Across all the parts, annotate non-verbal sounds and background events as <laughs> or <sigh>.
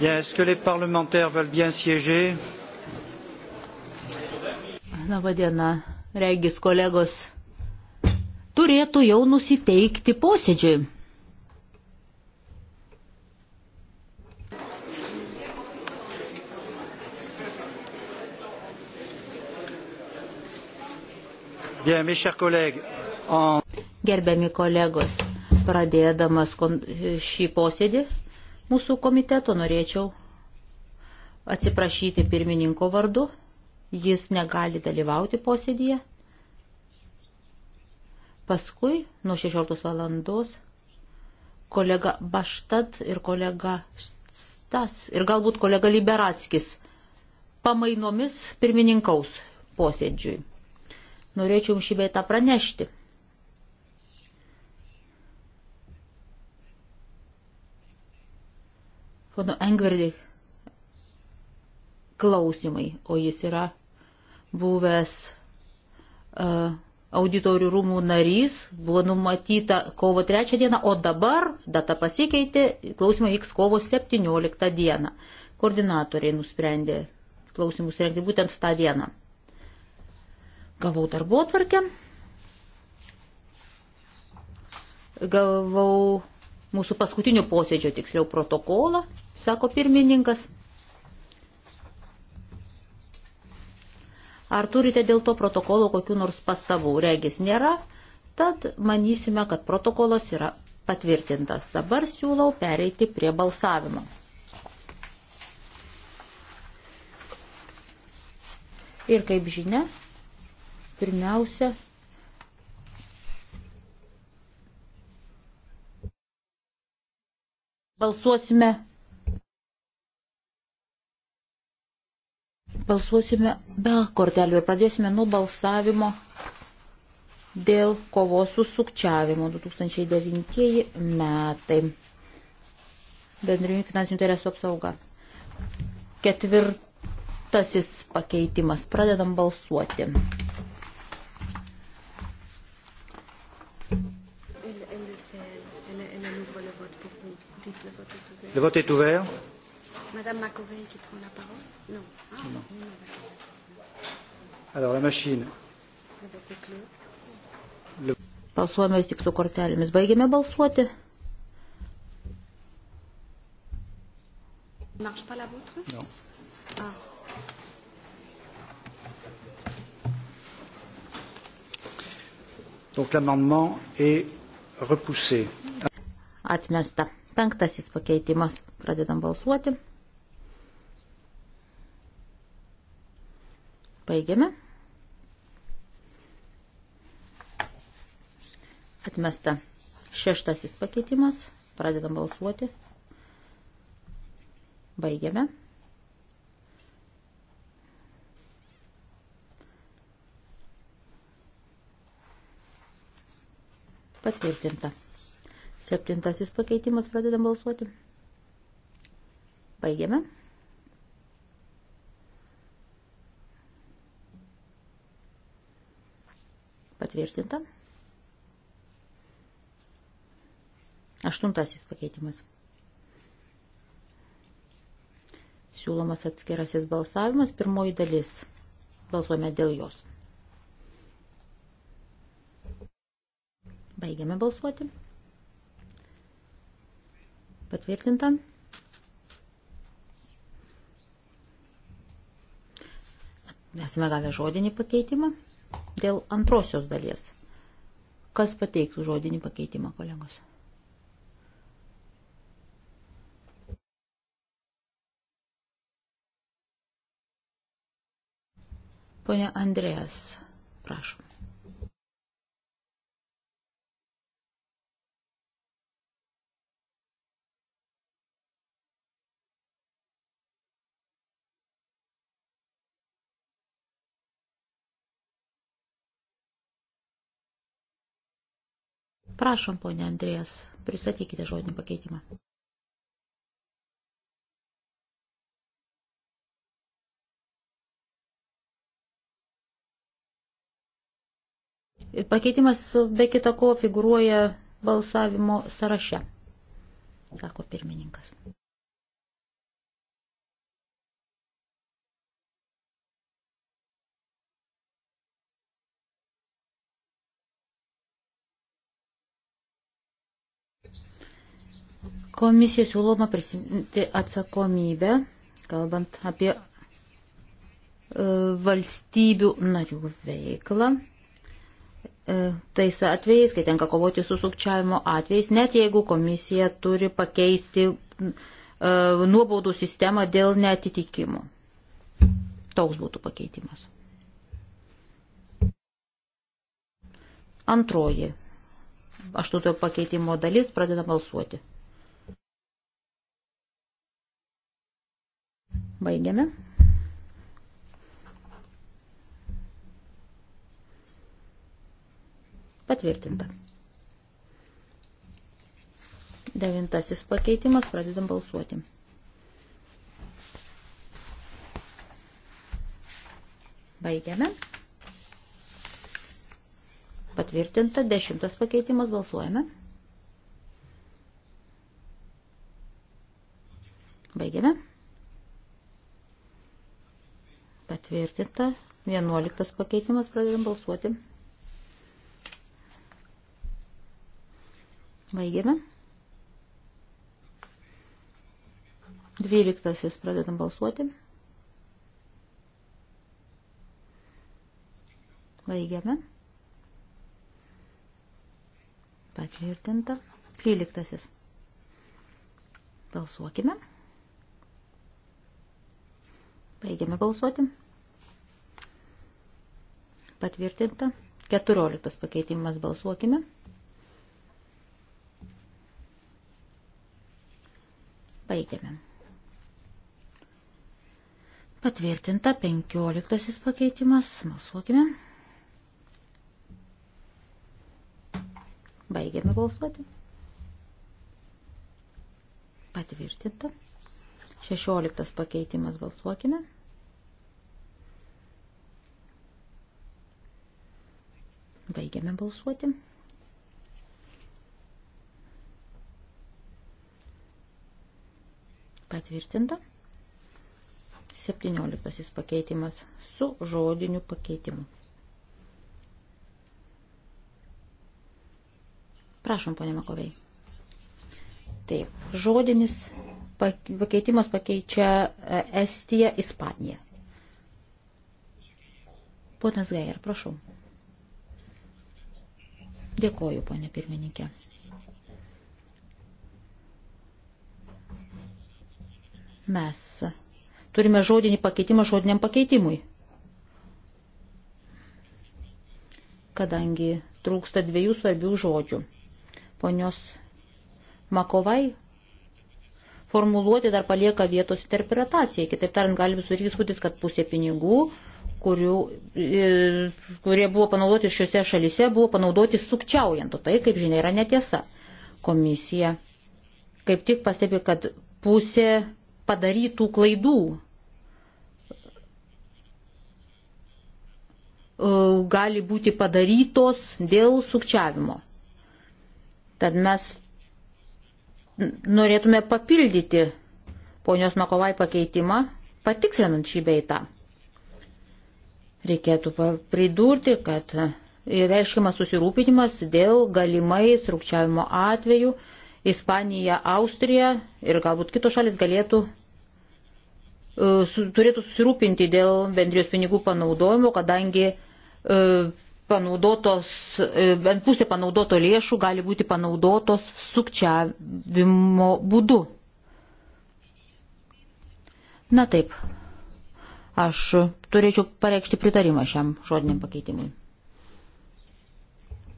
Bien, est-ce que les parlementaires veulent bien siéger Labadiena, regis kolegos turėtų jau nusiteikti posėdžiui. Bien, mes chers collègues, en... Gerbiami kolegos, pradėdamas šį posėdį, Mūsų komiteto norėčiau atsiprašyti pirmininko vardu. Jis negali dalyvauti posėdėje. Paskui nuo 16 valandos kolega Baštat ir kolega Stas ir galbūt kolega Liberatskis pamainomis pirmininkaus posėdžiui. Norėčiau jums šį beitą pranešti. pono Engverdį klausimai, o jis yra buvęs uh, auditorių rūmų narys, buvo numatyta kovo 3 dieną, o dabar data pasikeitė, klausimai vyks kovo 17 dieną. Koordinatoriai nusprendė klausimus rengti būtent tą dieną. Gavau darbo atvarkę, gavau mūsų paskutinio posėdžio tiksliau protokolą sako pirmininkas. Ar turite dėl to protokolo kokiu nors pastabų? Regis nėra, tad manysime, kad protokolas yra patvirtintas. Dabar siūlau pereiti prie balsavimo. Ir kaip žinia, pirmiausia, balsuosime Balsuosime be kortelių ir pradėsime nuo balsavimo dėl kovos su sukčiavimu 2009 metai. Bendrinių finansinių interesų apsauga. Ketvirtasis pakeitimas. Pradedam balsuoti. Le vote est ouvert. Madame Makovey qui prend la parole Non. Alors, la machine. Balsuojame stiklių kortelėmis. Baigėme balsuoti. Marche pas la vôtre Non. Ah. Donc l'amendement est repoussé. Atmesta. Penktasis pakeitimas. Pradedam balsuoti. Baigiame. Atmesta šeštasis pakeitimas. Pradedam balsuoti. Baigiame. Patvirtinta. Septintasis pakeitimas pradedam balsuoti. Baigiame. Patvirtinta. Aštuntasis pakeitimas. Siūlomas atskirasis balsavimas, pirmoji dalis. Balsuojame dėl jos. Baigiame balsuoti. Patvirtinta. Esame gavę žodinį pakeitimą. Dėl antrosios dalies. Kas pateiktų žodinį pakeitimą, kolegos? Pone Andrėjas, prašom. Prašom, ponė Andrėjas, pristatykite žodinį pakeitimą. Pakeitimas be kita ko figuruoja balsavimo sąraše, sako pirmininkas. Komisija siūloma prisimti atsakomybę, kalbant apie e, valstybių narių veiklą. E, tais atvejais, kai tenka kovoti su sukčiavimo atvejais, net jeigu komisija turi pakeisti e, nuobaudų sistemą dėl netitikimų. Toks būtų pakeitimas. Antroji aštuntojo pakeitimo dalis pradeda balsuoti. Baigiame. Patvirtinta. Devintasis pakeitimas, pradedam balsuoti. Baigiame. Patvirtinta, dešimtas pakeitimas, balsuojame. Balsuojame. Patvirtinta. 11 pakeitimas pradedam balsuoti. Baigėme. 12 pradedam balsuoti. Baigėme. Patvirtinta. 13. Balsuokime. Baigėme balsuoti patvirtinta. 14 pakeitimas balsuokime. Baigiame. Patvirtinta 15 pakeitimas. Balsuokime. Baigiame balsuoti. Patvirtinta. 16 pakeitimas. Balsuokime. Baigiame balsuoti. Patvirtinta. 17 pakeitimas su žodiniu pakeitimu. Prašom, ponė Makovei. Taip, žodinis pakeitimas pakeičia e, Estiją, Ispaniją. Ponas Gajer, prašau. Dėkoju, ponė pirmininkė. Mes turime žodinį pakeitimą žodiniam pakeitimui. Kadangi trūksta dviejų svarbių žodžių. Ponios Makovai formuluoti dar palieka vietos interpretacijai. Kitaip tariant, gali sudaryti įspūdis, kad pusė pinigų kurių, e, kurie buvo panaudoti šiuose šalise, buvo panaudoti sukčiaujant, o tai, kaip žinia, yra netiesa. Komisija kaip tik pastebi, kad pusė padarytų klaidų e, gali būti padarytos dėl sukčiavimo. Tad mes norėtume papildyti ponios Makovai pakeitimą, patikslinant šį beitą. Reikėtų pridurti, kad e, reiškiamas susirūpinimas dėl galimai srukčiavimo atvejų. Ispanija, Austrija ir galbūt kitos šalis galėtų e, turėtų susirūpinti dėl bendrijos pinigų panaudojimo, kadangi e, panaudotos, bent pusė panaudoto lėšų gali būti panaudotos sukčiavimo būdu. Na taip, aš turėčiau pareikšti pritarimą šiam žodiniam pakeitimui.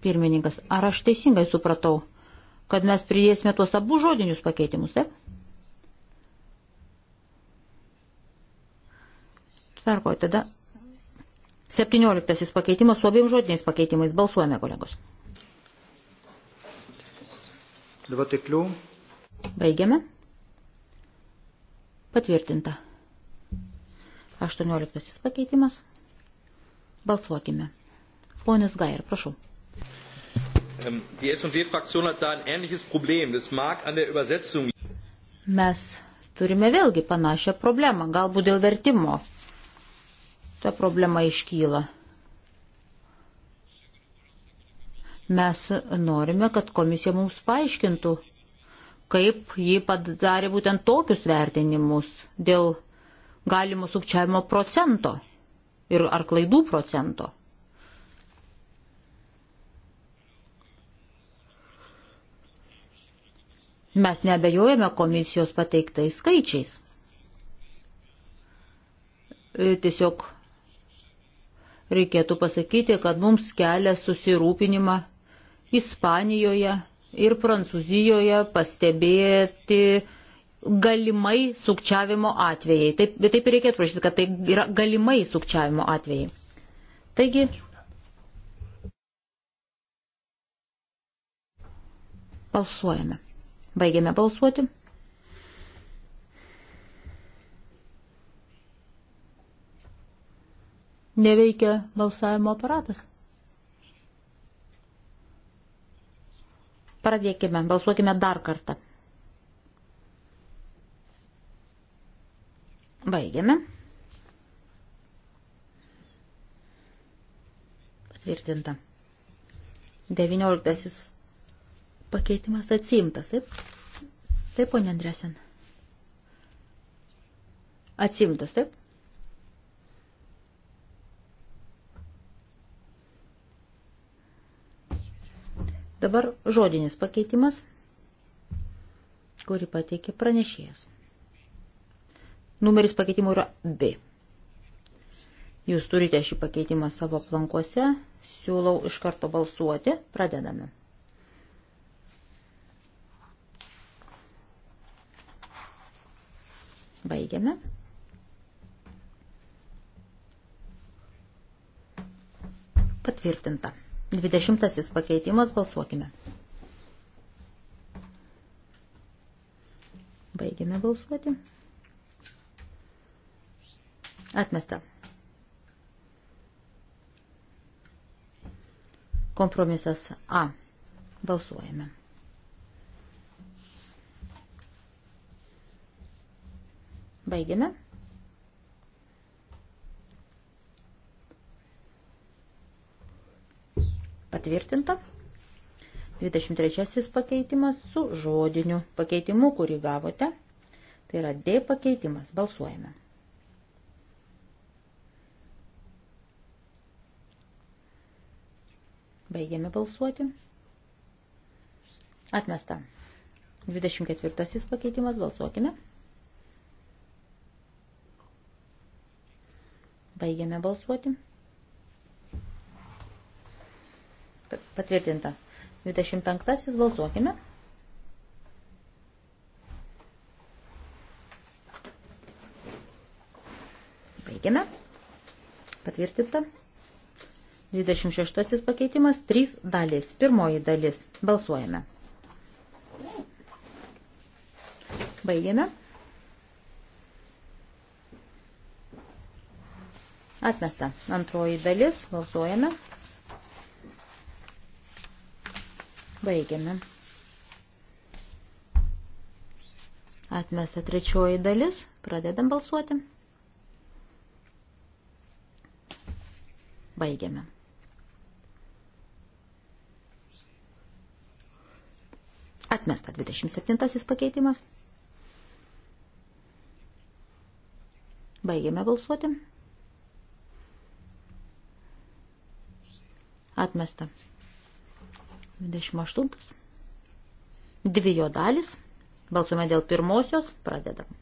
Pirmininkas, ar aš teisingai supratau, kad mes pridėsime tuos abu žodinius pakeitimus, taip? Tvarkoj, tada 17 pakeitimas su abiem žodiniais pakeitimais. Balsuojame, kolegos. Dvatiklių. Baigiame. Patvirtinta. 18 pakeitimas. Balsuokime. Ponas Gair, prašau. Ähm, die S&D-Fraktion hat da ein ähnliches Problem. Das mag an der Übersetzung. Mes turime vėlgi panašią problemą, galbūt dėl vertimo. Ta problema iškyla. Mes norime, kad komisija mums paaiškintų, kaip ji padarė būtent tokius vertinimus dėl galimo sukčiavimo procento ir ar klaidų procento. Mes nebejojame komisijos pateiktais skaičiais. E, tiesiog reikėtų pasakyti, kad mums kelia susirūpinimą Ispanijoje ir Prancūzijoje pastebėti galimai sukčiavimo atvejai. Taip, taip ir reikėtų prašyti, kad tai yra galimai sukčiavimo atvejai. Taigi. Balsuojame. Baigiame balsuoti. Neveikia balsavimo aparatas. Pradėkime, balsuokime dar kartą. Baigiame. Patvirtinta. 19. Pakeitimas atsimtas, taip? Taip, ponė Andresen. Atsimtas, taip? Dabar žodinis pakeitimas, kurį pateikė pranešėjas. Numeris pakeitimo yra B. Jūs turite šį pakeitimą savo plankuose. Siūlau iš karto balsuoti. Pradedame. Baigiame. Patvirtinta. Dvidešimtasis pakeitimas. Balsuokime. Baigiame balsuoti. Atmesta. Kompromisas A. Balsuojame. Baigiame. Patvirtinta. 23 pakeitimas su žodiniu pakeitimu, kurį gavote. Tai yra D pakeitimas. Balsuojame. Baigiame balsuoti. Atmesta. 24 pakeitimas. Balsuokime. Baigiame balsuoti. Patvirtinta. 25 balsuokime. Baigiame. Patvirtinta. 26 pakeitimas, 3 dalis. Pirmoji dalis. Balsuojame. Baigiame. Atmesta. Antroji dalis. Balsuojame. Baigiame. Atmesta trečioji dalis. Pradedam balsuoti. Baigiame. Atmesta 27 pakeitimas. Baigėme balsuoti. Atmesta. 28. Dvi jo dalis. Balsuome dėl pirmosios. Pradedam.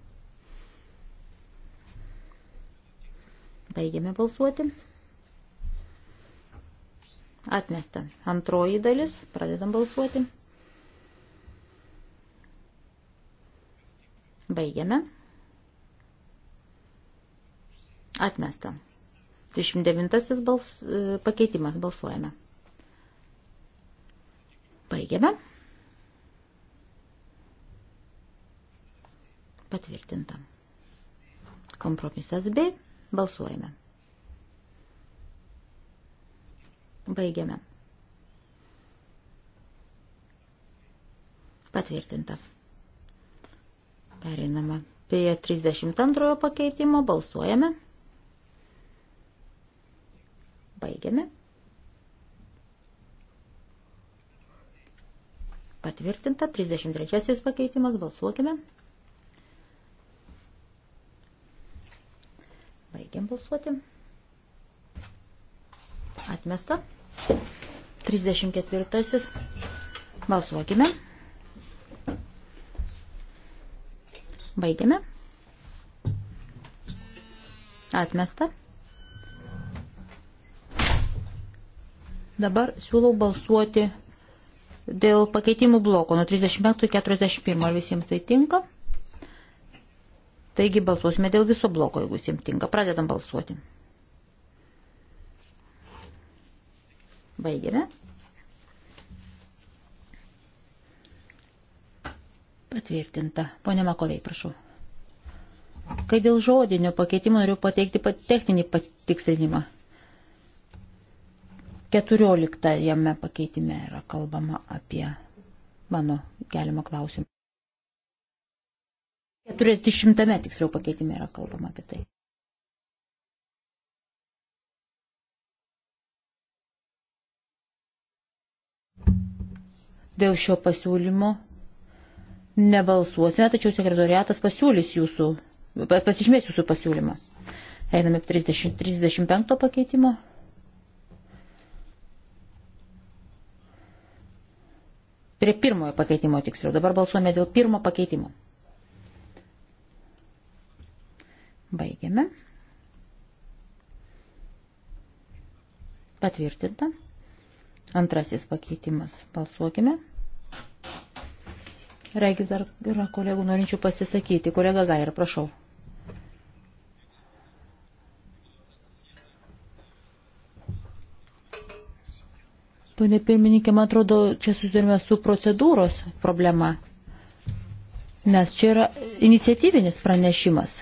Baigėme balsuoti. Atmesta. Antroji dalis. Pradedam balsuoti. Baigiame. Atmesta. 39 bals, e, pakeitimas balsuojame. Baigiame. Patvirtinta. Kompromisas B. Balsuojame. Baigiame. Patvirtinta. Pereiname prie 32 pakeitimo. Balsuojame. Baigiame. Patvirtinta. 33 pakeitimas. Balsuokime. Baigiam balsuoti. Atmesta. 34. Balsuokime. Baigiame. Atmesta. Dabar siūlau balsuoti dėl pakeitimų bloko nuo 35 iki 41. Ar visiems tai tinka? Taigi balsuosime dėl viso bloko, jeigu visiems tinka. Pradedam balsuoti. Baigėme. Patvirtinta. Pone Makoviai, prašau. Kai dėl žodinio pakeitimo noriu pateikti techninį patikslinimą. 14 jame pakeitime yra kalbama apie mano keliamą klausimą. 40 tiksliau pakeitime yra kalbama apie tai. Dėl šio pasiūlymo nebalsuosime, tačiau sekretoriatas pasiūlys jūsų, pasižymės jūsų pasiūlymą. Einame 30, 35 pakeitimo. Prie pirmojo pakeitimo tiksliau. Dabar balsuojame dėl pirmo pakeitimo. Baigiame. Patvirtinta. Antrasis pakeitimas. Balsuokime. Regis dar yra kolegų norinčių pasisakyti. Kolega Gaira, prašau. Pane pirmininkė, man atrodo, čia susidurime su procedūros problema, nes čia yra iniciatyvinis pranešimas.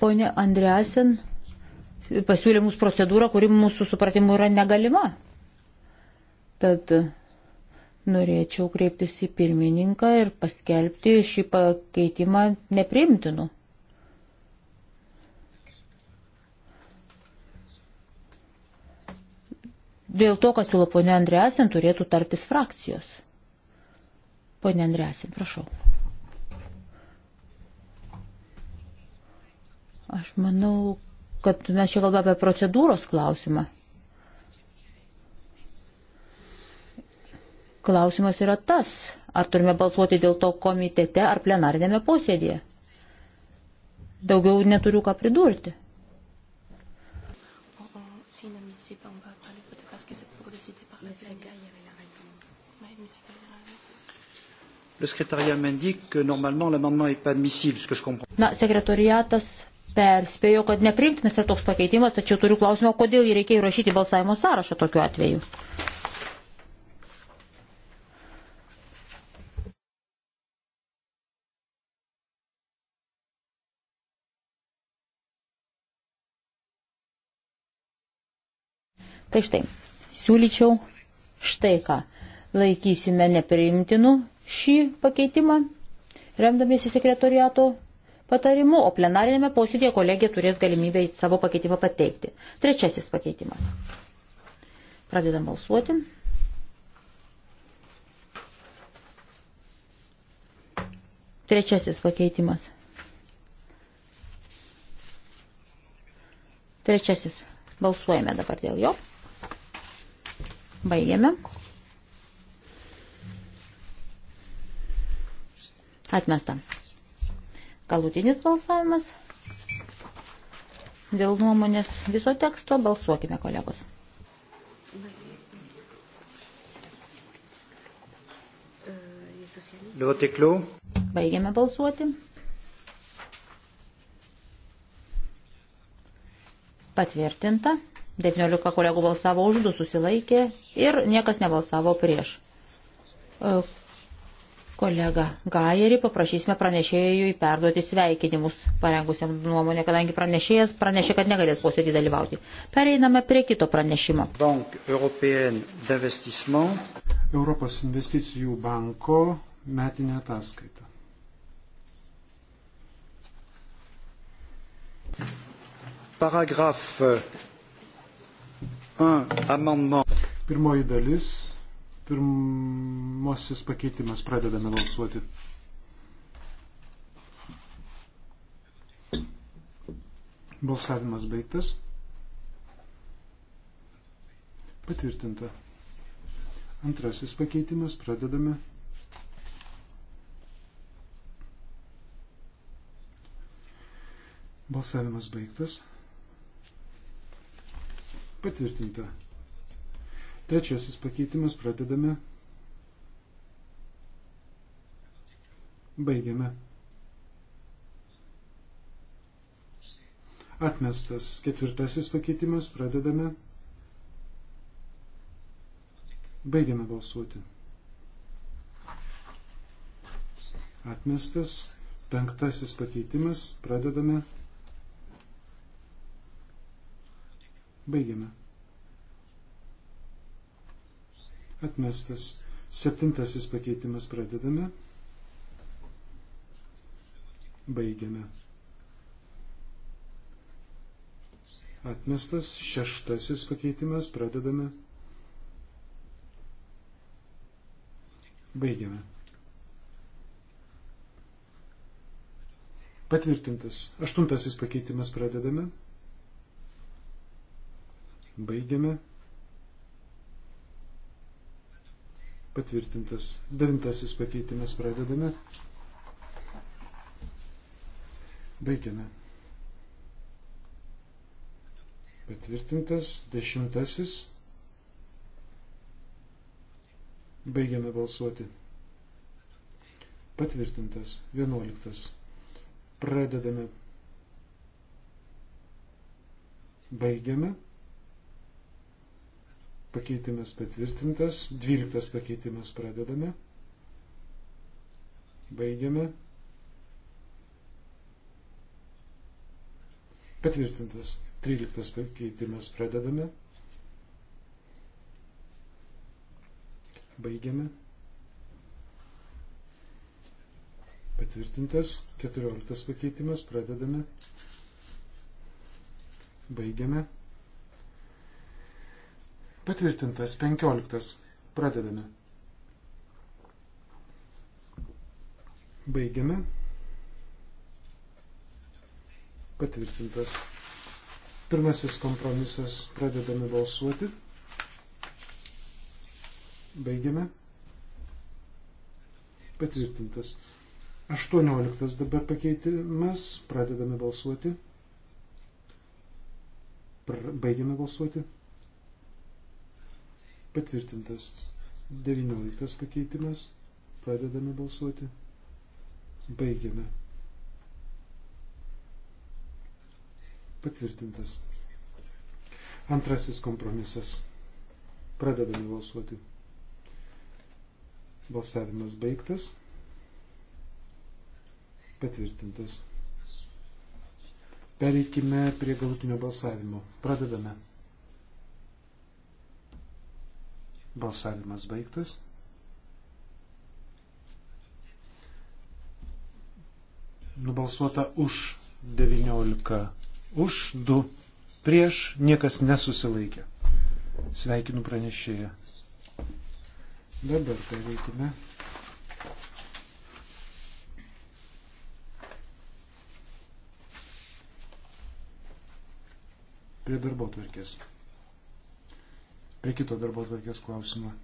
Pone Andreasen pasiūlė mums procedūrą, kuri mūsų supratimu yra negalima. Tad norėčiau kreiptis į pirmininką ir paskelbti šį pakeitimą nepriimtinu. Dėl to, kas siūlo ponė Andresen, turėtų tartis frakcijos. Ponė Andresen, prašau. Aš manau, kad mes čia kalbame apie procedūros klausimą. Klausimas yra tas, ar turime balsuoti dėl to komitete ar plenarinėme posėdėje. Daugiau neturiu ką pridurti. Na, sekretoriatas perspėjo, kad nepriimtinas yra toks pakeitimas, tačiau turiu klausimą, kodėl jį reikėjo rašyti balsavimo sąrašą tokiu atveju. Tai štai, siūlyčiau štai ką. Laikysime nepriimtinu šį pakeitimą, remdamiesi sekretoriato patarimu, o plenarinėme posėdėje kolegija turės galimybę savo pakeitimą pateikti. Trečiasis pakeitimas. Pradedam balsuoti. Trečiasis pakeitimas. Trečiasis. Balsuojame dabar dėl jo. Baigiame. Atmestam. Galutinis balsavimas dėl nuomonės viso teksto. Balsuokime, kolegos. Liuotiklių. Baigiame balsuoti. Patvirtinta. 19 kolegų balsavo už, 2 susilaikė ir niekas nebalsavo prieš kolegą Gajerį, paprašysime pranešėjui perduoti sveikinimus parengusiam nuomonę, kadangi pranešėjas pranešė, kad negalės posėdį dalyvauti. Pereiname prie kito pranešimo. Bank, Europos investicijų banko metinė ataskaita. Paragraf 1, amendement. Pirmoji dalis Pirmasis pakeitimas pradedame balsuoti. Balsavimas baigtas. Patvirtinta. Antrasis pakeitimas pradedame. Balsavimas baigtas. Patvirtinta. Trečiasis pakeitimas pradedame. Baigiame. Atmestas ketvirtasis pakeitimas pradedame. Baigiame balsuoti. Atmestas penktasis pakeitimas pradedame. Baigiame. atmestas. Septintasis pakeitimas pradedame. Baigiame. Atmestas šeštasis pakeitimas pradedame. Baigiame. Patvirtintas. Aštuntasis pakeitimas pradedame. Baigiame. patvirtintas. Devintasis pakeitimas pradedame. Baigiame. Patvirtintas. Dešimtasis. Baigiame balsuoti. Patvirtintas. Vienuoliktas. Pradedame. Baigiame. Pakeitimas patvirtintas. 12 pakeitimas pradedame. Baigiame. Patvirtintas. 13 pakeitimas pradedame. Baigiame. Patvirtintas. 14 pakeitimas pradedame. Baigiame. Patvirtintas 15. Pradedame. Baigiame. Patvirtintas. Pirmasis kompromisas. Pradedame balsuoti. Baigiame. Patvirtintas. 18 dabar pakeitimas. Pradedame balsuoti. Pr baigiame balsuoti. Patvirtintas. 19 pakeitimas. Pradedame balsuoti. Baigiame. Patvirtintas. Antrasis kompromisas. Pradedame balsuoti. Balsavimas baigtas. Patvirtintas. Pereikime prie galutinio balsavimo. Pradedame. Balsavimas baigtas. Nubalsuota už 19, už 2, prieš niekas nesusilaikė. Sveikinu pranešėją. Dabar pereikime. Prie darbo tvarkės prie kito darbos varkės klausimo.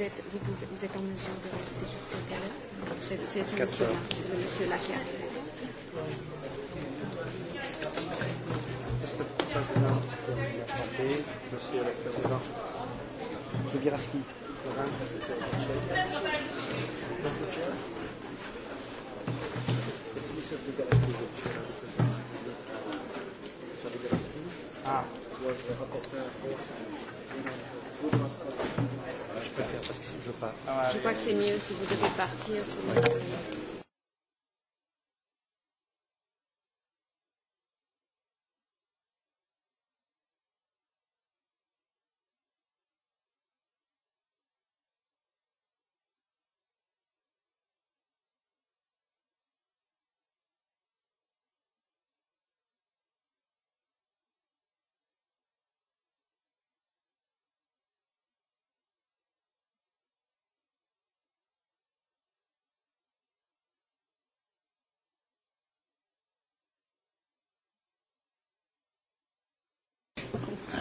vous êtes, vous, pouvez, vous êtes en mesure de rester jusqu'à quelle heure C'est ce monsieur-là monsieur, monsieur qui arrive. Mr. President, Monsieur le Président, Libiraski, Madame, Mr. Chair, it's Mr. Libiraski, the Chair of the President. Mr. Libiraski ah. was the rapporteur for the Women's faire parce que si je veux pas. Ah, je crois que c'est mieux si vous devez partir. C'est mieux.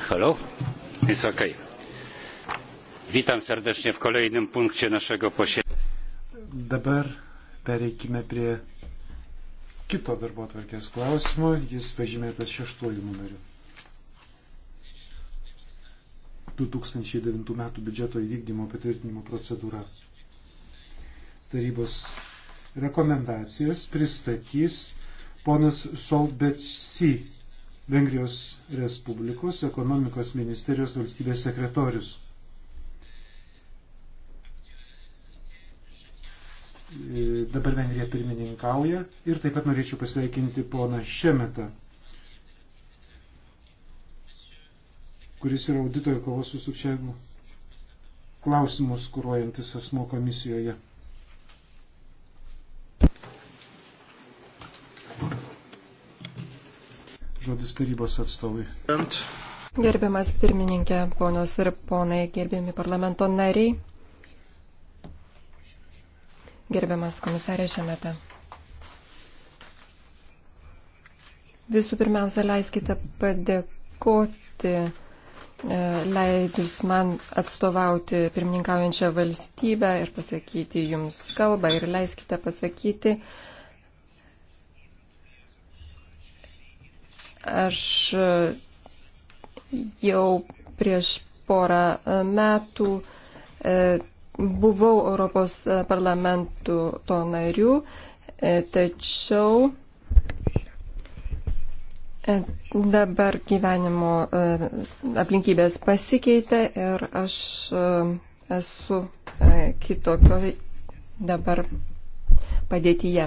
Hello? It's okay. Witam serdecznie w kolejnym punkcie naszego posiedzenia. Dabar pereikime prie kito darbo atvarkės klausimo. Jis pažymėtas šeštuoju numeriu. 2009 m. biudžeto įvykdymo patvirtinimo procedūra. Tarybos rekomendacijas pristatys ponas Solbetsi Vengrijos Respublikos ekonomikos ministerijos valstybės sekretorius. E, dabar Vengrija pirmininkauja ir taip pat norėčiau pasveikinti poną Šemetą, kuris yra audito ir kovos su sukčiavimu klausimus kūruojantis asmo komisijoje. žodis tarybos atstovui. Gerbiamas pirmininkė, ponios ir ponai, gerbiami parlamento nariai, gerbiamas komisarė Šemeta. Visų pirmiausia, leiskite padėkoti, e, leidus man atstovauti pirmininkaujančią valstybę ir pasakyti jums kalbą ir leiskite pasakyti, uh, Aš e, jau prieš porą e, metų e, buvau Europos parlamentų to narių, tačiau Dabar gyvenimo aplinkybės pasikeitė ir aš esu kitokio dabar padėtyje.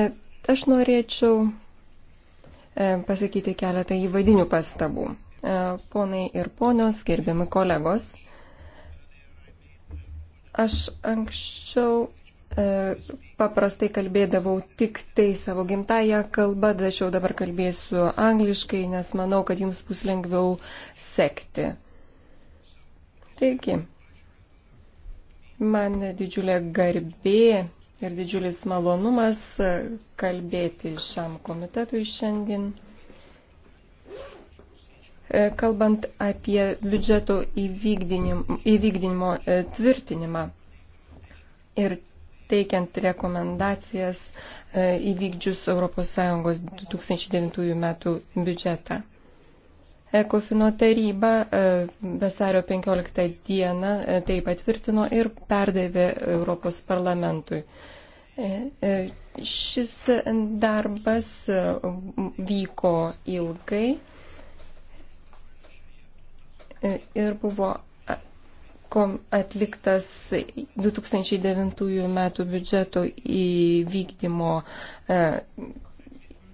Aš norėčiau E, pasakyti keletą įvadinių pastabų. E, ponai ir ponios, gerbiami kolegos, aš anksčiau e, paprastai kalbėdavau tik tai savo gimtają kalbą, tačiau dabar kalbėsiu angliškai, nes manau, kad jums bus lengviau sekti. Taigi, man didžiulė garbė ir didžiulis malonumas e, kalbėti šiam komitetui šiandien. E, kalbant apie biudžeto įvykdinimo e, tvirtinimą ir teikiant rekomendacijas įvykdžius ES 2009 metų biudžetą. Ekofino taryba e, vasario 15 dieną e, tai patvirtino ir perdavė Europos parlamentui. E, šis darbas vyko ilgai ir buvo atliktas 2009 metų biudžeto įvykdymo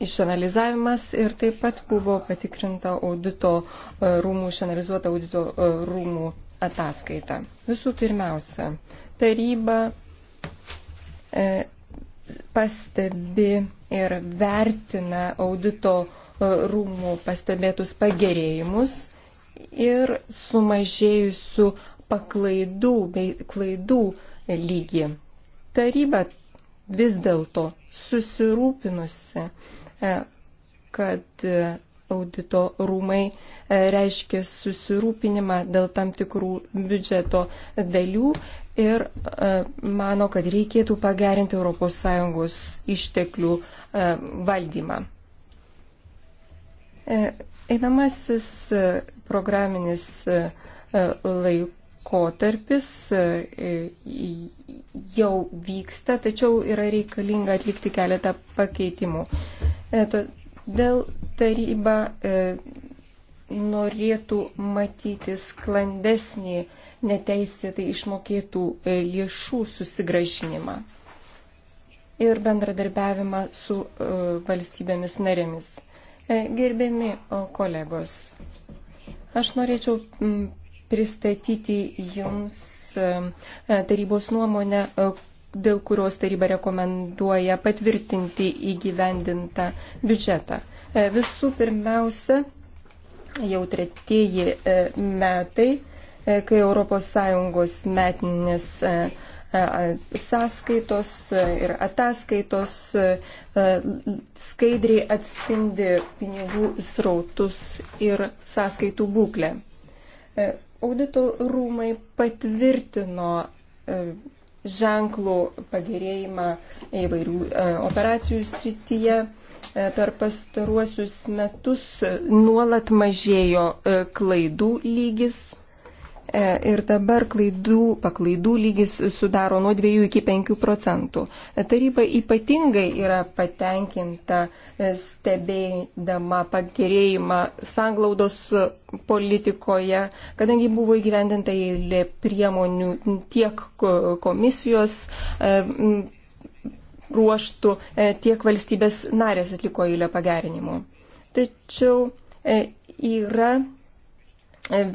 išanalizavimas ir taip pat buvo patikrinta audito e, rūmų, išanalizuota audito e, rūmų ataskaita. Visų pirmiausia, taryba e, pastebi ir vertina audito e, rūmų pastebėtus pagerėjimus ir sumažėjusių paklaidų bei klaidų lygį. Taryba vis dėlto susirūpinusi E, kad e, audito rūmai e, reiškia susirūpinimą dėl tam tikrų biudžeto dalių ir mano, kad reikėtų pagerinti ES išteklių valdymą. Einamasis programinis laikas laikotarpis e, jau vyksta, tačiau yra reikalinga atlikti keletą pakeitimų. E, todėl taryba e, norėtų matyti sklandesnį neteisėtai išmokėtų lėšų susigražinimą ir bendradarbiavimą su valstybėmis narėmis. Gerbiami kolegos, aš norėčiau pristatyti Jums e, e, tarybos nuomonę, e, dėl kurios taryba rekomenduoja patvirtinti įgyvendintą biudžetą. Visų pirmiausia, jau tretieji metai, kai ES metinės sąskaitos ir ataskaitos skaidriai atspindi pinigų srautus ir sąskaitų būklę. Audito rūmai patvirtino e, ženklų pagerėjimą įvairių e, operacijų srityje. E, per pastaruosius metus nuolat mažėjo klaidų lygis E, ir dabar klaidų, paklaidų lygis sudaro nuo 2 iki 5 procentų. E, taryba ypatingai yra patenkinta e, stebėdama pagerėjimą sanglaudos politikoje, kadangi buvo įgyvendinta eilė priemonių tiek komisijos ruoštų, tiek valstybės narės atliko eilę pagerinimų. Tačiau yra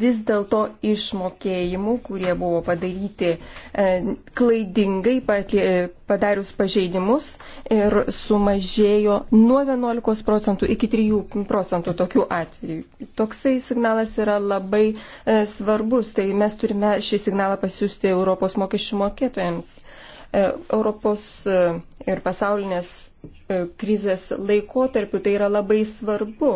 vis dėlto išmokėjimų, kurie buvo padaryti e, klaidingai padarius pažeidimus ir sumažėjo nuo 11 procentų iki 3 procentų tokių atvejų. Toksai signalas yra labai e, svarbus, tai mes turime šį signalą pasiūsti Europos mokesčių mokėtojams. E, Europos e, ir pasaulinės e, krizės laikotarpiu tai yra labai svarbu.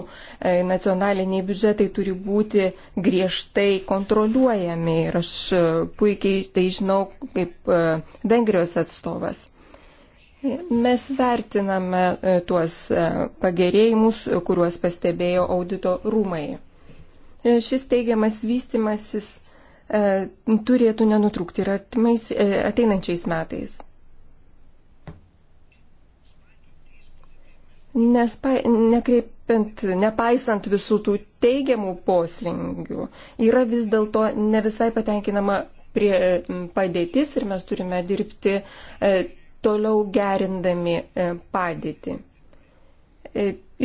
Nacionaliniai biudžetai turi būti griežtai kontroliuojami ir aš puikiai tai žinau kaip Vengrijos atstovas. Mes vertiname tuos pagerėjimus, kuriuos pastebėjo audito rūmai. Šis teigiamas vystimasis E, turėtų nenutrūkti ir atmais, e, ateinančiais metais. Nes pa, nekreipiant, nepaisant visų tų teigiamų poslingių, yra vis dėlto ne visai patenkinama prie padėtis ir mes turime dirbti e, toliau gerindami padėtį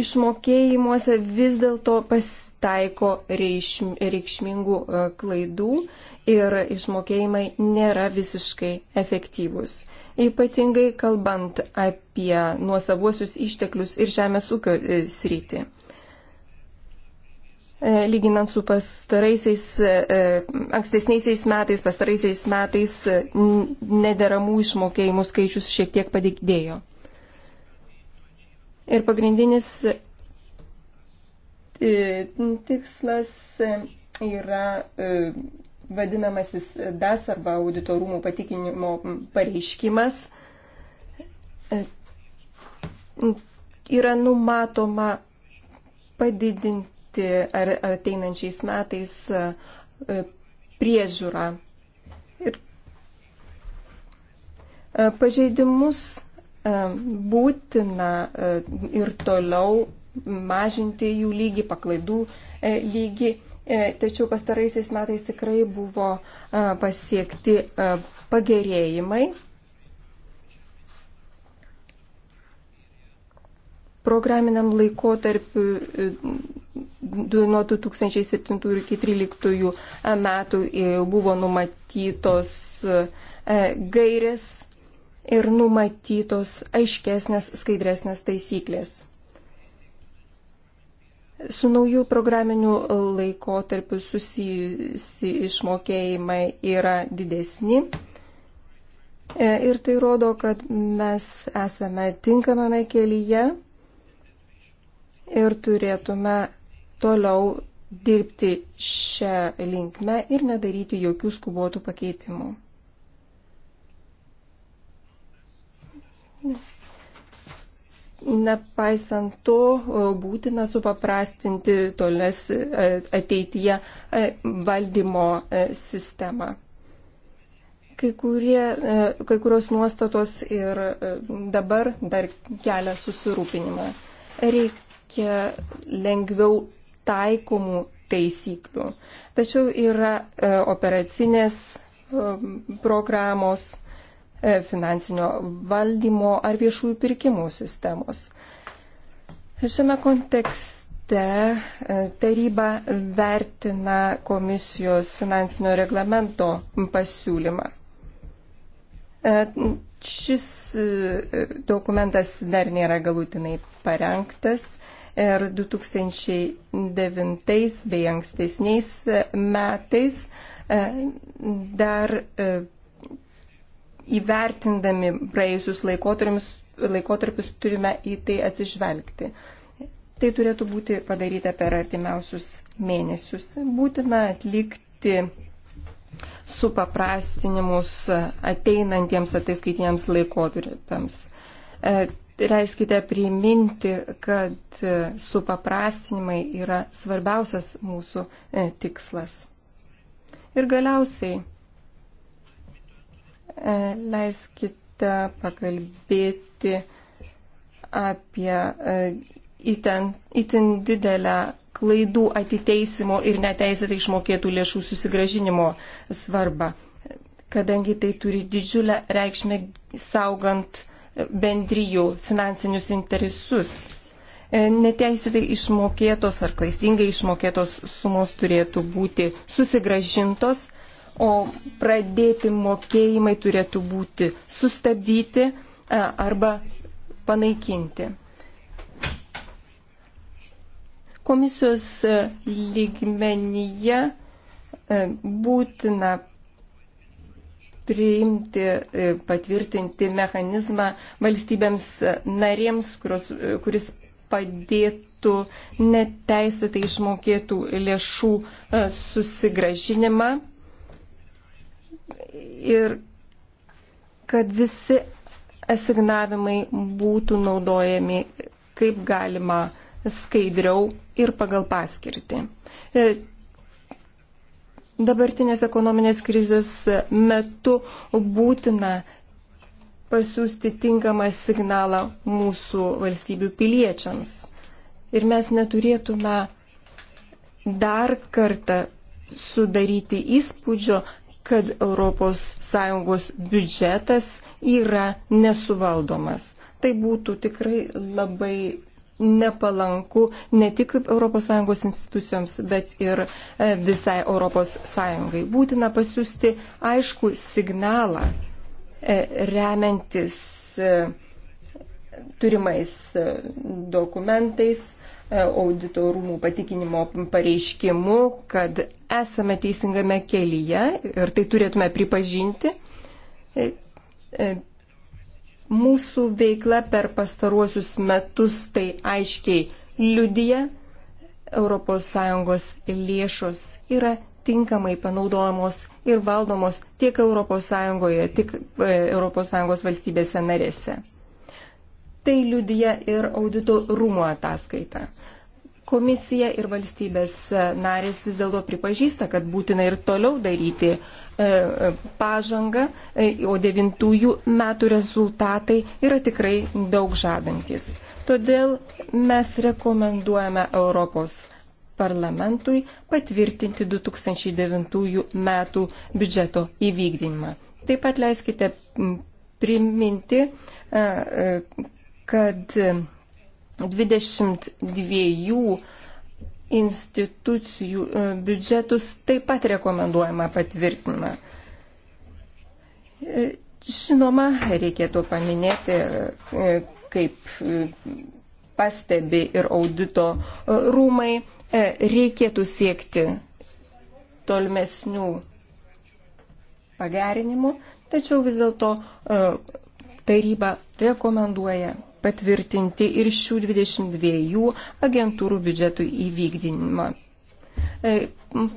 išmokėjimuose vis dėlto pasitaiko reikšmingų e, klaidų ir išmokėjimai nėra visiškai efektyvūs. Ypatingai kalbant apie nuosavuosius išteklius ir žemės ūkio e, sritį. E, lyginant su pastaraisiais, ankstesniaisiais metais, pastaraisiais metais nederamų išmokėjimų skaičius šiek tiek padidėjo. Ir pagrindinis e, tikslas yra e, vadinamasis DAS arba auditorumų patikinimo pareiškimas. E, yra numatoma padidinti ar ateinančiais metais priežiūrą. Ir pažeidimus E, būtina e, ir toliau mažinti jų lygį, paklaidų e, lygį. Tačiau pastaraisiais metais tikrai buvo pasiekti pagerėjimai. Programiniam laikotarpiu nuo 2007 iki 2013 metų buvo numatytos gairės ir numatytos aiškesnės, skaidresnės taisyklės. Su naujų programinių laikotarpių susijusi išmokėjimai yra didesni. E, ir tai rodo, kad mes esame tinkamame kelyje ir turėtume toliau dirbti šią linkmę ir nedaryti jokių skubotų pakeitimų. Nepaisant to, e, būtina supaprastinti tolės e, ateityje e, valdymo sistemą. Kai, kurie, kai kurios nuostatos ir dabar dar kelia susirūpinimą. Reikia lengviau taikomų taisyklių. Tačiau yra operacinės programos E, finansinio valdymo ar viešųjų pirkimų sistemos. Šiame kontekste e, taryba vertina komisijos finansinio reglamento pasiūlymą. E, šis dokumentas dar nėra galutinai parengtas ir 2009 bei ankstesniais metais dar įvertindami praėjusius laikotarpius turime į tai atsižvelgti. Tai turėtų būti padaryta per artimiausius mėnesius. Būtina atlikti supaprastinimus ateinantiems ataskaitiniams laikotarpiams. E, Leiskite priminti, kad e, supaprastinimai yra svarbiausias mūsų e, tikslas. Ir galiausiai leiskite pakalbėti apie itin, e, itin didelę klaidų atiteisimo ir neteisėtai išmokėtų lėšų susigražinimo svarbą, kadangi tai turi didžiulę reikšmę saugant bendryjų finansinius interesus. E, neteisėtai išmokėtos ar klaistingai išmokėtos sumos turėtų būti susigražintos o pradėti mokėjimai turėtų būti sustabdyti e, arba panaikinti. Komisijos e, lygmenyje e, būtina priimti, patvirtinti mechanizmą valstybėms narėms, kurios, kuris padėtų neteisėtai išmokėtų lėšų susigražinimą ir kad visi asignavimai būtų naudojami kaip galima skaidriau ir pagal paskirtį. E, dabartinės ekonominės krizės metu būtina pasiūsti tinkamą signalą mūsų valstybių piliečiams. Ir mes neturėtume dar kartą sudaryti įspūdžio, kad ES biudžetas yra nesuvaldomas. Tai būtų tikrai labai nepalanku ne tik ES institucijoms, bet ir e, visai ES. Būtina pasiūsti aišku signalą e, remiantis e, turimais dokumentais, E, audito rūmų patikinimo pareiškimu, kad esame teisingame kelyje ir tai turėtume pripažinti. E, e, mūsų veikla per pastaruosius metus tai aiškiai liudija. ES lėšos yra tinkamai panaudojamos ir valdomos tiek ES, tiek ES valstybėse narėse. Tai liudija ir audito rūmo ataskaita. Komisija ir valstybės narės vis dėlto pripažįsta, kad būtina ir toliau daryti e, e, pažangą, e, o devintųjų metų rezultatai yra tikrai daug žadantis. Todėl mes rekomenduojame Europos parlamentui patvirtinti 2009 metų biudžeto įvykdinimą. Taip pat leiskite priminti, kad 22 institucijų e, biudžetus taip pat rekomenduojama patvirtinimą. E, žinoma, reikėtų paminėti, e, kaip pastebi ir audito rūmai, reikėtų siekti tolimesnių pagerinimų, tačiau vis dėlto taryba rekomenduoja patvirtinti ir šių 22 agentūrų biudžetų įvykdinimą. E,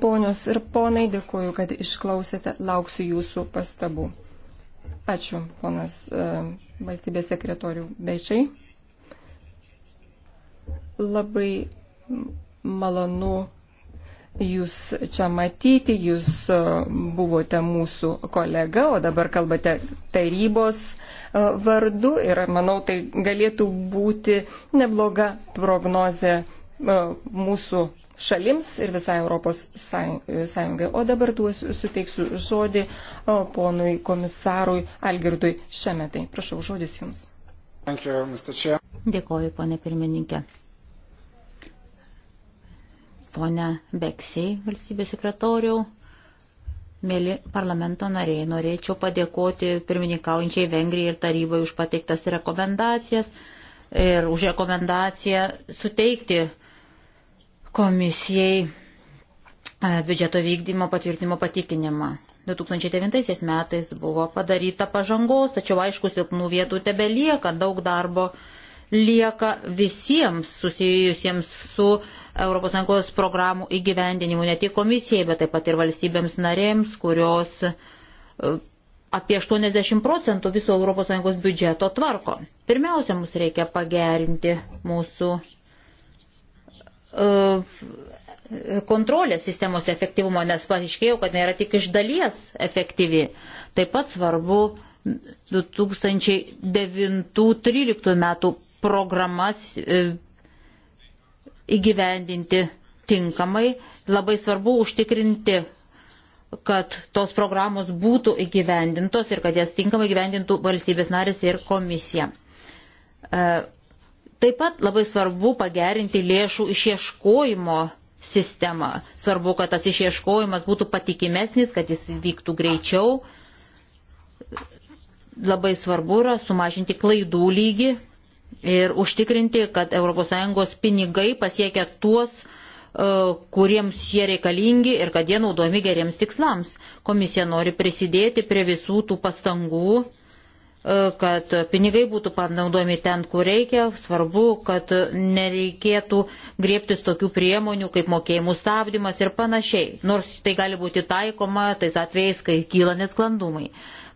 ponios ir ponai, dėkuoju, kad išklausėte, lauksiu jūsų pastabų. Ačiū, ponas e, valstybės sekretorių Bečiai. Labai malonu jūs čia matyti, jūs e, buvote mūsų kolega, o dabar kalbate tarybos e, vardu ir manau tai galėtų būti nebloga prognozė e, mūsų šalims ir visai Europos Sąjungai. O dabar duosiu, suteiksiu žodį ponui komisarui Algirdui Šemetai. Prašau, žodis jums. You, Dėkoju, ponė pirmininkė. Pone Beksiai, valstybės sekretoriau, mėly parlamento nariai, norėčiau padėkoti pirmininkaujančiai Vengrijai ir tarybai už pateiktas rekomendacijas ir už rekomendaciją suteikti komisijai e, biudžeto vykdymo patvirtinimo patikinimą. 2009 metais buvo padaryta pažangos, tačiau aišku, silpnų vietų tebe lieka, daug darbo lieka visiems susijusiems su ES programų įgyvendinimu ne tik komisijai, bet taip pat ir valstybėms narėms, kurios e, apie 80 procentų viso ES biudžeto tvarko. Pirmiausia, mums reikia pagerinti mūsų e, kontrolės sistemos efektyvumo, nes paaiškėjau, kad nėra tik iš dalies efektyvi. Taip pat svarbu 2009-2013 metų programas e, įgyvendinti tinkamai. Labai svarbu užtikrinti, kad tos programos būtų įgyvendintos ir kad jas tinkamai įgyvendintų valstybės narės ir komisija. E, taip pat labai svarbu pagerinti lėšų išieškojimo sistemą. Svarbu, kad tas išieškojimas būtų patikimesnis, kad jis vyktų greičiau. Labai svarbu yra sumažinti klaidų lygį ir užtikrinti, kad ES pinigai pasiekia tuos, e, kuriems jie reikalingi ir kad jie naudojami geriems tikslams. Komisija nori prisidėti prie visų tų pastangų, e, kad pinigai būtų panaudojami ten, kur reikia. Svarbu, kad nereikėtų griebtis tokių priemonių kaip mokėjimų stabdymas ir panašiai. Nors tai gali būti taikoma tais atvejais, kai kyla nesklandumai.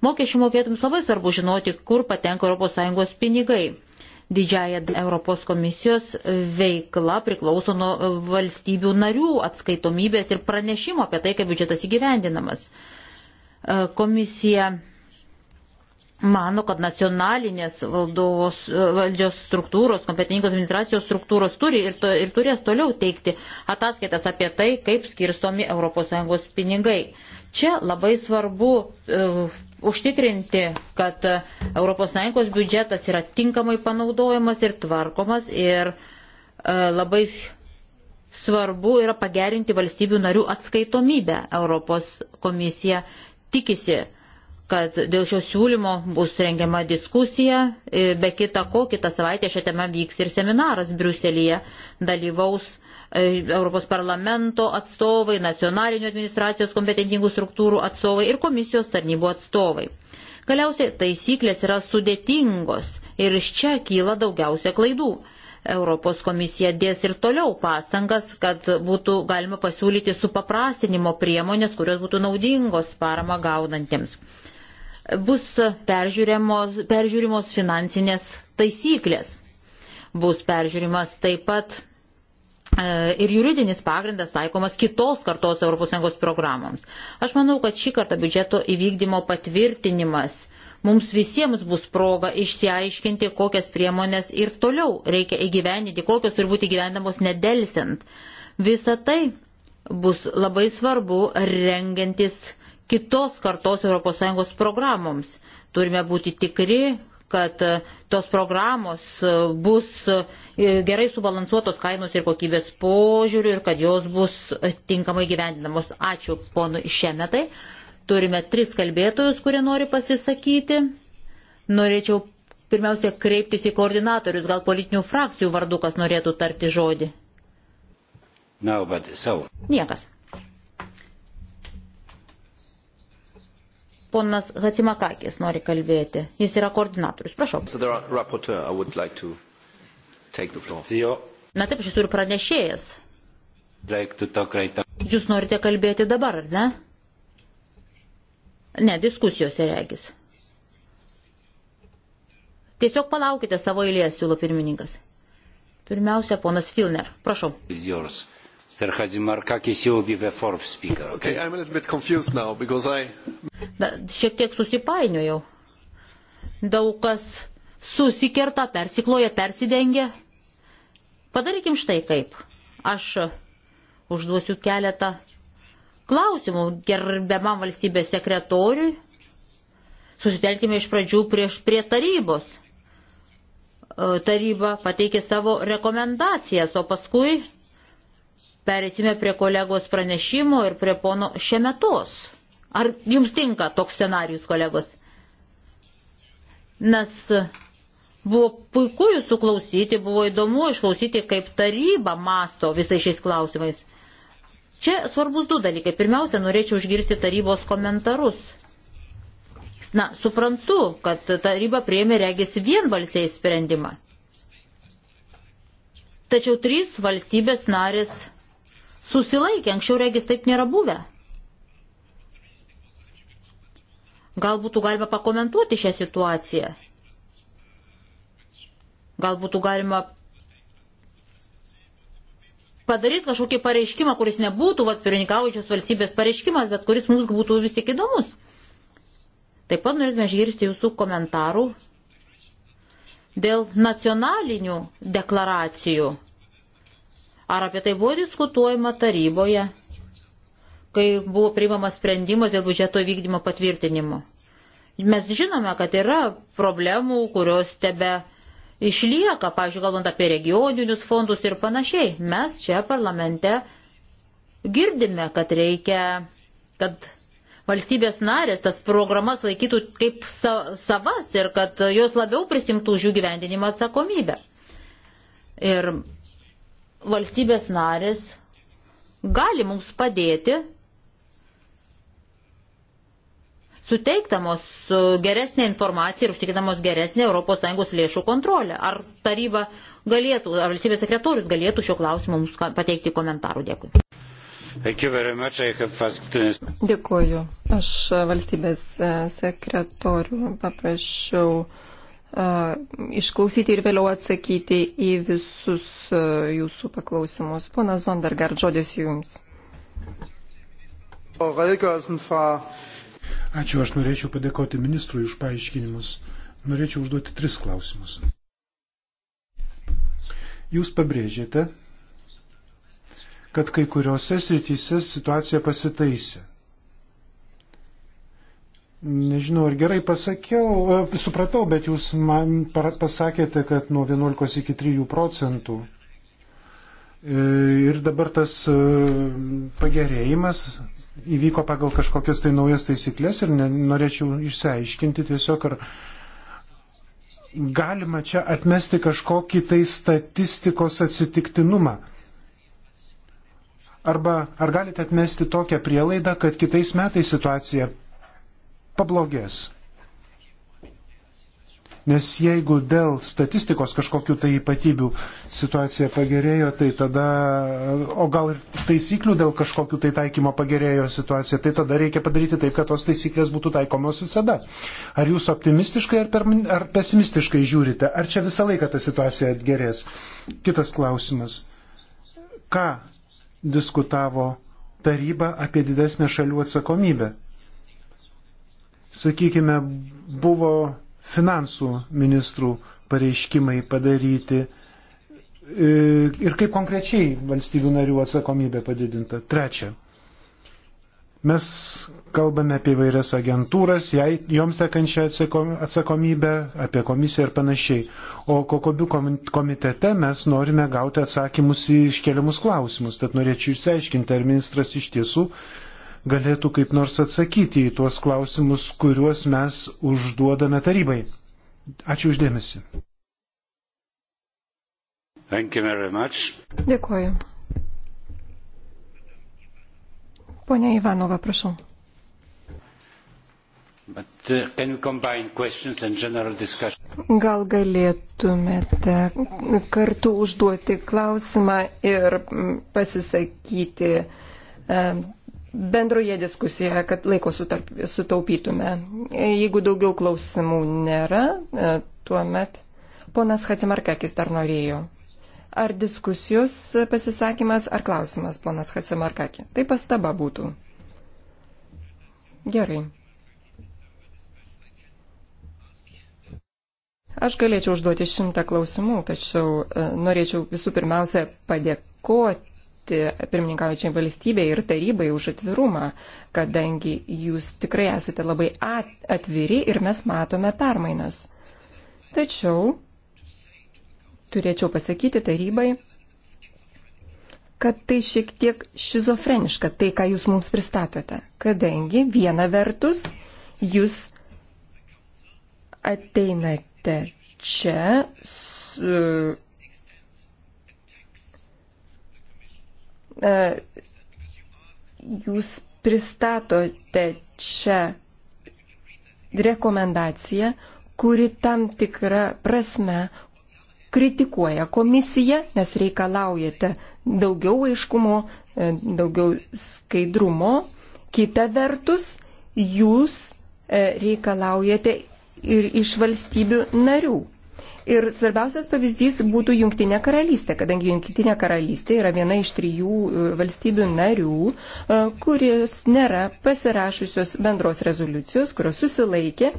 Mokesčių mokėtams labai svarbu žinoti, kur patenka ES pinigai didžiaja Europos komisijos veikla priklauso nuo valstybių narių atskaitomybės ir pranešimo apie tai, kaip biudžetas įgyvendinamas. E, komisija mano, kad nacionalinės valdovos e, valdžios struktūros, kompetentingos administracijos struktūros turi ir, to, ir turės toliau teikti ataskaitas apie tai, kaip skirstomi ES pinigai. Čia labai svarbu uh, užtikrinti, kad ES biudžetas yra tinkamai panaudojamas ir tvarkomas ir e, labai svarbu yra pagerinti valstybių narių atskaitomybę. Europos komisija tikisi, kad dėl šio siūlymo bus rengiama diskusija, e, be kita ko, kitą savaitę šią temą vyks ir seminaras Briuselėje dalyvaus Europos parlamento atstovai, nacionalinių administracijos kompetentingų struktūrų atstovai ir komisijos tarnybų atstovai. Galiausiai taisyklės yra sudėtingos ir iš čia kyla daugiausia klaidų. Europos komisija dės ir toliau pastangas, kad būtų galima pasiūlyti supaprastinimo priemonės, kurios būtų naudingos parama gaunantiems. Bus peržiūrimos, peržiūrimos finansinės taisyklės. Bus peržiūrimas taip pat E, ir juridinis pagrindas taikomas kitos kartos ES programoms. Aš manau, kad šį kartą biudžeto įvykdymo patvirtinimas mums visiems bus proga išsiaiškinti, kokias priemonės ir toliau reikia įgyvendinti, kokios turi būti įgyvendamos nedelsiant. Visa tai bus labai svarbu rengiantis kitos kartos ES programoms. Turime būti tikri, kad tos programos bus uh, E, gerai subalansuotos kainos ir kokybės požiūrių ir kad jos bus tinkamai gyvendinamos. Ačiū ponui Šemetai. Turime tris kalbėtojus, kurie nori pasisakyti. Norėčiau pirmiausia kreiptis į koordinatorius, gal politinių frakcijų vardu kas norėtų tarti žodį. Nobody, so. Niekas. Ponas Hatsimakakis nori kalbėti. Jis yra koordinatorius. Prašau. So like to... Na taip, aš esu ir pranešėjas. Jūs norite kalbėti dabar, ar ne? Ne, diskusijose regis. Tiesiog palaukite savo eilės, siūlo pirmininkas. Pirmiausia, ponas Filner, prašau. Mr. Hadzimarkakis, you will be the fourth speaker. Okay, okay I'm a little bit confused now because I. Da, šiek tiek susipainiojau. Daug kas susikerta, persikloja, persidengia. Padarykim štai kaip. Aš užduosiu keletą klausimų gerbiamam valstybės sekretoriui. Susitelkime iš pradžių prieš, prie tarybos. E, taryba pateikė savo rekomendacijas, o paskui perėsime prie kolegos pranešimo ir prie pono Šemetos. Ar jums tinka toks scenarius, kolegos? Nes Buvo puiku jūsų klausyti, buvo įdomu išklausyti, kaip taryba masto visais šiais klausimais. Čia svarbus du dalykai. Pirmiausia, norėčiau išgirsti tarybos komentarus. Na, suprantu, kad taryba prieimė regis vienbalsiai sprendimą. Tačiau trys valstybės narės susilaikė, anksčiau regis taip nėra buvę. Gal būtų galima pakomentuoti šią situaciją. Gal būtų galima padaryti kažkokį pareiškimą, kuris nebūtų vat, pirmininkaujančios valstybės pareiškimas, bet kuris mums būtų vis tik įdomus. Taip pat norėtume išgirsti jūsų komentarų dėl nacionalinių deklaracijų. Ar apie tai buvo diskutuojama taryboje, kai buvo priimamas sprendimas dėl biudžeto vykdymo patvirtinimo? Mes žinome, kad yra problemų, kurios tebe išlieka, pavyzdžiui, kalbant apie regioninius fondus ir panašiai. Mes čia parlamente girdime, kad reikia, kad valstybės narės tas programas laikytų kaip sa savas ir kad jos labiau prisimtų už jų gyvendinimą atsakomybę. Ir valstybės narės gali mums padėti suteiktamos e, geresnė informacija ir užtikrinamos geresnė ES lėšų kontrolė. Ar taryba galėtų, ar valstybės sekretorius galėtų šio klausimo mums pateikti komentarų. Dėkui. Uh, Dėkuoju. Aš e, valstybės e, sekretorių paprašiau išklausyti ir vėliau atsakyti į visus jūsų paklausimus. Pana Zondergar, žodis jums. Ačiū, aš norėčiau padėkoti ministrui už paaiškinimus. Norėčiau užduoti tris klausimus. Jūs pabrėžėte, kad kai kuriuose srityse situacija pasitaisė. Nežinau, ar gerai pasakiau, e, supratau, bet jūs man pasakėte, kad nuo 11 iki 3 procentų. E, ir dabar tas e, pagerėjimas įvyko pagal kažkokias tai naujas taisyklės ir ne, norėčiau išsiaiškinti tiesiog, ar galima čia atmesti kažkokį tai statistikos atsitiktinumą. Arba ar galite atmesti tokią prielaidą, kad kitais metais situacija pablogės? Nes jeigu dėl statistikos kažkokių tai ypatybių situacija pagerėjo, tai tada, o gal ir taisyklių dėl kažkokių tai taikymo pagerėjo situacija, tai tada reikia padaryti taip, kad tos taisyklės būtų taikomos visada. Ar jūs optimistiškai ar, per, ar pesimistiškai žiūrite, ar čia visą laiką ta situacija gerės? Kitas klausimas. Ką diskutavo taryba apie didesnę šalių atsakomybę? Sakykime, buvo finansų ministrų pareiškimai padaryti e, ir kaip konkrečiai valstybių narių atsakomybė padidinta. Trečia. Mes kalbame apie vairias agentūras, jai, joms tekančią atsakomybę, apie komisiją ir panašiai. O kokobių komitete mes norime gauti atsakymus į iškeliamus klausimus. Tad norėčiau išsiaiškinti, ar ministras iš tiesų uh, galėtų kaip nors atsakyti į tuos klausimus, kuriuos mes užduodame tarybai. Ačiū uždėmesi. Dėkuoju. Pone Ivanova, prašau. But, uh, Gal galėtumėte kartu užduoti klausimą ir pasisakyti uh, bendroje diskusijoje, kad laiko sutaupytume. Jeigu daugiau klausimų nėra, e, tuomet ponas Hatsimarkakis dar norėjo. Ar diskusijos pasisakymas, ar klausimas, ponas Hatsimarkakė? Tai pastaba būtų. Gerai. Aš galėčiau užduoti šimtą klausimų, tačiau e, norėčiau visų pirmiausia padėkoti padėkoti pirmininkaujančiai valstybei ir tarybai už atvirumą, kadangi jūs tikrai esate labai atviri ir mes matome permainas. Tačiau turėčiau pasakyti tarybai, kad tai šiek tiek šizofreniška, tai ką jūs mums pristatote, kadangi viena vertus jūs ateinate čia su E, jūs pristatote čia rekomendaciją, kuri tam tikrą prasme kritikuoja komisiją, nes reikalaujate daugiau aiškumo, e, daugiau skaidrumo. Kita vertus, jūs e, reikalaujate ir iš valstybių narių Ir svarbiausias pavyzdys būtų Junktinė karalystė, kadangi Junktinė karalystė yra viena iš trijų e, valstybių narių, e, kurios nėra pasirašusios bendros rezoliucijos, kurios susilaikė.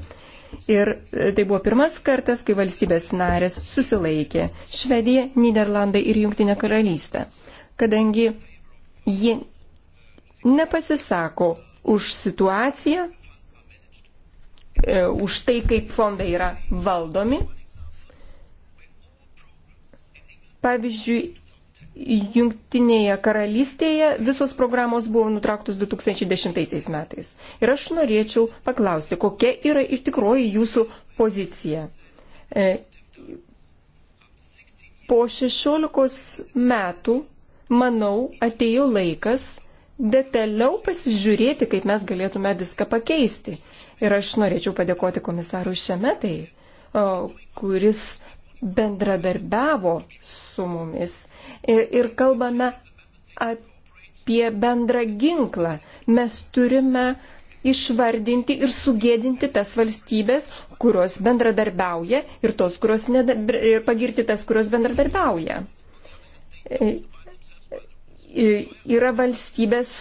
Ir e, tai buvo pirmas kartas, kai valstybės narės susilaikė Švedija, Niderlandai ir Junktinė karalystė, kadangi jie nepasisako už situaciją, už tai, kaip fondai yra valdomi Pavyzdžiui, Jungtinėje karalystėje visos programos buvo nutrauktos 2010 metais. Ir aš norėčiau paklausti, kokia yra iš tikroji jūsų pozicija. E, po 16 metų, manau, atėjo laikas detaliau pasižiūrėti, kaip mes galėtume viską pakeisti. Ir aš norėčiau padėkoti komisarui Šemetai, kuris bendradarbiavo su mumis ir, ir kalbame apie bendrą ginklą. Mes turime išvardinti ir sugėdinti tas valstybės, kurios bendradarbiauja ir, tos, kurios nedabra, ir pagirti tas, kurios bendradarbiauja. E, e, yra valstybės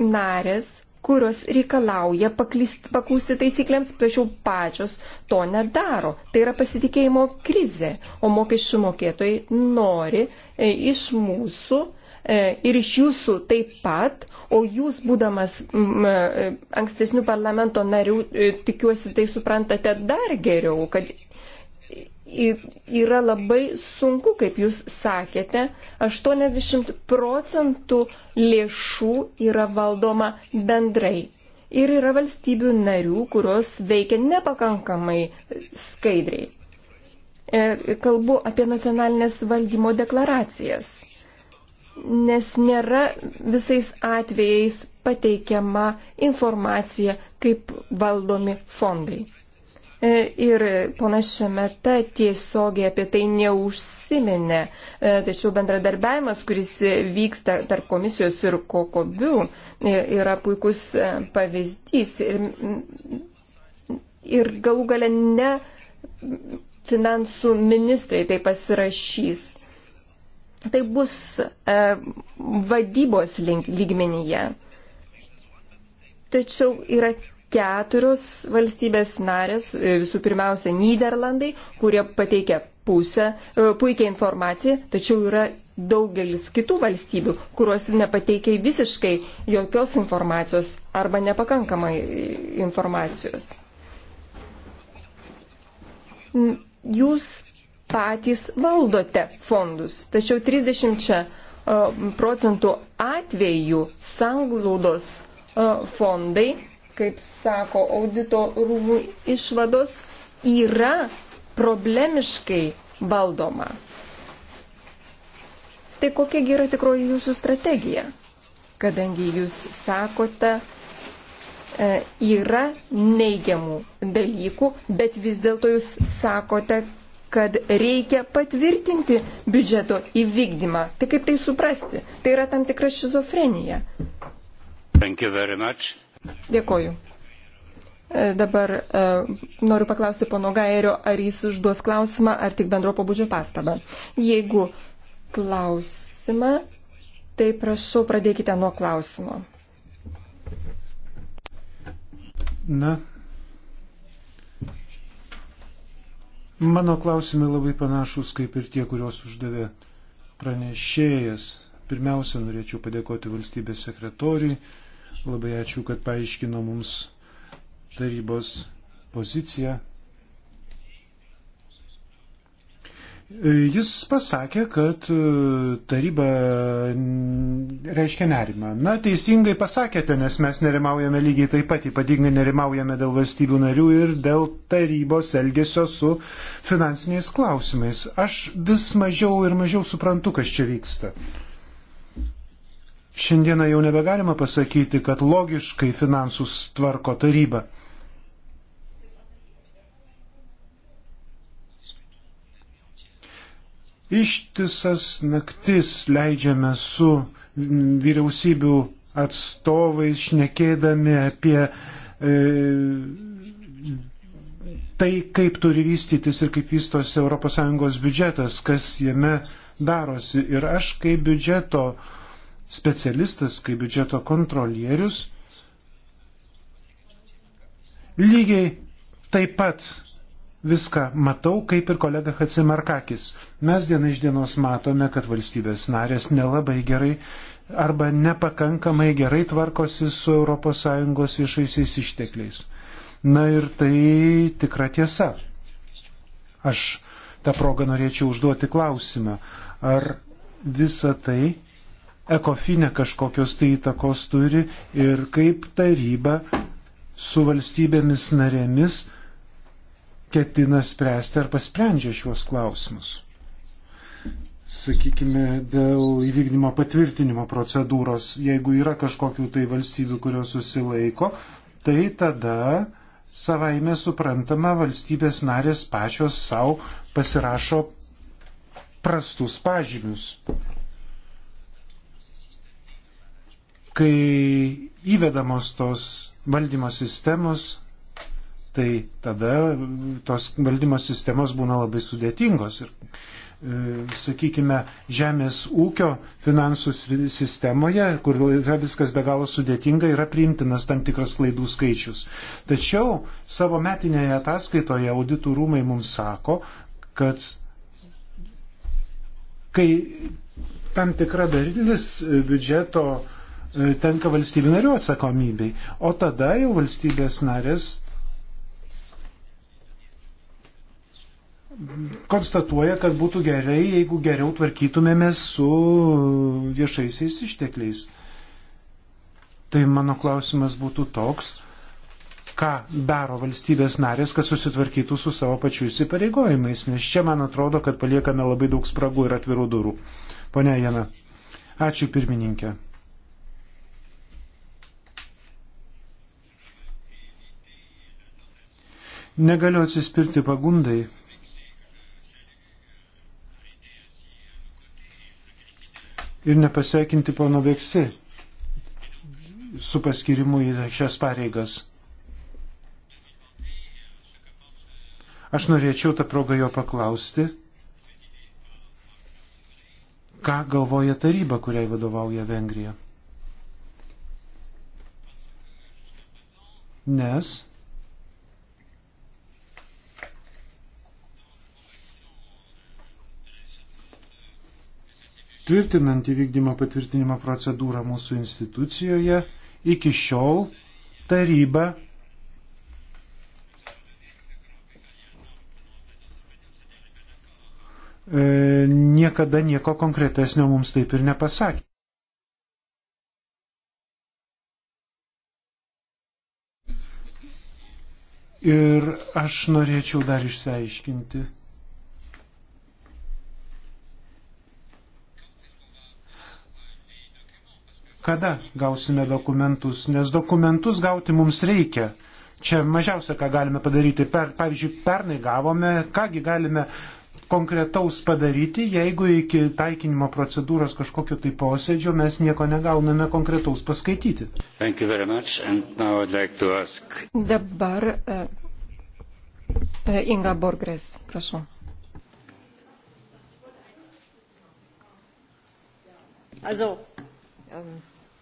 narės, kurios reikalauja paklyst, paklusti taisyklėms, tačiau pačios to nedaro. Tai yra pasitikėjimo krizė, o mokesčių mokėtojai nori e, iš mūsų e, ir iš jūsų taip pat, o jūs, būdamas m, e, ankstesnių parlamento narių, e, tikiuosi tai suprantate dar geriau, kad yra labai sunku, kaip jūs sakėte. 80 procentų lėšų yra valdoma bendrai. Ir yra valstybių narių, kurios veikia nepakankamai skaidriai. E, kalbu apie nacionalinės valdymo deklaracijas, nes nėra visais atvejais pateikiama informacija, kaip valdomi fondai. E, ir ponas Šemeta tiesiogiai apie tai neužsiminė, e, tačiau bendradarbiavimas, kuris vyksta tarp komisijos ir kokobių, e, yra puikus pavyzdys. Ir, ir galų gale ne finansų ministrai tai pasirašys. Tai bus e, vadybos link, lygmenyje. Tačiau yra keturios valstybės narės, e, visų pirmiausia Niderlandai, kurie pateikia pusę, e, puikia informacija, tačiau yra daugelis kitų valstybių, kurios nepateikia visiškai jokios informacijos arba nepakankamai e, informacijos. Jūs patys valdote fondus, tačiau 30 procentų atvejų sanglaudos fondai kaip sako audito rūmų išvados, yra problemiškai valdoma. Tai kokiagi yra tikroji jūsų strategija? Kadangi jūs sakote, e, yra neigiamų dalykų, bet vis dėlto jūs sakote, kad reikia patvirtinti biudžeto įvykdymą. Tai kaip tai suprasti? Tai yra tam tikra šizofrenija. Thank you very much. Dėkoju. E, dabar e, noriu paklausti pono Gairio, ar jis užduos klausimą, ar tik bendro pabudžio pastabą. Jeigu klausimą, tai prašau, pradėkite nuo klausimo. Na. Mano klausimai labai panašus kaip ir tie, kuriuos uždavė pranešėjas. Pirmiausia, norėčiau padėkoti valstybės sekretoriui Labai ačiū, kad paaiškino mums tarybos poziciją. Jis pasakė, kad e, taryba reiškia nerimą. Na, teisingai pasakėte, nes mes nerimaujame lygiai taip pat, ypatingai nerimaujame dėl valstybių narių ir dėl tarybos elgesio su finansiniais klausimais. Aš vis mažiau ir mažiau suprantu, kas čia vyksta. Šiandieną jau nebegalima pasakyti, kad logiškai finansus tvarko taryba. Ištisas naktis leidžiame su vyriausybių atstovais, šnekėdami apie e, tai, kaip turi vystytis ir kaip vystosi ES biudžetas, kas jame darosi. Ir aš kaip biudžeto e, specialistas, kaip biudžeto kontrolierius, lygiai taip pat viską matau, kaip ir kolega Hatsimarkakis. Mes diena iš dienos matome, kad valstybės narės nelabai gerai arba nepakankamai gerai tvarkosi su ES viešaisiais ištekliais. Na ir tai tikra tiesa. Aš tą progą norėčiau užduoti klausimą, ar visa tai ekofinė kažkokios tai įtakos turi ir kaip taryba su valstybėmis narėmis ketina spręsti ar pasprendžia šiuos klausimus. Sakykime, dėl įvykdymo patvirtinimo procedūros, jeigu yra kažkokių tai valstybių, kurios susilaiko, tai tada savaime suprantama valstybės narės pačios savo pasirašo prastus pažymius. kai įvedamos tos valdymo sistemos, tai tada tos valdymo sistemos būna labai sudėtingos. Ir, e, sakykime, žemės ūkio finansų sistemoje, kur yra viskas be galo sudėtinga, yra priimtinas tam tikras klaidų skaičius. Tačiau savo metinėje ataskaitoje auditų rūmai mums sako, kad kai tam tikra dalis biudžeto uh, E, tenka valstybių narių atsakomybei. O tada jau valstybės narės konstatuoja, kad būtų gerai, jeigu geriau tvarkytumėmės su viešaisiais ištekliais. Tai mano klausimas būtų toks, ką daro valstybės narės, kad susitvarkytų su savo pačių įsipareigojimais, nes čia man atrodo, kad paliekame labai daug spragų ir atvirų durų. Pone Jena, ačiū pirmininkė. Negaliu atsispirti pagundai. Ir nepasveikinti pono Veksi su paskirimu į šias pareigas. Aš norėčiau tą progą jo paklausti, ką galvoja taryba, kuriai vadovauja Vengrija. Nes tvirtinant įvykdymo patvirtinimo procedūrą mūsų institucijoje, iki šiol taryba e, niekada nieko konkretesnio mums taip ir nepasakė. Ir aš norėčiau dar išsiaiškinti kada gausime dokumentus, nes dokumentus gauti mums reikia. Čia mažiausia, ką galime padaryti. Per, pavyzdžiui, pernai gavome, kągi galime konkretaus padaryti, jeigu iki taikinimo procedūros kažkokio tai posėdžio mes nieko negauname konkretaus paskaityti. Like ask... Dabar uh, Inga Borgres, prašau. Also, um...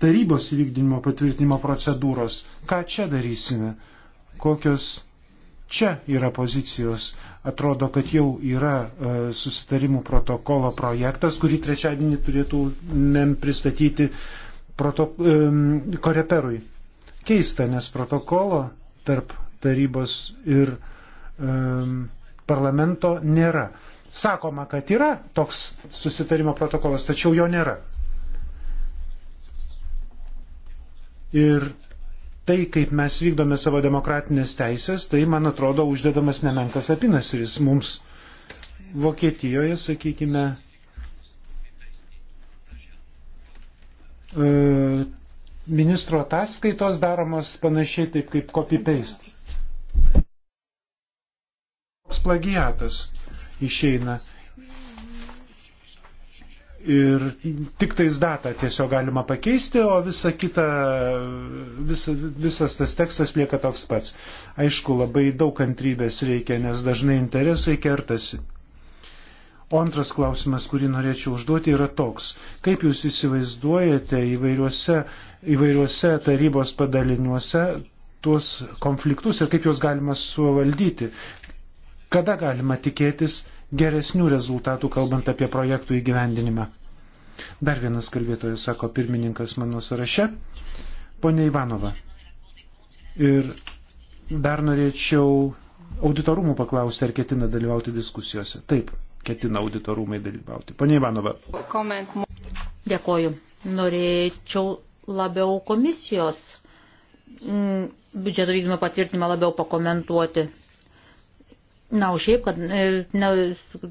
tarybos įvykdymo patvirtinimo procedūros. Ką čia darysime? Kokios čia yra pozicijos? Atrodo, kad jau yra e, susitarimų protokolo projektas, kurį trečiadienį turėtumėm pristatyti protok e, koreperui. Keista, nes protokolo tarp tarybos ir e, parlamento nėra. Sakoma, kad yra toks susitarimo protokolas, tačiau jo nėra. ir tai, kaip mes vykdome savo demokratinės teisės, tai, man atrodo, uždedamas nemenkas apinas ir jis mums Vokietijoje, sakykime, e, ministro ataskaitos daromos panašiai taip kaip copy-paste. Toks plagiatas išeina. Ir tik tais datą tiesiog galima pakeisti, o visa kita, visa, visas tas tekstas lieka toks pats. Aišku, labai daug kantrybės reikia, nes dažnai interesai kertasi. O antras klausimas, kurį norėčiau užduoti, yra toks. Kaip Jūs įsivaizduojate įvairiuose, įvairiuose tarybos padaliniuose tuos konfliktus ir kaip juos galima suvaldyti? Kada galima tikėtis geresnių rezultatų, kalbant apie projektų įgyvendinimą. Dar vienas kalbėtojas, sako pirmininkas mano sąraše, ponė Ivanova. Ir dar norėčiau auditorumų paklausti, ar ketina dalyvauti diskusijose. Taip, ketina auditorumai dalyvauti. Pone Ivanova. Dėkoju. Norėčiau labiau komisijos mm, biudžeto vykdymo patvirtinimą labiau pakomentuoti. Na, o šiaip, kad e, ne,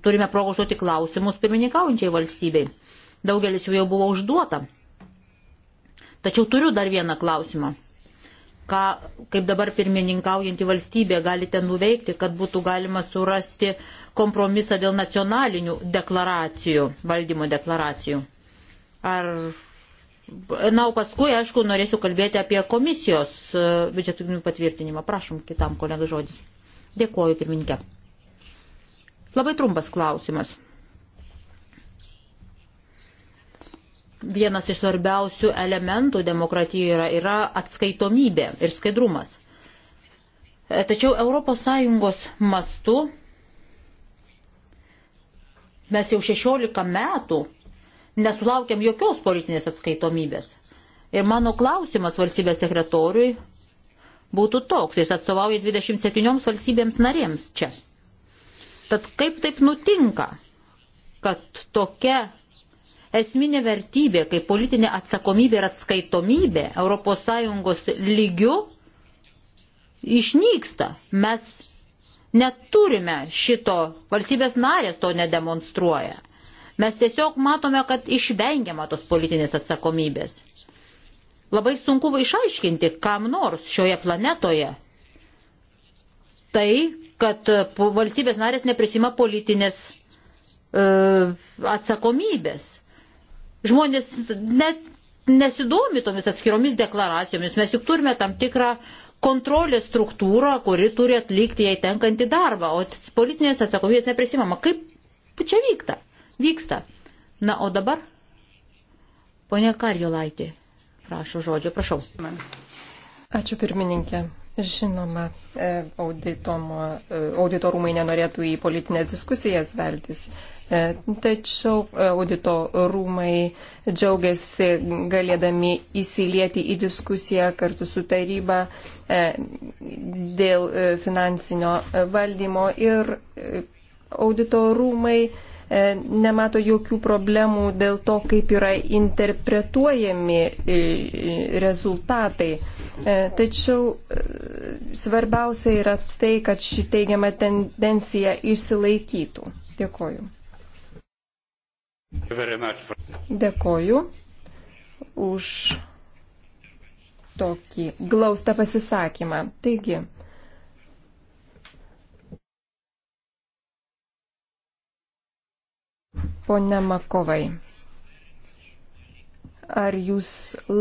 turime progos duoti klausimus pirmininkaujančiai valstybei. Daugelis jų jau buvo užduota. Tačiau turiu dar vieną klausimą. Ką, kaip dabar pirmininkaujantį valstybę galite nuveikti, kad būtų galima surasti kompromisą dėl nacionalinių deklaracijų, valdymo deklaracijų? Ar Na, o paskui, aišku, norėsiu kalbėti apie komisijos e, biudžetų patvirtinimą. Prašom, kitam kolegai žodis. Dėkuoju, pirmininkė. Labai trumpas klausimas. Vienas iš svarbiausių elementų demokratijoje yra, yra atskaitomybė ir skaidrumas. E, tačiau ES mastu mes jau 16 metų nesulaukėm jokios politinės atskaitomybės. Ir mano klausimas valstybės sekretoriui būtų toks. Jis atstovauja 27 valstybėms narėms čia. Tad kaip taip nutinka, kad tokia esminė vertybė, kaip politinė atsakomybė ir atskaitomybė ES lygių išnyksta. Mes neturime šito, valstybės narės to nedemonstruoja. Mes tiesiog matome, kad išvengiama tos politinės atsakomybės. Labai sunku išaiškinti, kam nors šioje planetoje. Tai, kad e, valstybės narės neprisima politinės e, atsakomybės. Žmonės net nesidomi tomis atskiromis deklaracijomis. Mes juk turime tam tikrą kontrolės struktūrą, kuri turi atlikti jai tenkantį darbą, o politinės atsakomybės neprisimama. Kaip čia vyksta? Vyksta. Na, o dabar, ponia Karjolaitė, prašo žodžio, prašau. Ačiū pirmininkė. Žinoma, e, auditorumai e, nenorėtų į politinės diskusijas veltis, e, tačiau auditorumai džiaugiasi galėdami įsilieti į diskusiją kartu su taryba dėl finansinio valdymo ir auditorumai rūmai E, nemato jokių problemų dėl to, kaip yra interpretuojami e, e, rezultatai. Tačiau svarbiausia yra tai, kad ši teigiama tendencija išsilaikytų. Dėkoju. Dėkoju už tokį glaustą pasisakymą. Taigi, Pone Makovai, ar jūs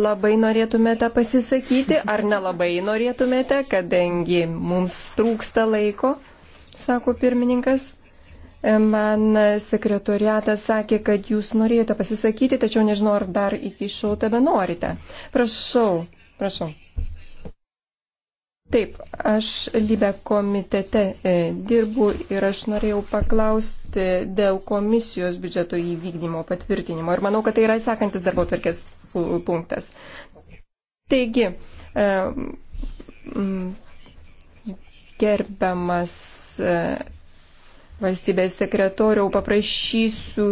labai norėtumėte pasisakyti, ar nelabai norėtumėte, kadangi mums trūksta laiko, sako pirmininkas. Man sekretoriatas sakė, kad jūs norėjote pasisakyti, tačiau nežinau, ar dar iki šio tebe norite. Prašau, prašau. Taip, aš Libe komitete e, dirbu ir aš norėjau paklausti dėl komisijos biudžeto įvykdymo patvirtinimo ir manau, kad tai yra sekantis darbo tvarkės punktas. Taigi, e, gerbiamas e, valstybės sekretoriau, paprašysiu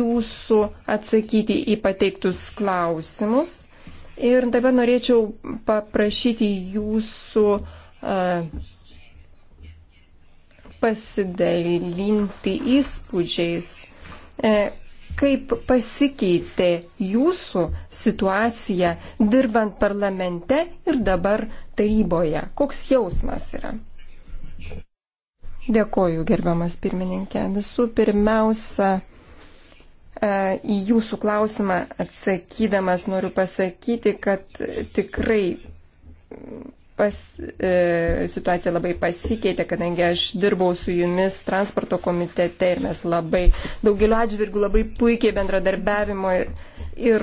jūsų atsakyti į pateiktus klausimus. Ir dabar norėčiau paprašyti jūsų e, pasidalinti įspūdžiais, e, kaip pasikeitė jūsų situacija dirbant parlamente ir dabar taryboje. Koks jausmas yra? Dėkoju, gerbiamas pirmininkė. Visų pirmiausia, E, į jūsų klausimą atsakydamas noriu pasakyti, kad tikrai pas, e, situacija labai pasikeitė, kadangi aš dirbau su jumis transporto komitete ir mes labai daugeliu atžvilgių labai puikiai bendradarbiavimo ir, ir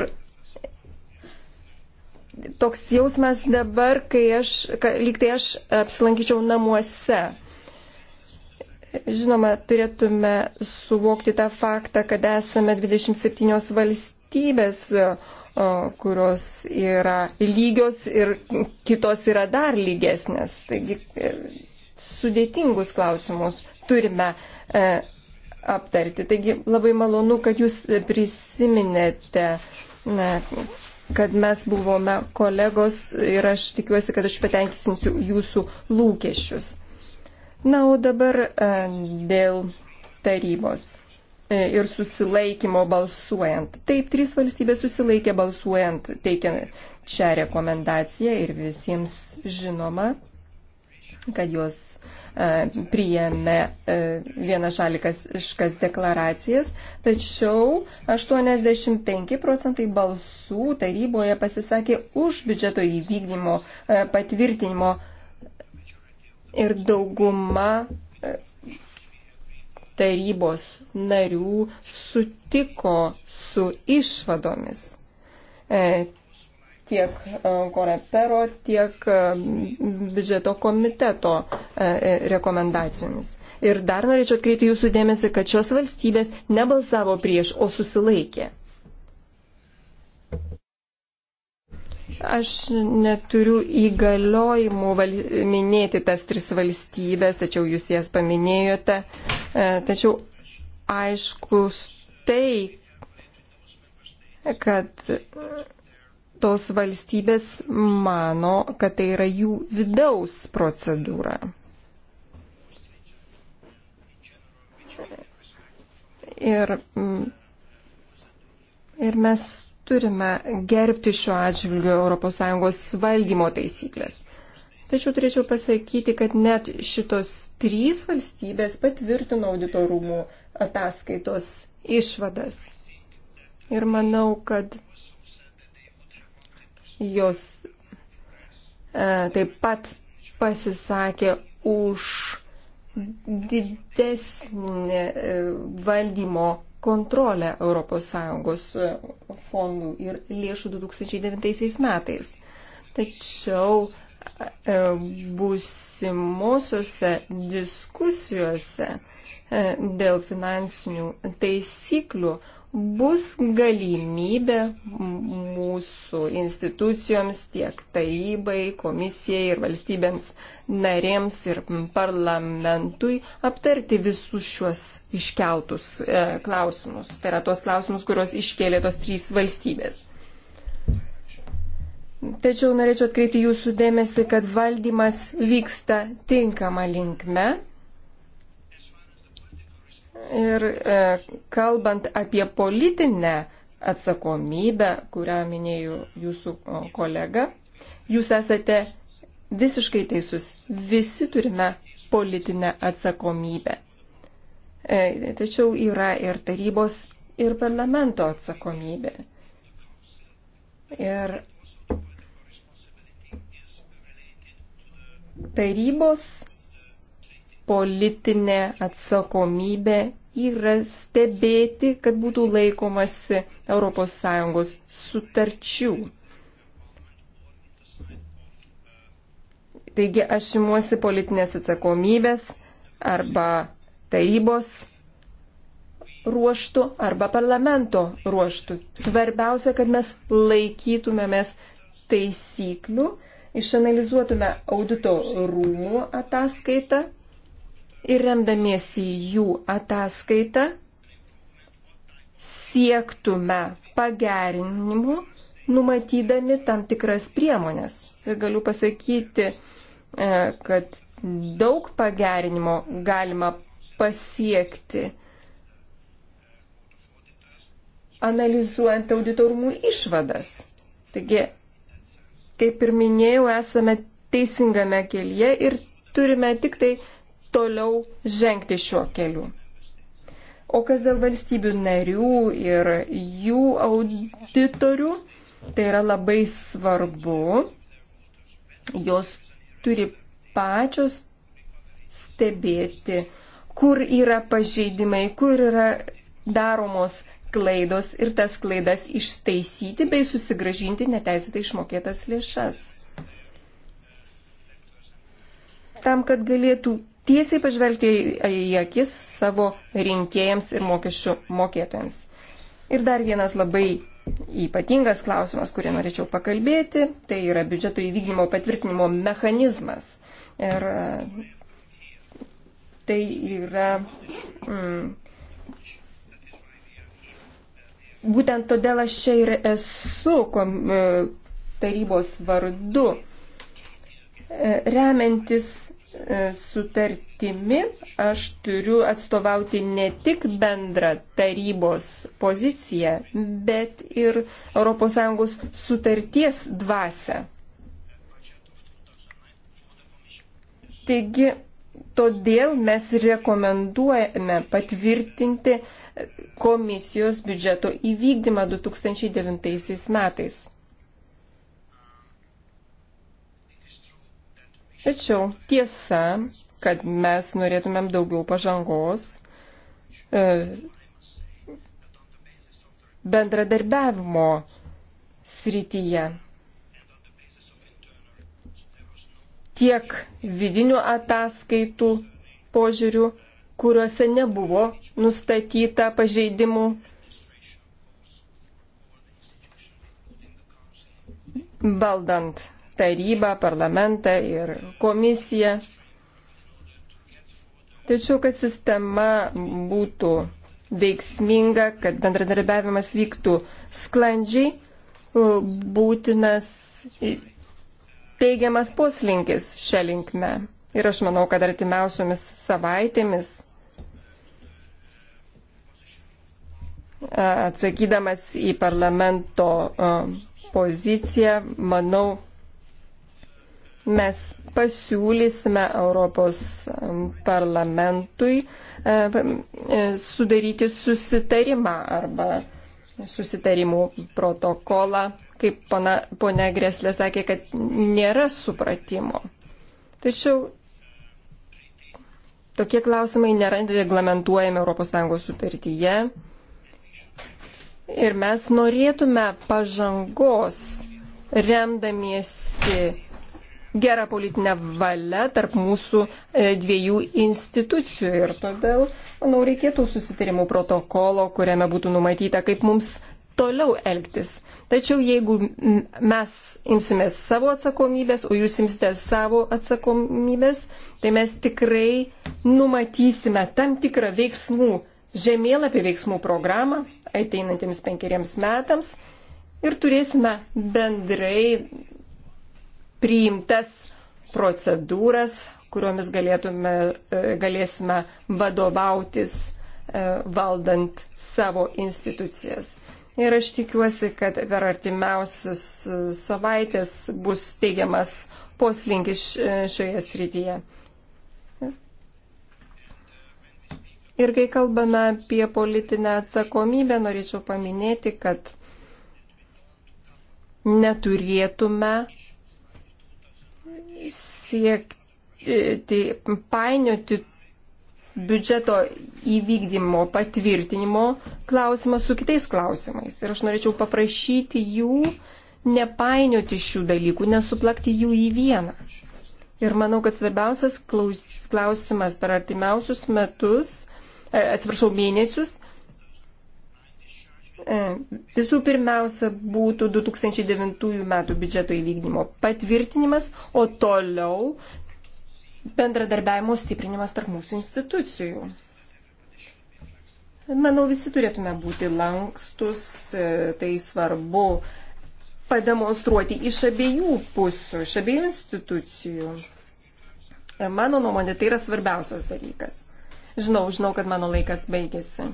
toks jausmas dabar, kai aš, ka, lyg tai aš apsilankyčiau namuose. Žinoma, turėtume suvokti tą faktą, kad esame 27 valstybės, kurios yra lygios ir kitos yra dar lygesnės. Taigi e, sudėtingus klausimus turime e, aptarti. Taigi labai malonu, kad jūs prisiminėte, na, kad mes buvome kolegos ir aš tikiuosi, kad aš patenkinsiu jūsų lūkesčius. Na, o dabar e, dėl tarybos e, ir susilaikymo balsuojant. Taip, trys valstybės susilaikė balsuojant, teikiant šią rekomendaciją ir visiems žinoma, kad jos e, priėmė vienašalikas deklaracijas, tačiau 85 procentai balsų taryboje pasisakė už biudžeto įvykdymo patvirtinimo ir dauguma e, tarybos narių sutiko su išvadomis. E, tiek e, Korepero, tiek biudžeto komiteto rekomendacijomis. Ir dar norėčiau atkreipti jūsų dėmesį, kad šios valstybės nebalsavo prieš, o susilaikė. Aš neturiu įgaliojimų val... minėti tas tris valstybės, tačiau jūs jas paminėjote. E, tačiau aiškus tai, kad tos valstybės mano, kad tai yra jų vidaus procedūra. Ir, ir mes Turime gerbti šiuo atžvilgiu ES valdymo taisyklės. Tačiau turėčiau pasakyti, kad net šitos trys valstybės patvirtino auditorumų ataskaitos išvadas. Ir manau, kad jos e, taip pat pasisakė už didesnį e, valdymo kontrolę ES e, fondų ir lėšų 2009 metais. Tačiau e, būsimosiuose diskusijuose e, dėl finansinių taisyklių bus galimybė mūsų institucijoms, tiek tarybai, komisijai ir valstybėms narėms ir parlamentui aptarti visus šiuos iškeltus e, klausimus. Tai yra tuos klausimus, kuriuos iškėlė tos trys valstybės. Tačiau norėčiau atkreipti jūsų dėmesį, kad valdymas vyksta tinkama linkme Ir e, kalbant apie politinę atsakomybę, kurią minėjo jūsų kolega, jūs esate visiškai teisus. Visi turime politinę atsakomybę. E, tačiau yra ir tarybos, ir parlamento atsakomybė. Ir tarybos politinė atsakomybė yra stebėti, kad būtų laikomasi ES sutarčių. Taigi aš imuosi politinės atsakomybės arba tarybos ruoštų arba parlamento ruoštų. Svarbiausia, kad mes laikytumėmės taisyklių, išanalizuotume audito rūmų ataskaitą ir remdamiesi jų ataskaitą siektume pagerinimų, numatydami tam tikras priemonės. Ir galiu pasakyti, e, kad daug pagerinimo galima pasiekti, analizuojant auditorumų išvadas. Taigi, kaip ir minėjau, esame teisingame kelyje ir turime tik tai toliau žengti šiuo keliu. O kas dėl valstybių narių ir jų auditorių, tai yra labai svarbu. Jos turi pačios stebėti, kur yra pažeidimai, kur yra daromos klaidos ir tas klaidas ištaisyti bei susigražinti neteisėtai išmokėtas lėšas. Tam, kad galėtų tiesiai pažvelgti į akis savo rinkėjams ir mokesčių mokėtojams. Ir dar vienas labai ypatingas klausimas, kurį norėčiau pakalbėti, tai yra biudžeto įvykdymo patvirtinimo mechanizmas. Ir e, tai yra. Mm, būtent todėl aš čia ir esu kom, e, tarybos vardu, e, remiantis E, sutartimi aš turiu atstovauti ne tik bendrą tarybos poziciją, bet ir ES sutarties dvasę. Taigi, todėl mes rekomenduojame patvirtinti komisijos biudžeto įvykdymą 2009 metais. Tačiau tiesa, kad mes norėtumėm daugiau pažangos e, bendradarbiavimo srityje. Tiek vidinių ataskaitų požiūrių, kuriuose nebuvo nustatyta pažeidimų valdant tarybą, parlamentą ir komisiją. Tačiau, kad sistema būtų veiksminga, kad bendradarbiavimas vyktų sklandžiai, būtinas teigiamas poslinkis šią linkmę. Ir aš manau, kad artimiausiomis savaitėmis, atsakydamas į parlamento poziciją, manau, mes pasiūlysime Europos parlamentui e, e, sudaryti susitarimą arba susitarimų protokolą, kaip pana, ponia Greslė sakė, kad nėra supratimo. Tačiau tokie klausimai nėra reglamentuojami ES sutartyje ir mes norėtume pažangos remdamiesi gerą politinę valią tarp mūsų e, dviejų institucijų. Ir todėl, manau, reikėtų susitarimų protokolo, kuriame būtų numatyta, kaip mums toliau elgtis. Tačiau jeigu mes imsimės savo atsakomybės, o jūs imsite savo atsakomybės, tai mes tikrai numatysime tam tikrą veiksmų žemėlapį veiksmų programą ateinantiems penkeriems metams ir turėsime bendrai priimtas procedūras, kuriomis galėtume, e, galėsime vadovautis e, valdant savo institucijas. Ir aš tikiuosi, kad per artimiausius e, savaitės bus teigiamas poslinkis šioje srityje. Ir kai kalbame apie politinę atsakomybę, norėčiau paminėti, kad neturėtume siekti painioti biudžeto įvykdymo patvirtinimo klausimą su kitais klausimais. Ir aš norėčiau paprašyti jų nepainioti šių dalykų, nesuplakti jų į vieną. Ir manau, kad svarbiausias klausimas per artimiausius metus, e, atsiprašau, mėnesius E, visų pirmiausia būtų 2009 metų biudžeto įvykdymo patvirtinimas, o toliau bendradarbiavimo stiprinimas tarp mūsų institucijų. Manau, visi turėtume būti lankstus, e, tai svarbu pademonstruoti iš abiejų pusių, iš abiejų institucijų. E, mano nuomonė, tai yra svarbiausias dalykas. Žinau, žinau, kad mano laikas baigėsi.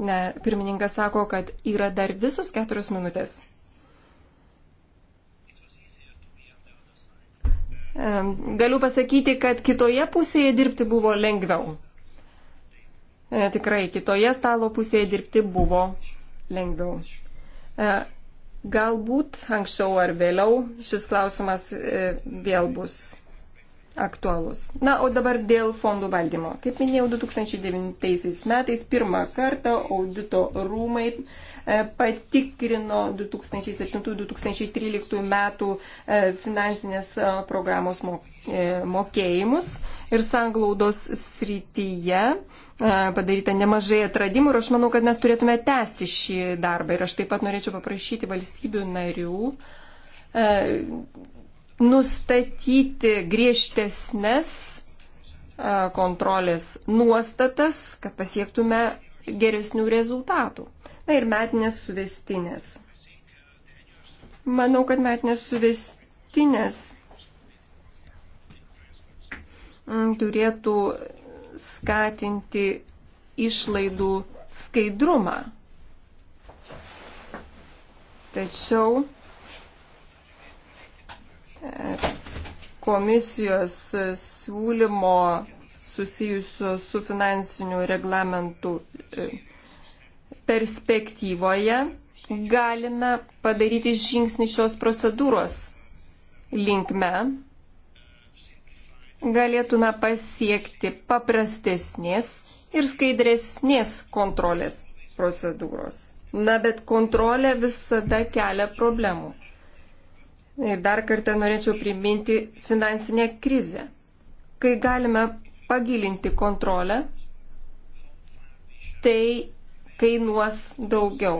Ne, pirmininkas sako, kad yra dar visus keturios minutės. Galiu pasakyti, kad kitoje pusėje dirbti buvo lengviau. E, tikrai, kitoje stalo pusėje dirbti buvo lengviau. E, galbūt anksčiau ar vėliau šis klausimas e, vėl bus aktualus. Na, o dabar dėl fondų valdymo. Kaip minėjau, 2009 metais pirmą kartą audito rūmai e, patikrino 2007-2013 metų e, finansinės e, programos mokėjimus ir sanglaudos srityje padaryta nemažai atradimų ir aš manau, kad mes turėtume tęsti šį darbą ir aš taip pat norėčiau paprašyti valstybių narių nustatyti griežtesnės e, kontrolės nuostatas, kad pasiektume geresnių rezultatų. Na ir metinės suvestinės. Manau, kad metinės suvestinės mm, turėtų skatinti išlaidų skaidrumą. Tačiau komisijos siūlymo susijusio su finansiniu reglamentu e, perspektyvoje galime padaryti žingsnį šios procedūros linkme. Galėtume pasiekti paprastesnės ir skaidresnės kontrolės procedūros. Na, bet kontrolė visada kelia problemų. Ir dar kartą norėčiau priminti finansinę krizę, kai galime pagilinti kontrolę, tai kainuos daugiau.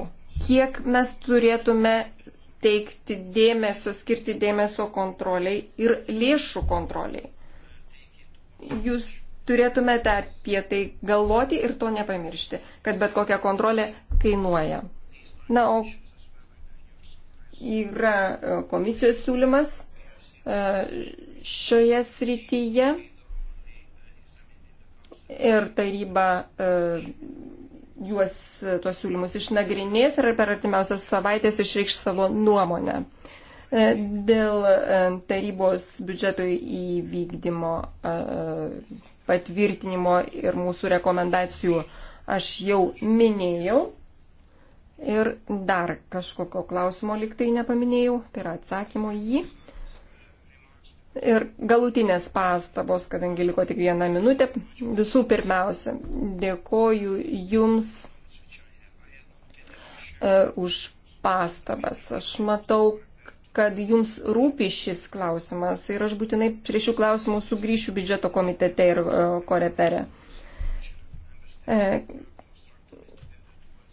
Kiek mes turėtume teikti dėmesio, skirti dėmesio kontroliai ir lėšų kontroliai. Jūs turėtumėte apie tai galvoti ir to nepamiršti, kad bet kokia kontrolė kainuoja. Na, o yra e, komisijos siūlymas e, šioje srityje ir taryba e, juos tuos siūlymus išnagrinės ir per artimiausias savaitės išreikš savo nuomonę. Dėl tarybos biudžeto įvykdymo patvirtinimo ir mūsų rekomendacijų aš jau minėjau. Ir dar kažkokio klausimo liktai nepaminėjau, tai yra atsakymo į jį. Ir galutinės pastabos, kadangi liko tik vieną minutę, visų pirmiausia, dėkoju Jums e, už pastabas. Aš matau, kad Jums rūpi šis klausimas ir aš būtinai prie šių klausimų sugrįšiu biudžeto komitete ir e, korepere. E,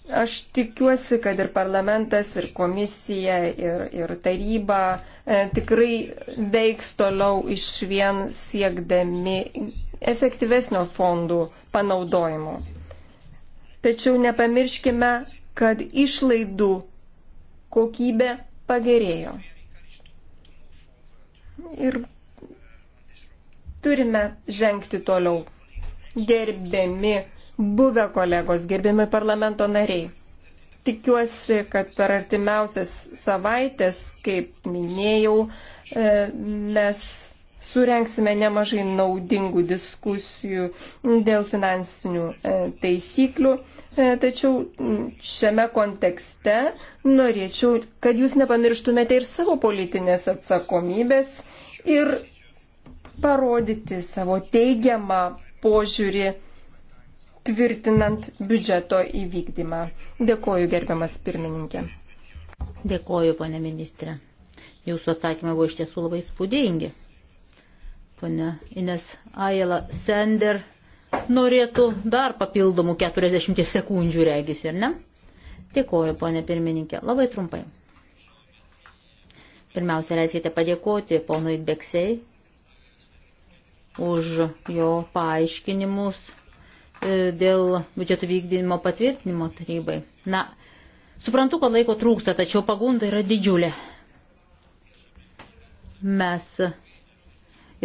Aš tikiuosi, kad ir parlamentas, ir komisija, ir, ir taryba e, tikrai veiks toliau iš vien siekdami efektyvesnio fondų panaudojimo. Tačiau nepamirškime, kad išlaidų kokybė pagerėjo. Ir turime žengti toliau, gerbėmi buvę kolegos, gerbiami parlamento nariai. Tikiuosi, kad per artimiausias savaitės, kaip minėjau, e, mes surenksime nemažai naudingų diskusijų dėl finansinių e, taisyklių. E, tačiau šiame kontekste norėčiau, kad jūs nepamirštumėte ir savo politinės atsakomybės ir parodyti savo teigiamą požiūrį tvirtinant biudžeto įvykdymą. Dėkoju, gerbiamas pirmininkė. Dėkoju, ponė ministrė. Jūsų atsakymai buvo iš tiesų labai spūdingi. Pone Ines Aila Sender norėtų dar papildomų 40 sekundžių regis, ar ne? Dėkoju, ponė pirmininkė. Labai trumpai. Pirmiausia, leiskite padėkoti ponui Beksei už jo paaiškinimus E, dėl biudžeto vykdymo patvirtinimo tarybai. Na, suprantu, kad laiko trūksta, tačiau pagunda yra didžiulė. Mes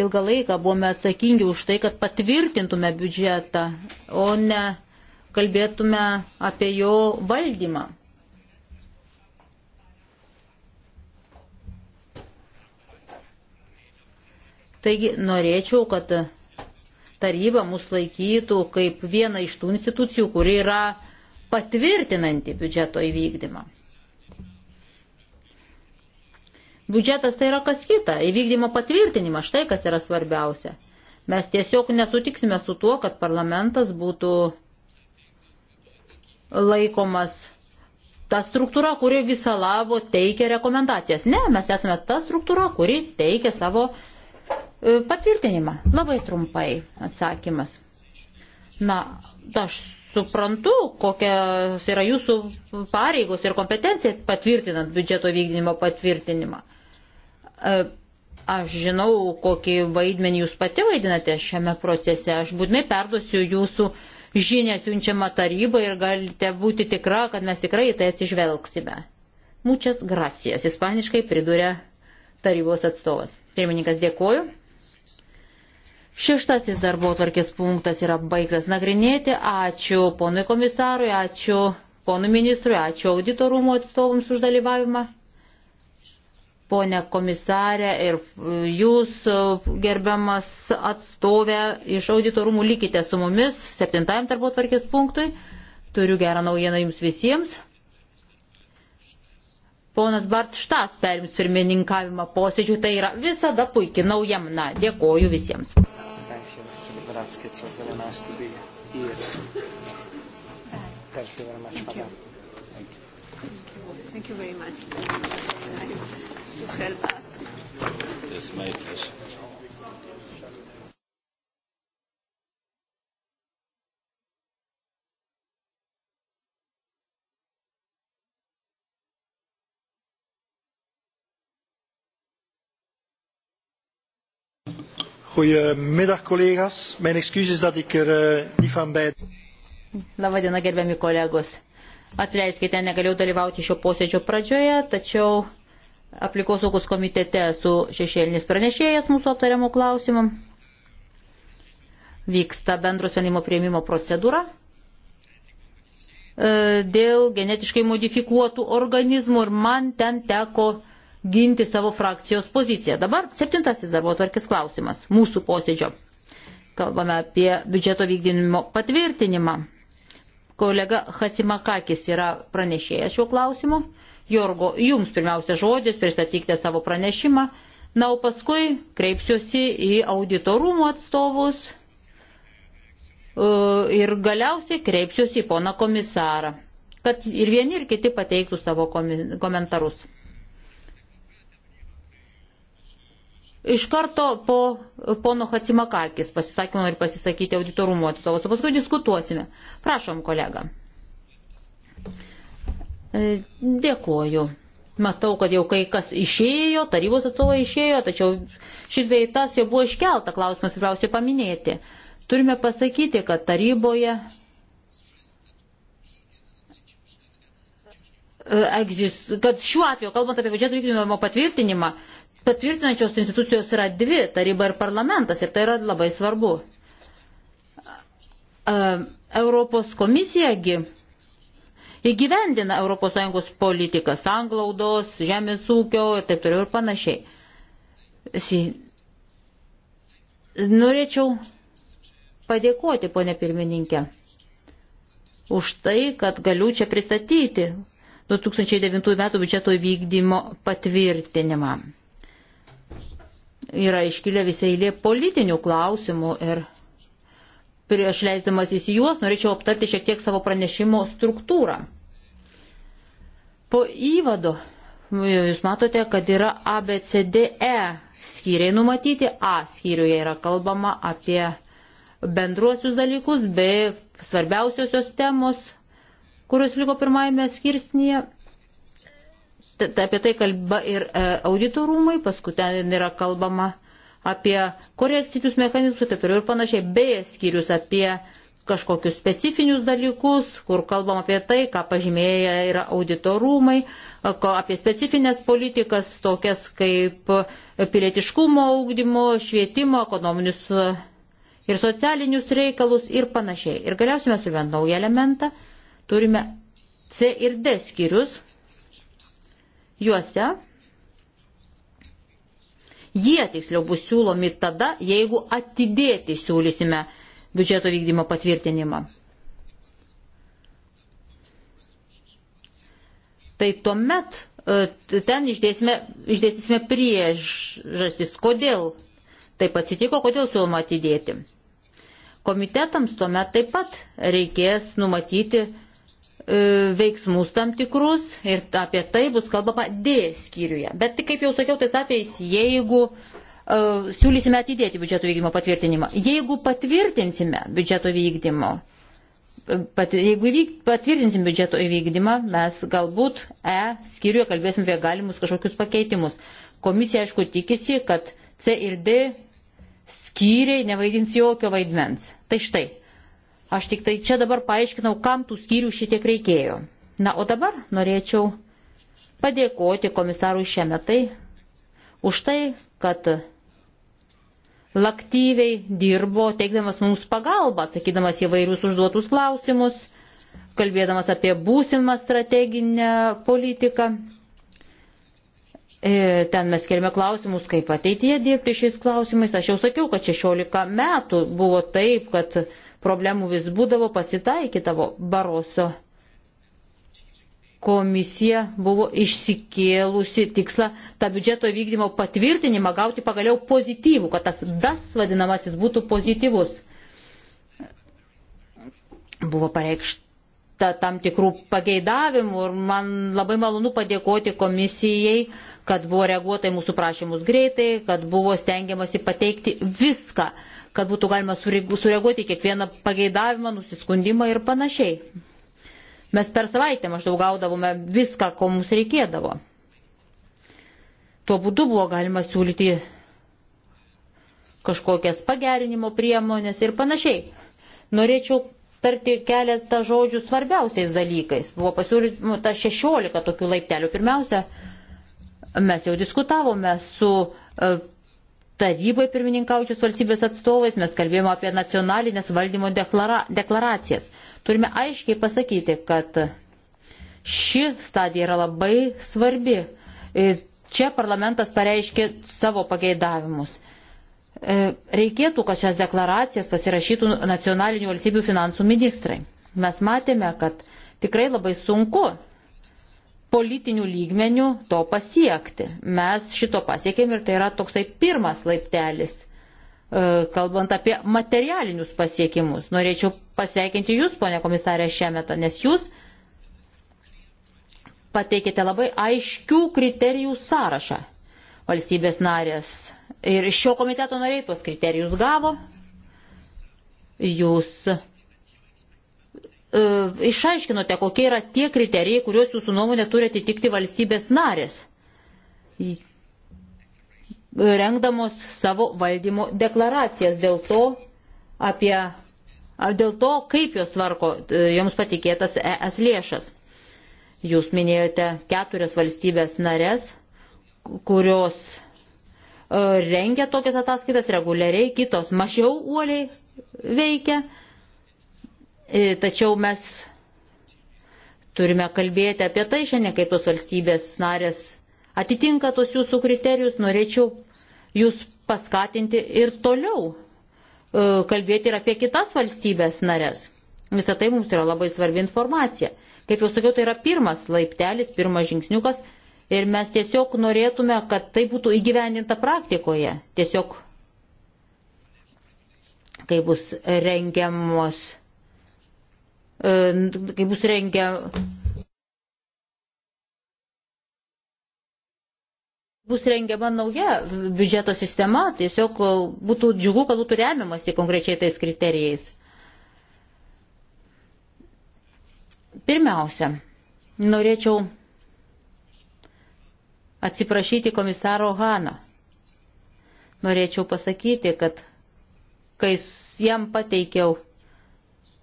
ilgą laiką buvome atsakingi už tai, kad patvirtintume biudžetą, o ne kalbėtume apie jo valdymą. Taigi norėčiau, kad taryba mus laikytų kaip vieną iš tų institucijų, kuri yra patvirtinanti biudžeto įvykdymą. Biudžetas tai yra kas kita, įvykdymo patvirtinimas, štai kas yra svarbiausia. Mes tiesiog nesutiksime su tuo, kad parlamentas būtų laikomas ta struktūra, kuri visą labo teikia rekomendacijas. Ne, mes esame ta struktūra, kuri teikia savo rekomendacijas E, patvirtinimą. Labai trumpai atsakymas. Na, aš suprantu, kokios yra jūsų pareigos ir kompetencija patvirtinant biudžeto vykdymo patvirtinimą. E, aš žinau, kokį vaidmenį jūs pati vaidinate šiame procese. Aš būtinai perduosiu jūsų žinę siunčiamą tarybą ir galite būti tikra, kad mes tikrai į tai atsižvelgsime. Mučias gracijas, ispaniškai priduria tarybos atstovas. Pirmininkas dėkoju. Šeštasis darbo tvarkės punktas yra baigtas nagrinėti. Ačiū ponui komisarui, ačiū ponui ministrui, ačiū auditorumo atstovams už dalyvavimą. Pone komisarė ir jūs, gerbiamas atstovė iš auditorumų, likite su mumis septintajam darbo tvarkės punktui. Turiu gerą naujieną jums visiems. Ponas Bart Štas perims pirmininkavimą posėdžių, tai yra visada puikiai naujiena. Dėkoju visiems. Thank you very much, madam. Thank you. Thank you very much. Nice to help us. It is my pleasure. Goedemiddag collega's. Mijn excuses dat ik er uh, niet van bij. Labadiena gerbiami kolegos. Atleiskite, negalėjau dalyvauti šio posėdžio pradžioje, tačiau aplikosaugos komitete esu šešėlinis pranešėjas mūsų aptariamų klausimų. Vyksta bendro sprendimo prieimimo procedūra e, dėl genetiškai modifikuotų organizmų ir man ten teko ginti savo frakcijos poziciją. Dabar septintasis darbo tvarkės klausimas mūsų posėdžio. Kalbame apie biudžeto vykdinimo patvirtinimą. Kolega Hatsimakakis yra pranešėjęs šiuo klausimu. Jorgo, jums pirmiausia žodis, pristatykite savo pranešimą. Na, o paskui kreipsiuosi į auditorumų atstovus e, ir galiausiai kreipsiuosi į poną komisarą, kad ir vieni ir kiti pateiktų savo komentarus. Iš karto po pono Hatsimakakis pasisakymo ir pasisakyti auditorumo atstovus, o paskui diskutuosime. Prašom, kolega. E, dėkoju. Matau, kad jau kai kas išėjo, tarybos atstovai išėjo, tačiau šis veitas jau buvo iškelta, klausimas tikriausiai paminėti. Turime pasakyti, kad taryboje e, kad šiuo atveju, kalbant apie biudžeto vykdymo patvirtinimą, patvirtinančios institucijos yra dvi - taryba ir parlamentas, ir tai yra labai svarbu. Europos komisijagi įgyvendina ES politiką - sanglaudos, žemės ūkio ir taip toliau ir panašiai. Norėčiau padėkoti, ponė pirmininkė, už tai, kad galiu čia pristatyti 2009 m. biudžeto vykdymo patvirtinimą yra iškilę visai eilė politinių klausimų ir prieš leisdamas į juos norėčiau aptarti šiek tiek savo pranešimo struktūrą. Po įvado jūs matote, kad yra ABCDE skyriai numatyti. A skyriuje yra kalbama apie bendruosius dalykus bei svarbiausiosios temos, kurios liko pirmajame skirsnyje apie tai kalba ir e, auditorumai, paskui ten yra kalbama apie korekcinius mechanizmus, taip ir panašiai, beje skyrius apie kažkokius specifinius dalykus, kur kalbam apie tai, ką pažymėję yra auditorumai, e, apie specifines politikas, tokias kaip e, pilietiškumo augdymo, švietimo, ekonominius ir socialinius reikalus ir panašiai. Ir galiausiai mes turime naują elementą, turime C ir D skyrius, Juose jie tiksliau bus siūlomi tada, jeigu atidėti siūlysime biudžeto vykdymo patvirtinimą. Tai tuomet e, ten išdėsime, išdėsime priežastis, kodėl taip atsitiko, kodėl siūloma atidėti. Komitetams tuomet taip pat reikės numatyti E, veiksmus tam tikrus ir apie tai bus kalbama D skyriuje. Bet kaip jau sakiau, tais atvejais, jeigu uh, siūlysime atidėti biudžeto vykdymo patvirtinimą, jeigu patvirtinsime biudžeto vykdymo, e, pat, jeigu vyk, patvirtinsim biudžeto įvykdymą, mes galbūt E skyriuje kalbėsime apie galimus kažkokius pakeitimus. Komisija, aišku, tikisi, kad C ir D skyriai nevaidins jokio vaidmens. Tai štai, Aš tik tai čia dabar paaiškinau, kam tų skyrių šitiek reikėjo. Na, o dabar norėčiau padėkoti komisarui šiemetai už tai, kad laktyviai dirbo, teikdamas mums pagalbą, atsakydamas į vairius užduotus klausimus, kalbėdamas apie būsimą strateginę politiką. E, ten mes kelime klausimus, kaip ateityje dirbti šiais klausimais. Aš jau sakiau, kad 16 metų buvo taip, kad problemų vis būdavo pasitaikydavo. Baroso komisija buvo išsikėlusi tikslą tą biudžeto vykdymo patvirtinimą gauti pagaliau pozityvų, kad tas das vadinamasis būtų pozityvus. Buvo pareikšta tam tikrų pageidavimų ir man labai malonu padėkoti komisijai kad buvo reaguota į mūsų prašymus greitai, kad buvo stengiamasi pateikti viską, kad būtų galima sureaguoti kiekvieną pageidavimą, nusiskundimą ir panašiai. Mes per savaitę maždaug gaudavome viską, ko mums reikėdavo. Tuo būdu buvo galima siūlyti kažkokias pagerinimo priemonės ir panašiai. Norėčiau tarti keletą žodžių svarbiausiais dalykais. Buvo pasiūlyta 16 tokių laiptelių. Pirmiausia, Mes jau diskutavome su e, tarybai pirmininkaujančios valstybės atstovais, mes kalbėjome apie nacionalinės valdymo deklara, deklaracijas. Turime aiškiai pasakyti, kad ši stadija yra labai svarbi. E, čia parlamentas pareiškė savo pageidavimus. E, reikėtų, kad šias deklaracijas pasirašytų nacionalinių valstybių finansų ministrai. Mes matėme, kad tikrai labai sunku politinių lygmenių to pasiekti. Mes šito pasiekėm ir tai yra toksai pirmas laiptelis, e, kalbant apie materialinius pasiekimus. Norėčiau pasveikinti Jūs, ponė komisarė, šiemetą, nes Jūs pateikite labai aiškių kriterijų sąrašą. Valstybės narės ir šio komiteto nariai tuos kriterijus gavo. Jūs E, išaiškinote, kokie yra tie kriterijai, kuriuos jūsų nuomonė turi atitikti valstybės narės, e, rengdamos savo valdymo deklaracijas dėl to, apie, dėl to kaip jos tvarko e, joms patikėtas ES lėšas. Jūs minėjote keturias valstybės narės, kurios rengia tokias ataskaitas reguliariai, kitos mažiau uoliai veikia E, tačiau mes turime kalbėti apie tai šiandien, kai tos valstybės narės atitinka tos jūsų kriterijus, norėčiau jūs paskatinti ir toliau e, kalbėti ir apie kitas valstybės narės. Visą tai mums yra labai svarbi informacija. Kaip jau sakiau, tai yra pirmas laiptelis, pirmas žingsniukas ir mes tiesiog norėtume, kad tai būtų įgyvendinta praktikoje. Tiesiog, kai bus rengiamos E, kai bus rengia. bus rengiama nauja biudžeto sistema, tiesiog e, būtų džiugu, kad būtų remiamasi konkrečiai tais kriterijais. Pirmiausia, norėčiau atsiprašyti komisaro Haną. Norėčiau pasakyti, kad kai jam pateikiau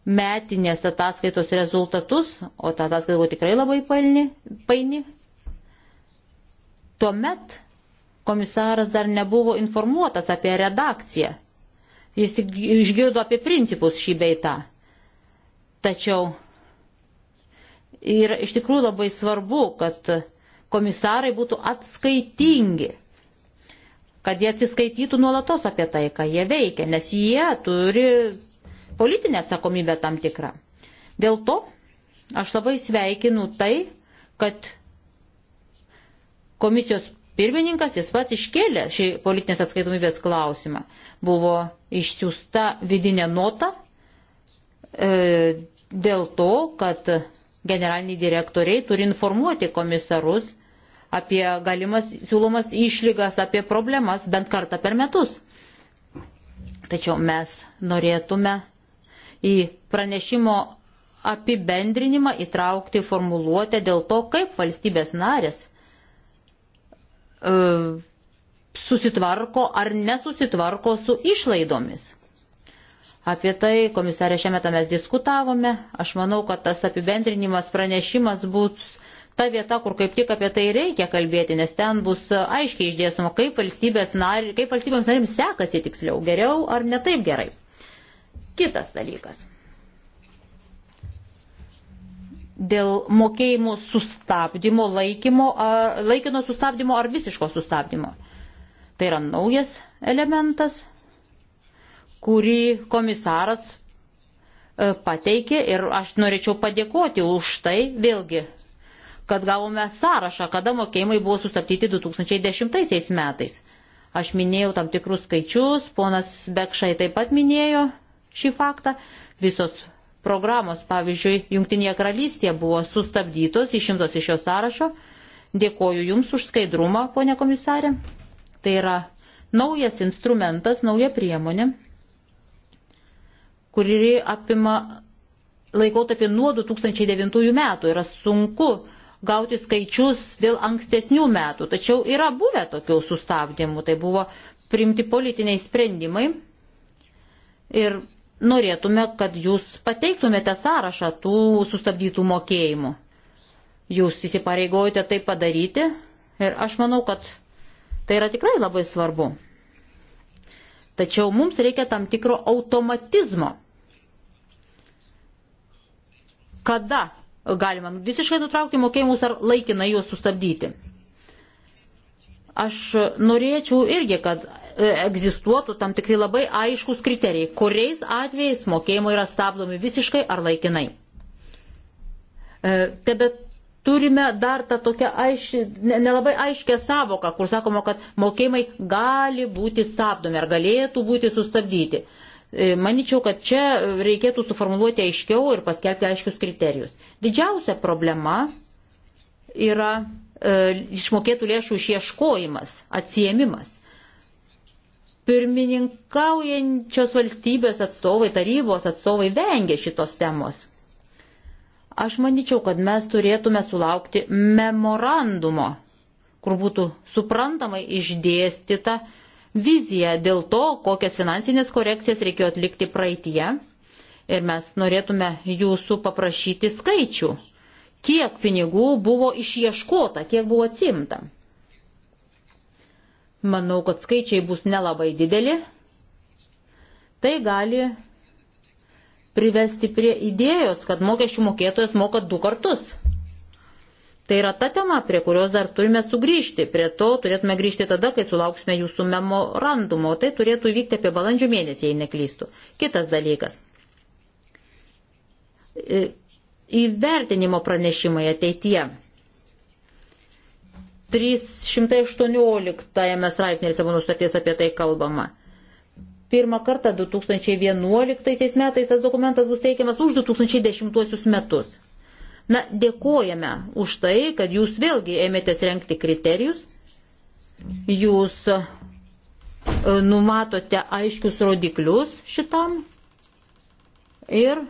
metinės ataskaitos rezultatus, o ta ataskaita buvo tikrai labai paini, paini, tuomet komisaras dar nebuvo informuotas apie redakciją. Jis tik išgirdo apie principus šį beitą. Tačiau ir iš tikrųjų labai svarbu, kad komisarai būtų atskaitingi, kad jie atsiskaitytų nuolatos apie tai, ką jie veikia, nes jie turi politinę atsakomybę tam tikrą. Dėl to aš labai sveikinu tai, kad komisijos pirmininkas jis pats iškėlė šį politinės atskaitomybės klausimą. Buvo išsiųsta vidinė nota e, dėl to, kad generaliniai direktoriai turi informuoti komisarus apie galimas siūlomas išlygas, apie problemas bent kartą per metus. Tačiau mes norėtume į pranešimo apibendrinimą įtraukti formuluotę dėl to, kaip valstybės narės e, susitvarko ar nesusitvarko su išlaidomis. Apie tai, komisarė, šiame mes diskutavome. Aš manau, kad tas apibendrinimas pranešimas bus ta vieta, kur kaip tik apie tai reikia kalbėti, nes ten bus aiškiai išdėstama, kaip, valstybės nar, kaip valstybėms narims sekasi tiksliau, geriau ar netaip gerai. Kitas dalykas. Dėl mokėjimų sustabdymo, laikymo, ar, laikino sustabdymo ar visiško sustabdymo. Tai yra naujas elementas, kurį komisaras e, pateikė ir aš norėčiau padėkoti už tai vėlgi, kad gavome sąrašą, kada mokėjimai buvo sustabdyti 2010 metais. Aš minėjau tam tikrus skaičius, ponas Bekšai taip pat minėjo šį faktą. Visos programos, pavyzdžiui, Junktinėje karalystėje buvo sustabdytos, išimtos iš jo sąrašo. Dėkoju Jums už skaidrumą, ponė komisarė. Tai yra naujas instrumentas, nauja priemonė, kuri apima laikotarpį nuo 2009 metų. Yra sunku gauti skaičius dėl ankstesnių metų, tačiau yra buvę tokių sustabdymų. Tai buvo priimti politiniai sprendimai ir norėtume, kad jūs pateiktumėte sąrašą tų sustabdytų mokėjimų. Jūs įsipareigojate tai padaryti ir aš manau, kad tai yra tikrai labai svarbu. Tačiau mums reikia tam tikro automatizmo. Kada galima visiškai nutraukti mokėjimus ar laikinai juos sustabdyti? Aš norėčiau irgi, kad E, egzistuotų tam tikri labai aiškus kriterijai, kuriais atvejais mokėjimai yra stabdomi visiškai ar laikinai. E, tebe turime dar tą tokią aiš, nelabai aiškę savoką, kur sakoma, kad mokėjimai gali būti stabdomi ar galėtų būti sustabdyti. E, Maničiau, kad čia reikėtų suformuluoti aiškiau ir paskelbti aiškius kriterijus. Didžiausia problema yra e, išmokėtų lėšų išieškojimas, atsiemimas pirmininkaujančios valstybės atstovai, tarybos atstovai vengia šitos temos. Aš manyčiau, kad mes turėtume sulaukti memorandumo, kur būtų suprantamai išdėstyta vizija dėl to, kokias finansinės korekcijas reikėjo atlikti praeitie. Ir mes norėtume jūsų paprašyti skaičių, kiek pinigų buvo išieškota, kiek buvo atsimta. Manau, kad skaičiai bus nelabai dideli. Tai gali privesti prie idėjos, kad mokesčių mokėtojas moka du kartus. Tai yra ta tema, prie kurios dar turime sugrįžti. Prie to turėtume grįžti tada, kai sulauksime jūsų memorandumo. Tai turėtų įvykti apie balandžio mėnesį, jei neklystu. Kitas dalykas. E, įvertinimo pranešimai ateityje. 318 straipsnėje Lisabono sutarties apie tai kalbama. Pirmą kartą 2011 metais tas dokumentas bus teikiamas už 2010 metus. Na, dėkojame už tai, kad jūs vėlgi ėmėtės renkti kriterijus, jūs e, numatote aiškius rodiklius šitam ir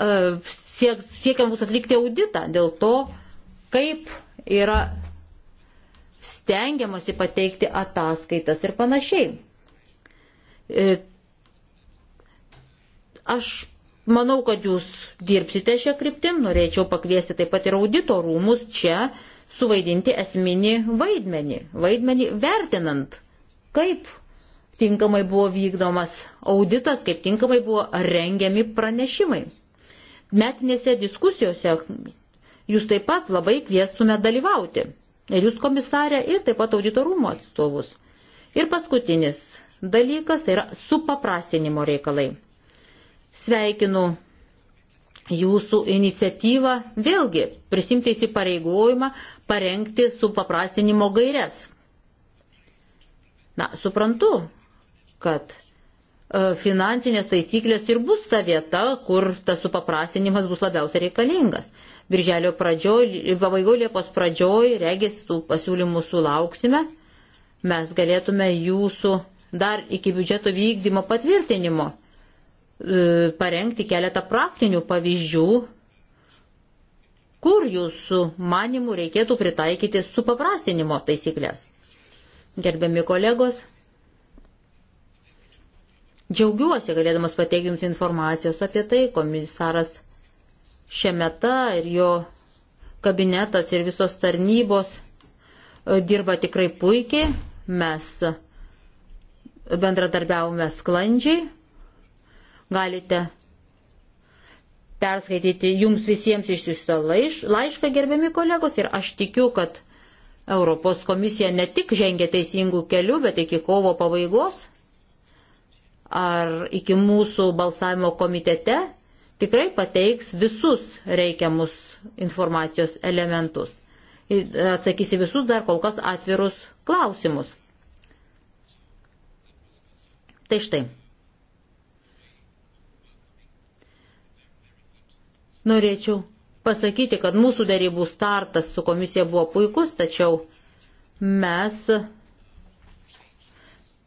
e, siek, siekiam bus atlikti auditą dėl to, kaip yra stengiamasi pateikti ataskaitas ir panašiai. E, aš manau, kad jūs dirbsite šią kryptim, norėčiau pakviesti taip pat ir audito rūmus čia suvaidinti esminį vaidmenį, vaidmenį vertinant, kaip tinkamai buvo vykdomas auditas, kaip tinkamai buvo rengiami pranešimai. Metinėse diskusijose jūs taip pat labai kviestume dalyvauti. Ir jūs komisarė, ir taip pat auditorumo atstovus. Ir paskutinis dalykas tai yra supaprastinimo reikalai. Sveikinu jūsų iniciatyvą vėlgi prisimti įsipareigojimą parengti supaprastinimo gairias. Na, suprantu, kad e, finansinės taisyklės ir bus ta vieta, kur tas supaprastinimas bus labiausiai reikalingas birželio pradžioj, pabaigoje Liepos pradžioj, regis tų pasiūlymų sulauksime, mes galėtume jūsų dar iki biudžeto vykdymo patvirtinimo e, parengti keletą praktinių pavyzdžių, kur jūsų manimų reikėtų pritaikyti supaprastinimo taisyklės. Gerbiami kolegos, džiaugiuosi galėdamas pateikti jums informacijos apie tai, komisaras Šemeta ir jo kabinetas ir visos tarnybos e, dirba tikrai puikiai. Mes bendradarbiavome sklandžiai. Galite perskaityti jums visiems išsiųstą laišką, gerbiami kolegos, ir aš tikiu, kad Europos komisija ne tik žengia teisingų kelių, bet iki kovo pabaigos ar iki mūsų balsavimo komitete tikrai pateiks visus reikiamus informacijos elementus ir atsakys į visus dar kol kas atvirus klausimus. Tai štai. Norėčiau pasakyti, kad mūsų darybų startas su komisija buvo puikus, tačiau mes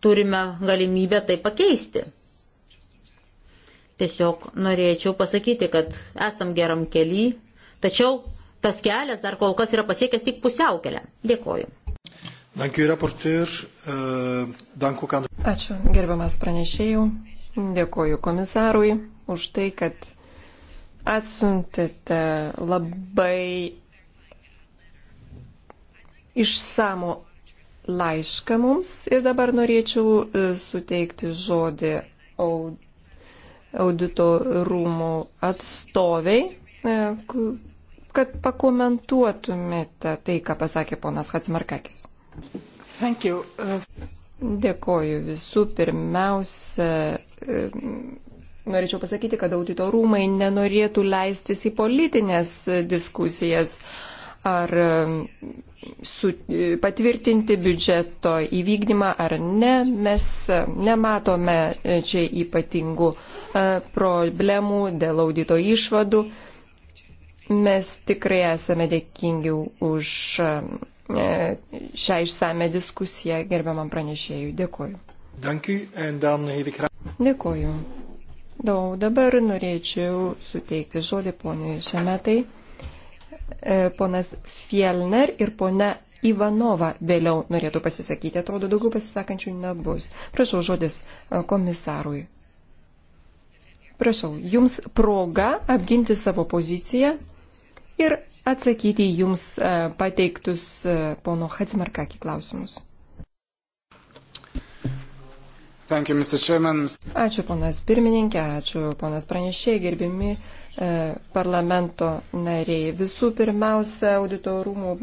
turime galimybę tai pakeisti. Tiesiog norėčiau pasakyti, kad esam geram keli, tačiau tas kelias dar kol kas yra pasiekęs tik pusiaukelę. Dėkoju. Uh, Ačiū gerbiamas pranešėjų. Dėkoju komisarui už tai, kad atsiuntėte labai išsamų laišką mums ir dabar norėčiau uh, suteikti žodį aud audito rūmų atstoviai, e, kad pakomentuotumėte tai, ką pasakė ponas Hatsmarkakis. Uh, Dėkoju visų. Pirmiausia, e, norėčiau pasakyti, kad audito rūmai nenorėtų leistis į politinės diskusijas. Uh, ar su, patvirtinti biudžeto įvykdymą ar ne, mes nematome e, čia ypatingų e, problemų dėl audito išvadų. Mes tikrai esame dėkingi už e, šią išsame diskusiją gerbiamam pranešėjui. Dėkoju. Dėkoju. Daug dabar norėčiau suteikti žodį poniai Šemetai. E, ponas Fielner ir pona Ivanova vėliau norėtų pasisakyti. Atrodo, daugiau pasisakančių nebus. Prašau žodis e, komisarui. Prašau, jums proga apginti savo poziciją ir atsakyti jums e, pateiktus pono Hatsimarkakį klausimus. You, Ačiū ponas pirmininkė, ačiū ponas pranešėjai, gerbimi uh, E, parlamento nariai. Visų pirmiausia, auditorumų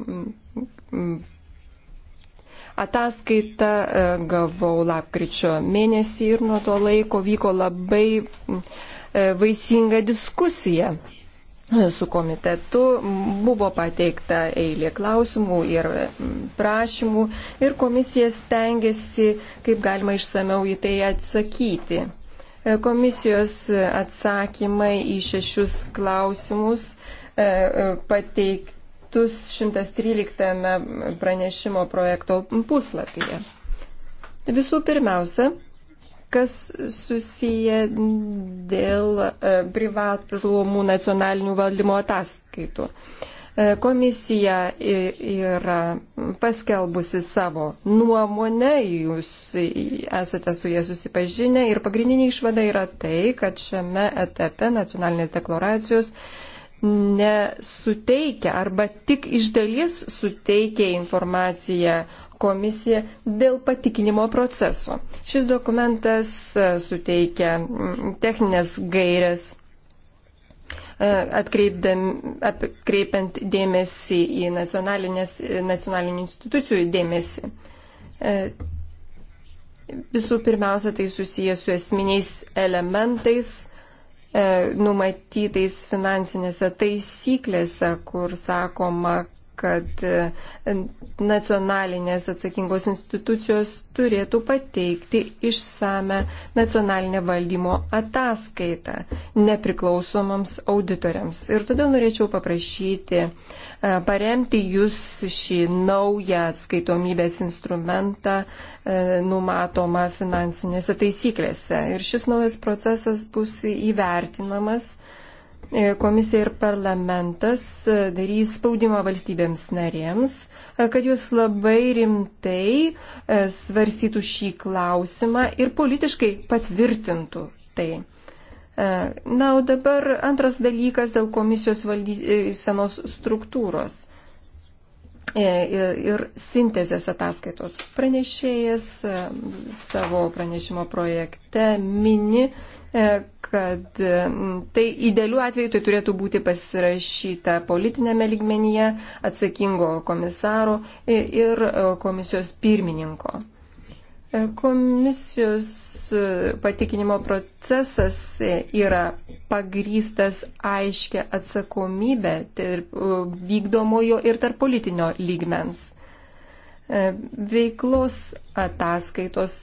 ataskaitą e, gavau lapkričio mėnesį ir nuo to laiko vyko labai e, vaisinga diskusija. Su komitetu buvo pateikta eilė klausimų ir prašymų ir komisija stengiasi kaip galima išsameu į tai atsakyti. Komisijos atsakymai į šešius klausimus e, e, pateiktus 113 pranešimo projekto puslapyje. Visų pirmiausia, kas susiję dėl e, privatlumų nacionalinių valdymo ataskaitų. E, E, komisija yra paskelbusi savo nuomonę, jūs esate su jie susipažinę ir pagrindinė išvada yra tai, kad šiame etape nacionalinės deklaracijos nesuteikia arba tik iš dalies suteikia informaciją komisija dėl patikinimo proceso. Šis dokumentas suteikia techninės gairias E, atkreipiant dėmesį į nacionalinių institucijų dėmesį. E, visų pirmiausia, tai susijęs su esminiais elementais e, numatytais finansinėse taisyklėse, kur sakoma, kad e, nacionalinės atsakingos institucijos turėtų pateikti išsame nacionalinę valdymo ataskaitą nepriklausomams auditoriams. Ir todėl norėčiau paprašyti e, paremti jūs šį naują atskaitomybės instrumentą e, numatomą finansinėse taisyklėse. Ir šis naujas procesas bus įvertinamas E, komisija ir parlamentas e, darys spaudimą valstybėms narėms, e, kad jūs labai rimtai svarstytų šį klausimą ir politiškai patvirtintų tai. Na, o dabar antras dalykas dėl komisijos valdysenos struktūros ir sintezės ataskaitos pranešėjas savo pranešimo projekte mini E, kad e, tai idealiu atveju tai turėtų būti pasirašyta politinėme lygmenyje atsakingo komisaro ir e, komisijos pirmininko. Komisijos patikinimo procesas yra pagrystas aiškia atsakomybė tarp vykdomojo ir tarp politinio lygmens. Veiklos ataskaitos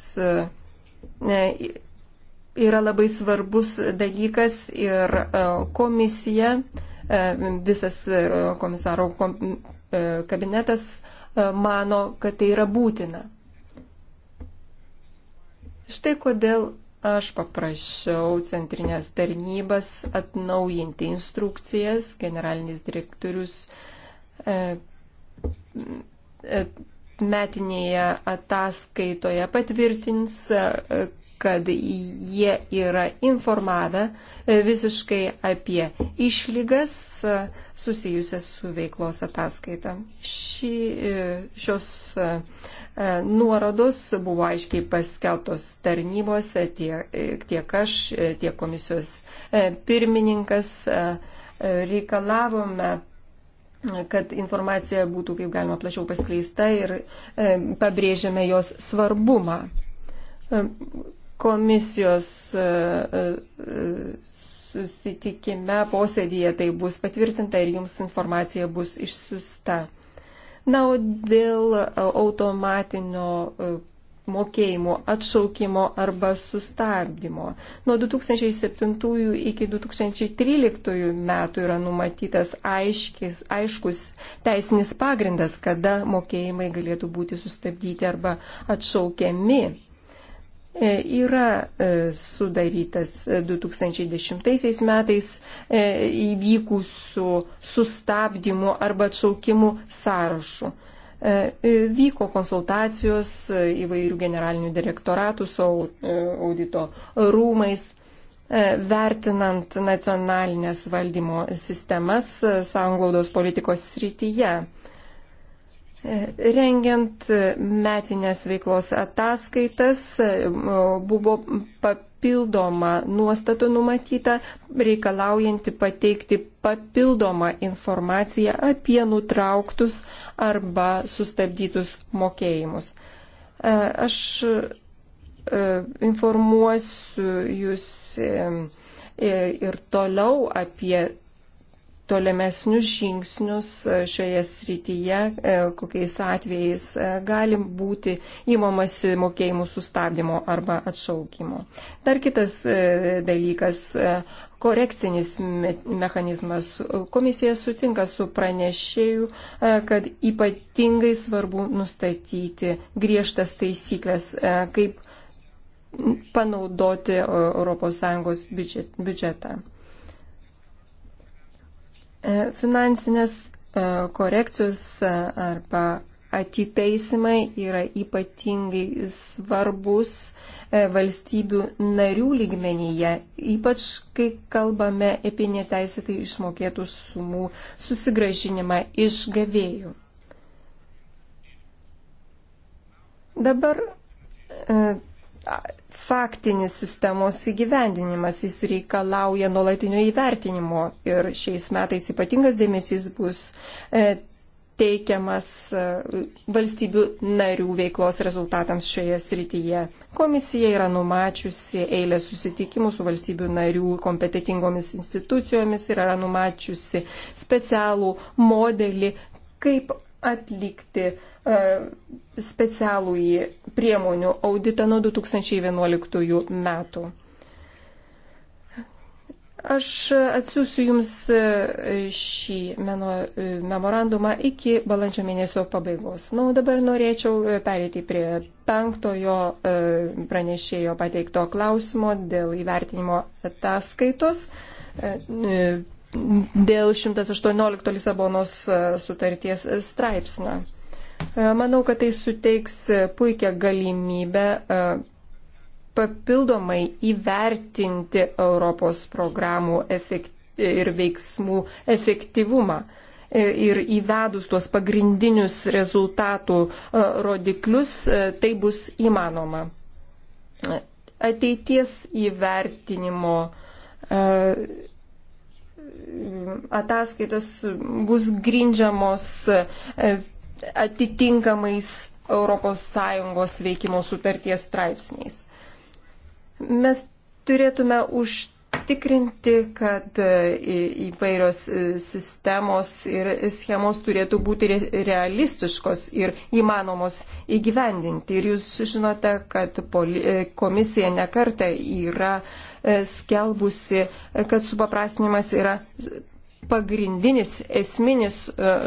yra labai svarbus dalykas ir e, komisija, e, visas e, komisaro kabinetas mano, kad tai yra būtina. Štai kodėl aš paprašiau centrinės tarnybas atnaujinti instrukcijas, generalinis direktorius metinėje ataskaitoje patvirtins, kad jie yra informavę e, visiškai apie išlygas e, susijusias su veiklos ataskaita. Ši, e, šios nuorodos buvo aiškiai paskeltos tarnybose, tiek, tiek aš, tiek komisijos pirmininkas reikalavome kad informacija būtų kaip galima plačiau paskleista ir e, pabrėžiame jos svarbumą. E, komisijos e, e, susitikime posėdėje tai bus patvirtinta ir jums informacija bus išsiusta. Na, o dėl e, automatinio mokėjimo atšaukimo arba sustabdymo. Nuo 2007 iki 2013 metų yra numatytas aiškis, aiškus teisinis pagrindas, kada mokėjimai galėtų būti sustabdyti arba atšaukiami. E, yra e, sudarytas 2010 e, metais įvykusių sustabdymų arba atšaukimų sąrašų. Vyko konsultacijos įvairių generalinių direktoratų su audito rūmais, vertinant nacionalinės valdymo sistemas sąnglaudos politikos srityje. Rengiant metinės veiklos ataskaitas buvo papildoma nuostata numatyta, reikalaujanti pateikti papildomą informaciją apie nutrauktus arba sustabdytus mokėjimus. E, aš e, informuosiu jūs e, ir toliau apie tolimesnius žingsnius e, šioje srityje, e, kokiais atvejais e, gali būti įmamasi mokėjimų sustabdymo arba atšaukimo. Dar kitas dalykas korekcinis mechanizmas. Komisija sutinka su pranešėju, kad ypatingai svarbu nustatyti griežtas taisyklės, kaip panaudoti ES biudžetą. E, finansinės e, korekcijos e, arba atitaisimai yra ypatingai svarbus valstybių narių lygmenyje, ypač kai kalbame apie neteisėtai išmokėtų sumų susigražinimą iš gavėjų. Dabar faktinis sistemos įgyvendinimas, jis reikalauja nuolatinio įvertinimo ir šiais metais ypatingas dėmesys bus e, teikiamas e, valstybių narių veiklos rezultatams šioje srityje. Komisija yra numačiusi eilę susitikimų su valstybių narių kompetitingomis institucijomis ir yra numačiusi specialų modelį, kaip atlikti e, specialų į priemonių auditą nuo 2011 metų. Aš atsiųsiu Jums e, šį meno, e, memorandumą iki balandžio mėnesio pabaigos. Na, nu, dabar norėčiau perėti prie penktojo pranešėjo pateikto klausimo dėl įvertinimo ataskaitos dėl 118 Lisabonos e, sutarties e, straipsnio. E, manau, kad tai suteiks puikią galimybę papildomai įvertinti Europos programų ir veiksmų efektyvumą. Ir įvedus tuos pagrindinius rezultatų rodiklius, tai bus įmanoma. Ateities įvertinimo ataskaitos bus grindžiamos e, atitinkamais ES veikimo sutarties straipsniais. Mes turėtume užtikrinti užtikrinti, kad e, įvairios e, sistemos ir schemos turėtų būti realistiškos ir įmanomos įgyvendinti. Ir jūs žinote, kad e, komisija nekarta yra skelbusi, kad supaprastinimas yra pagrindinis esminis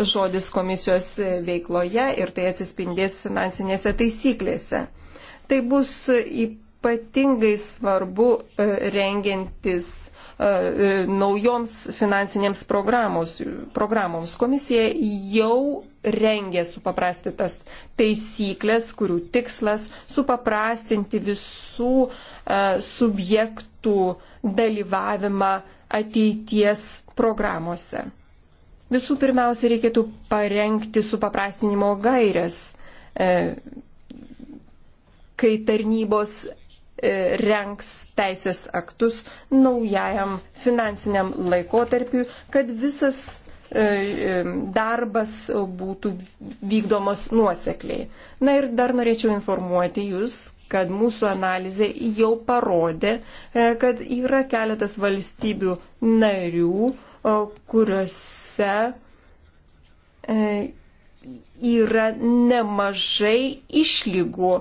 žodis komisijos veikloje ir tai atsispindės finansinėse taisyklėse. Tai bus į ypatingai svarbu e, rengiantis e, e, naujoms finansinėms programos, programoms. Komisija jau rengia supaprastytas taisyklės, kurių tikslas supaprastinti visų subjektų dalyvavimą ateities programuose. Visų pirmiausia, reikėtų parengti supaprastinimo gairias, kai tarnybos E, renks teisės aktus naujajam finansiniam laikotarpiu, kad visas e, e, darbas būtų vykdomas nuosekliai. Na ir dar norėčiau informuoti Jūs, kad mūsų analizė jau parodė, kad yra keletas valstybių narių, kuriuose yra nemažai išlygų,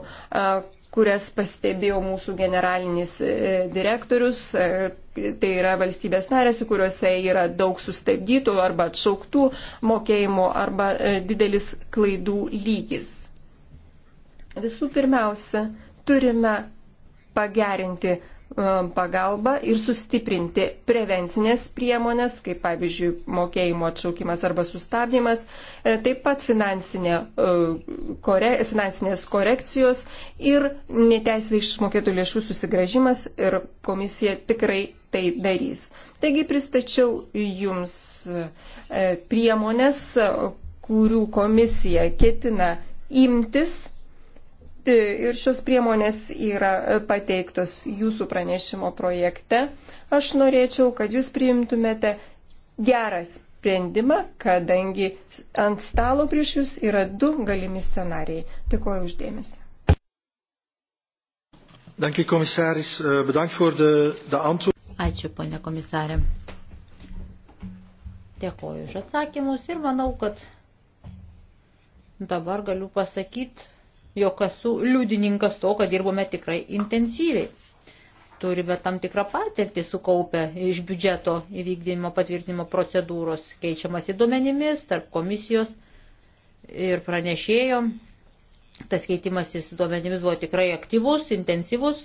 kurias pastebėjo mūsų generalinis e, direktorius. E, tai yra valstybės narėsi, kuriuose yra daug sustabdytų arba atšauktų mokėjimų arba e, didelis klaidų lygis. Visų pirmiausia, turime pagerinti E, pagalba ir sustiprinti prevencinės priemonės, kaip pavyzdžiui mokėjimo atšaukimas arba sustabdymas, e, taip pat finansinė, e, kore, finansinės korekcijos ir neteisėtai išmokėtų lėšų susigražimas ir komisija tikrai tai darys. Taigi pristačiau jums priemonės, kurių komisija ketina imtis ir šios priemonės yra e, pateiktos jūsų pranešimo projekte. Aš norėčiau, kad jūs priimtumėte gerą sprendimą, kadangi ant stalo prieš jūs yra du galimi scenarijai. Dėkuoju uždėmesi. Dank u commissaris, eh, bedankt voor de, de antwoord. Ačiū, ponė komisarė. Dėkuoju už atsakymus ir manau, kad dabar galiu pasakyti jog esu liudininkas to, kad dirbome tikrai intensyviai. Turime tam tikrą patirtį sukaupę iš biudžeto įvykdymo patvirtinimo procedūros, keičiamasi duomenimis tarp komisijos ir pranešėjo. Tas keitimasis duomenimis buvo tikrai aktyvus, intensyvus.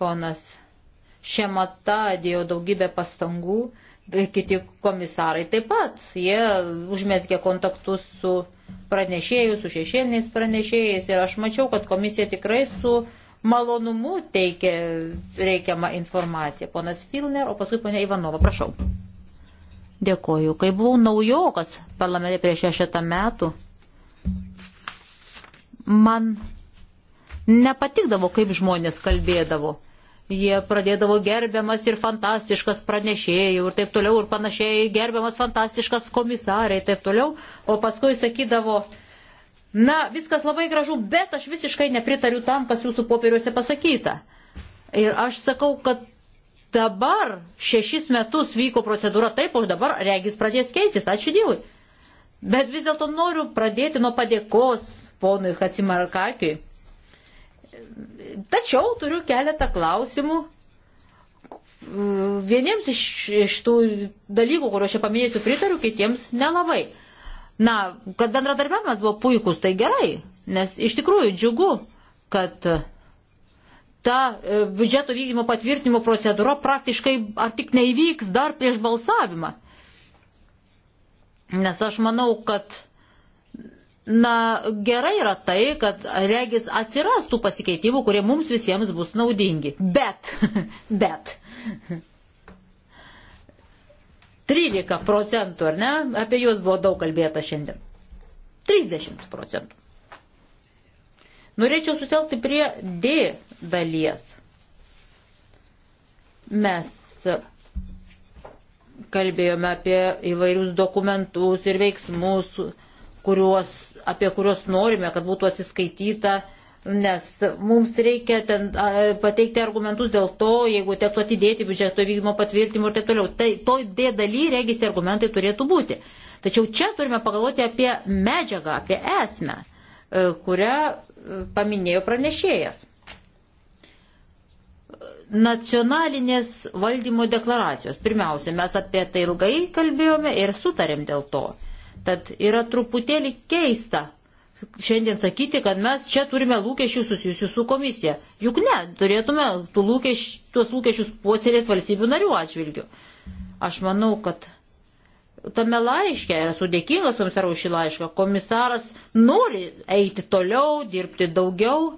Ponas Šemata dėjo daugybę pastangų, kiti komisarai taip pat. Jie užmesgė kontaktus su pranešėjų, su šešėliniais pranešėjais ir aš mačiau, kad komisija tikrai su malonumu teikia reikiamą informaciją. Ponas Filner, o paskui ponia Ivanova, prašau. Dėkoju. Kai buvau naujokas parlamente prieš šešetą metų, man nepatikdavo, kaip žmonės kalbėdavo jie pradėdavo gerbiamas ir fantastiškas pranešėjų ir taip toliau ir panašiai, gerbiamas fantastiškas komisarai ir taip toliau, o paskui sakydavo, na, viskas labai gražu, bet aš visiškai nepritariu tam, kas jūsų popieriuose pasakyta. Ir aš sakau, kad dabar šešis metus vyko procedūra taip, o dabar regis pradės keistis, ačiū Dievui. Bet vis dėlto noriu pradėti nuo padėkos ponui Hatsimarkakiui Tačiau turiu keletą klausimų. Vieniems iš, iš tų dalykų, kuriuos čia paminėsiu, pritariu, kitiems nelabai. Na, kad bendradarbiavimas buvo puikus, tai gerai, nes iš tikrųjų džiugu, kad ta e, biudžeto vykdymo patvirtinimo procedūra praktiškai ar tik neįvyks dar prieš balsavimą. Nes aš manau, kad Na, gerai yra tai, kad regis atsiras tų pasikeitimų, kurie mums visiems bus naudingi. Bet, <laughs> bet. 13 procentų, ar ne? Apie juos buvo daug kalbėta šiandien. 30 procentų. Norėčiau susielgti prie D dalies. Mes kalbėjome apie įvairius dokumentus ir veiksmus, kuriuos apie kuriuos norime, kad būtų atsiskaityta, nes mums reikia ten pateikti argumentus dėl to, jeigu tektų atidėti biudžeto vykdymo patvirtimų ir taip toliau. Tai toj D daly regis tie argumentai turėtų būti. Tačiau čia turime pagalvoti apie medžiagą, apie esmę, e, kurią e, paminėjo pranešėjas. Nacionalinės valdymo deklaracijos. Pirmiausia, mes apie tai ilgai kalbėjome ir sutarėm dėl to. Tad yra truputėlį keista šiandien sakyti, kad mes čia turime lūkesčių susijusių su komisija. Juk ne, turėtume lūkeš, tuos lūkesčius puoselėti valstybių narių atžvilgių. Aš manau, kad tame laiške, esu dėkingas komisarui šį laišką, komisaras nori eiti toliau, dirbti daugiau,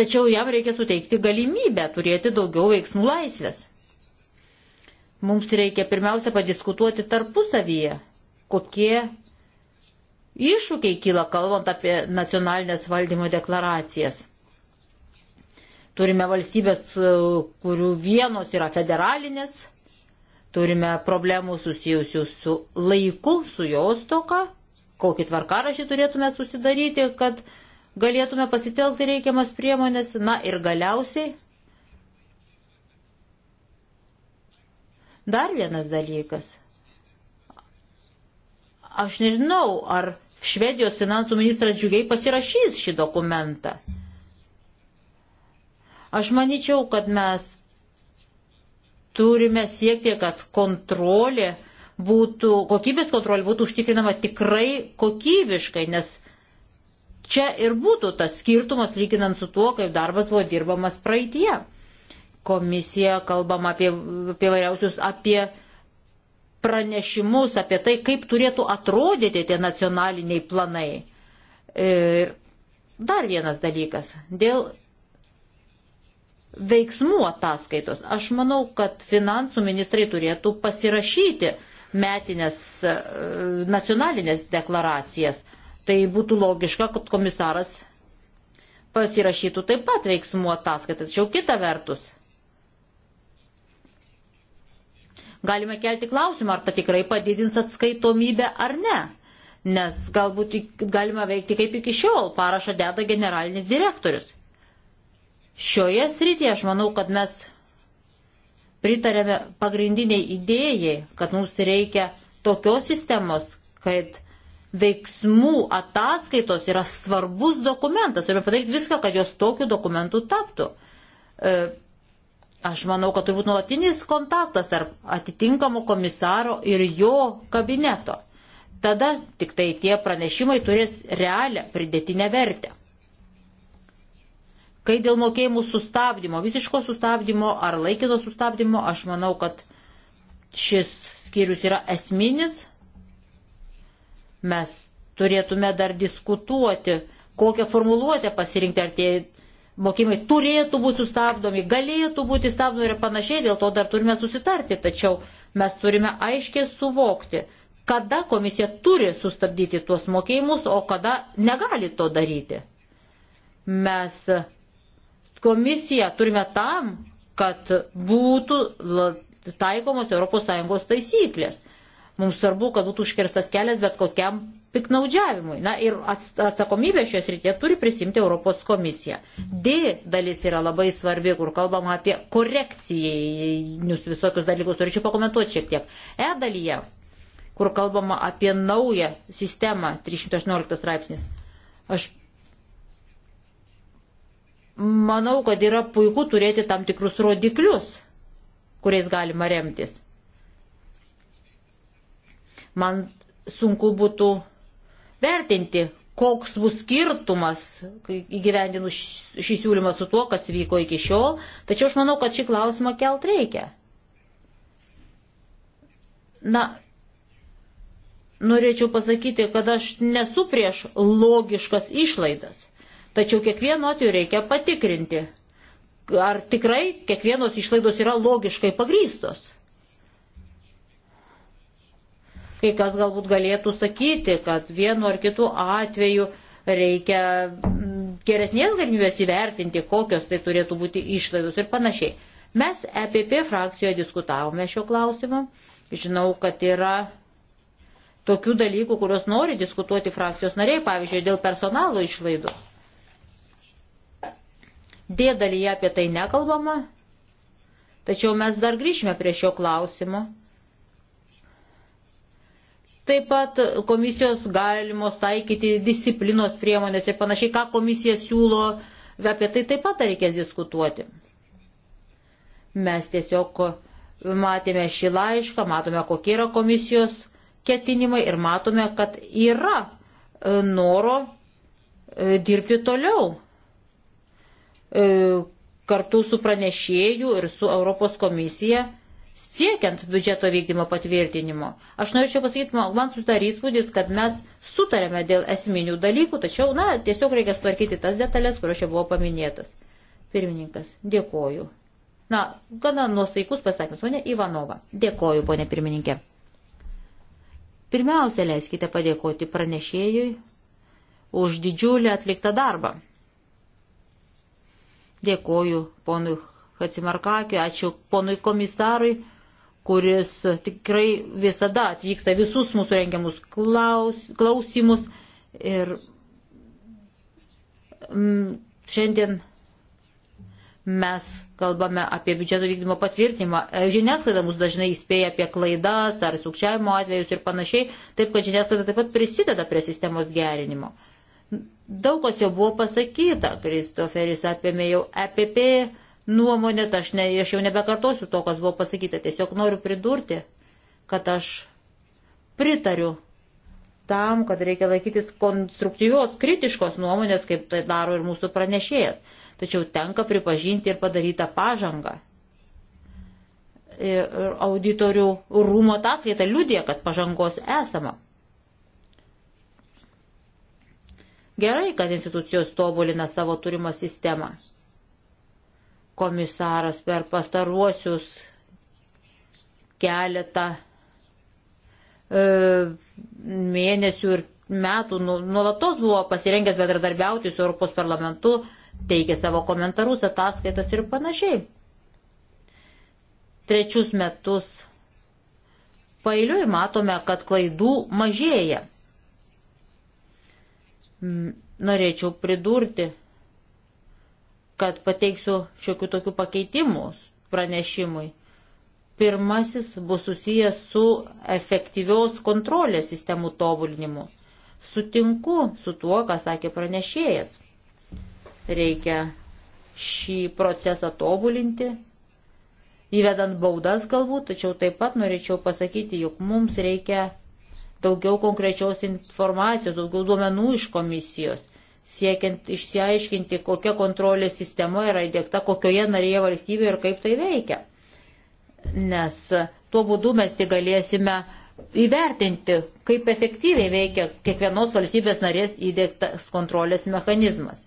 tačiau jam reikia suteikti galimybę turėti daugiau veiksmų laisvės. Mums reikia pirmiausia padiskutuoti tarpusavyje, kokie iššūkiai kyla kalbant apie nacionalinės valdymo deklaracijas. Turime valstybės, kurių vienos yra federalinės, turime problemų susijusių su laiku, su jos toka, kokį tvarkarašį turėtume susidaryti, kad galėtume pasitelkti reikiamas priemonės, na ir galiausiai Dar vienas dalykas. Aš nežinau, ar Švedijos finansų ministras džiugiai pasirašys šį dokumentą. Aš manyčiau, kad mes turime siekti, kad kontrolė būtų, kokybės kontrolė būtų užtikrinama tikrai kokybiškai, nes čia ir būtų tas skirtumas lyginant su tuo, kaip darbas buvo dirbamas praeitie komisija kalbama apie, apie vairiausius, apie pranešimus, apie tai, kaip turėtų atrodyti tie nacionaliniai planai. Ir dar vienas dalykas. Dėl veiksmų ataskaitos. Aš manau, kad finansų ministrai turėtų pasirašyti metinės e, nacionalinės deklaracijas. Tai būtų logiška, kad komisaras pasirašytų taip pat veiksmų ataskaitą. Tačiau kita vertus, Galime kelti klausimą, ar ta tikrai padidins atskaitomybę ar ne. Nes galbūt galima veikti kaip iki šiol, parašą deda generalinis direktorius. Šioje srityje aš manau, kad mes pritarėme pagrindiniai idėjai, kad mums reikia tokios sistemos, kad veiksmų ataskaitos yra svarbus dokumentas. Turime padaryti viską, kad jos tokiu dokumentu taptų. E, Aš manau, kad turbūt nuolatinis kontaktas tarp atitinkamo komisaro ir jo kabineto. Tada tik tai tie pranešimai turės realią pridėtinę vertę. Kai dėl mokėjimų sustabdymo, visiško sustabdymo ar laikino sustabdymo, aš manau, kad šis skyrius yra esminis. Mes turėtume dar diskutuoti, kokią formuluotę pasirinkti, ar tie mokymai turėtų būti sustabdomi, galėtų būti stabdomi ir panašiai, dėl to dar turime susitarti, tačiau mes turime aiškiai suvokti, kada komisija turi sustabdyti tuos mokėjimus, o kada negali to daryti. Mes komisiją turime tam, kad būtų taikomos ES taisyklės. Mums svarbu, kad būtų užkirstas kelias bet kokiam piknaudžiavimui. Na ir atsakomybę šios rytie turi prisimti Europos komisija. D dalis yra labai svarbi, kur kalbama apie korekcijinius visokius dalykus. Turėčiau pakomentuoti šiek tiek. E dalyje, kur kalbama apie naują sistemą 318 straipsnis. Aš manau, kad yra puiku turėti tam tikrus rodiklius, kuriais galima remtis. Man sunku būtų vertinti, koks bus skirtumas įgyvendinus šį siūlymą su tuo, kas vyko iki šiol, tačiau aš manau, kad šį klausimą kelt reikia. Na, norėčiau pasakyti, kad aš nesu prieš logiškas išlaidas, tačiau kiekvienu atveju reikia patikrinti, ar tikrai kiekvienos išlaidos yra logiškai pagrystos. Kai kas galbūt galėtų sakyti, kad vienu ar kitu atveju reikia mm, geresnės galimybės įvertinti, kokios tai turėtų būti išlaidos ir panašiai. Mes EPP frakcijoje diskutavome šio klausimu. Žinau, kad yra tokių dalykų, kuriuos nori diskutuoti frakcijos nariai, pavyzdžiui, dėl personalo išlaidų. D dalyje apie tai nekalbama, tačiau mes dar grįžime prie šio klausimo Taip pat komisijos galimos taikyti disciplinos priemonės ir panašiai, ką komisija siūlo, apie tai taip pat reikės diskutuoti. Mes tiesiog matėme šį laišką, matome, kokie yra komisijos ketinimai ir matome, kad yra e, noro e, dirbti toliau e, kartu su pranešėju ir su Europos komisija siekiant biudžeto vykdymo patvirtinimo. Aš norėčiau pasakyti, man susidarė įspūdis, kad mes sutarėme dėl esminių dalykų, tačiau, na, tiesiog reikia sutvarkyti tas detalės, kurios čia buvo paminėtas. Pirmininkas, dėkoju. Na, gana nusaikus pasakymas, o ne Ivanova. Dėkoju, ponė pirmininkė. Pirmiausia, leiskite padėkoti pranešėjui už didžiulį atliktą darbą. Dėkoju ponui Hatsimarkakiu, ačiū ponui komisarui, kuris tikrai visada atvyksta visus mūsų rengiamus klaus, klausimus. Ir m, mm, šiandien mes kalbame apie biudžeto vykdymo patvirtinimą. E, žiniasklaida mus dažnai įspėja apie klaidas ar sukčiavimo atvejus ir panašiai, taip kad žiniasklaida taip pat prisideda prie sistemos gerinimo. Daug kas jau buvo pasakyta, Kristoferis apėmė jau EPP nuomonė, tai aš, ne, aš jau nebekartosiu to, kas buvo pasakyta, tiesiog noriu pridurti, kad aš pritariu tam, kad reikia laikytis konstruktyvios, kritiškos nuomonės, kaip tai daro ir mūsų pranešėjas. Tačiau tenka pripažinti ir padarytą pažangą. Ir auditorių rūmo ataskaita liudė, kad pažangos esama. Gerai, kad institucijos tobulina savo turimą sistemą komisaras per pastaruosius keletą e, mėnesių ir metų nu, nuolatos buvo pasirengęs bendradarbiauti su Europos parlamentu, teikė savo komentarus, ataskaitas ir panašiai. Trečius metus pailiui matome, kad klaidų mažėja. Norėčiau pridurti, kad pateiksiu šiokių tokių pakeitimų pranešimui. Pirmasis bus susijęs su efektyvios kontrolės sistemų tobulinimu. Sutinku su tuo, ką sakė pranešėjas. Reikia šį procesą tobulinti, įvedant baudas galbūt, tačiau taip pat norėčiau pasakyti, jog mums reikia daugiau konkrečios informacijos, daugiau duomenų iš komisijos siekiant išsiaiškinti, kokia kontrolės sistema yra įdėkta, kokioje narėje valstybėje ir kaip tai veikia. Nes tuo būdu mes tik galėsime įvertinti, kaip efektyviai veikia kiekvienos valstybės narės įdėktas kontrolės mechanizmas.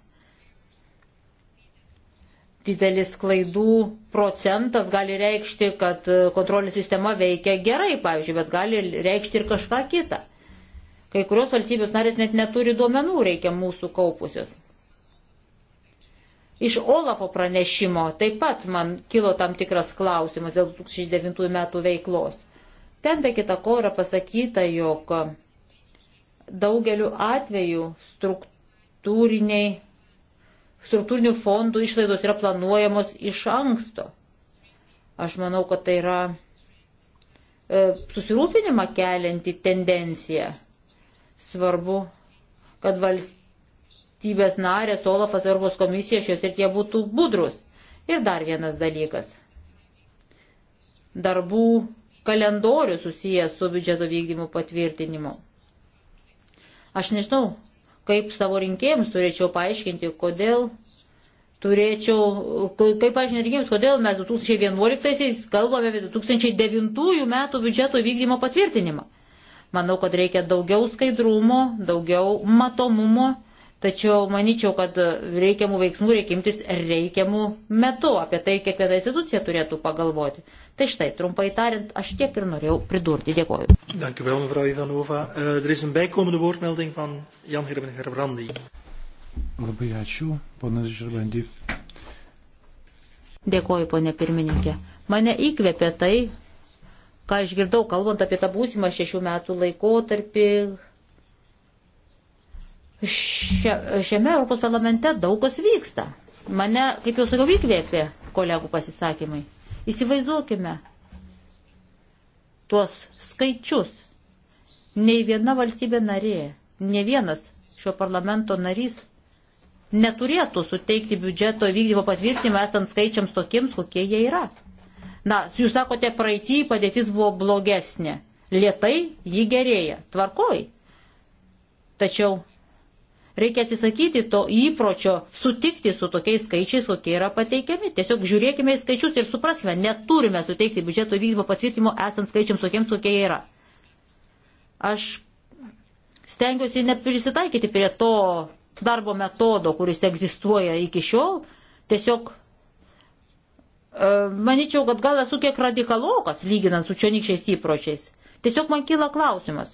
Didelis klaidų procentas gali reikšti, kad kontrolės sistema veikia gerai, pavyzdžiui, bet gali reikšti ir kažką kitą. Kai kurios valstybės narės net neturi duomenų reikia mūsų kaupusios. Iš Olafo pranešimo taip pat man kilo tam tikras klausimas dėl 2009 metų veiklos. Ten be kita ko yra pasakyta, jog daugeliu atveju struktūriniai, struktūrinių fondų išlaidos yra planuojamos iš anksto. Aš manau, kad tai yra e, susirūpinimą kelianti tendencija. Svarbu, kad valstybės narės, Olafas, Europos komisija šios ir tie būtų budrus. Ir dar vienas dalykas. Darbų kalendorių susijęs su biudžeto vykdymu patvirtinimu. Aš nežinau, kaip savo rinkėjams turėčiau paaiškinti, kodėl turėčiau, kaip aš nereikėjams, kodėl mes 2011-aisiais kalbame apie 2009 metų biudžeto vykdymo patvirtinimą. Manau, kad reikia daugiau skaidrumo, daugiau matomumo, tačiau manyčiau, kad reikiamų veiksmų reikia imtis reikiamų metų. Apie tai kiekviena institucija turėtų pagalvoti. Tai štai, trumpai tariant, aš tiek ir norėjau pridurti. Dėkoju. Dank u wel, mevrouw Ivanova. Uh, er is een bijkomende woordmelding van Jan Herben Herbrandi. Labai ačiū, ponas Žirbandy. Dėkoju, ponė pirmininkė. Mane įkvėpė tai, ką išgirdau, kalbant apie tą būsimą šešių metų laikotarpį, šia, šiame Europos parlamente daug kas vyksta. Mane, kaip jau sakiau, įkvėpė kolegų pasisakymai. Įsivaizduokime tuos skaičius. Nei viena valstybė narė, ne vienas šio parlamento narys neturėtų suteikti biudžeto vykdymo patvirtinimą esant skaičiams tokiems, kokie jie yra. Na, jūs sakote, praeitį padėtis buvo blogesnė. Lietai ji gerėja. Tvarkoj. Tačiau reikia atsisakyti to įpročio sutikti su tokiais skaičiais, kokie yra pateikiami. Tiesiog žiūrėkime į skaičius ir suprasime, neturime suteikti biudžeto vykdymo patvirtimo esant skaičiams tokiems, kokie yra. Aš stengiuosi neprisitaikyti prie to darbo metodo, kuris egzistuoja iki šiol. Tiesiog E, Maničiau, kad gal esu kiek radikalokas, lyginant su čionykščiais įpročiais. Tiesiog man kyla klausimas,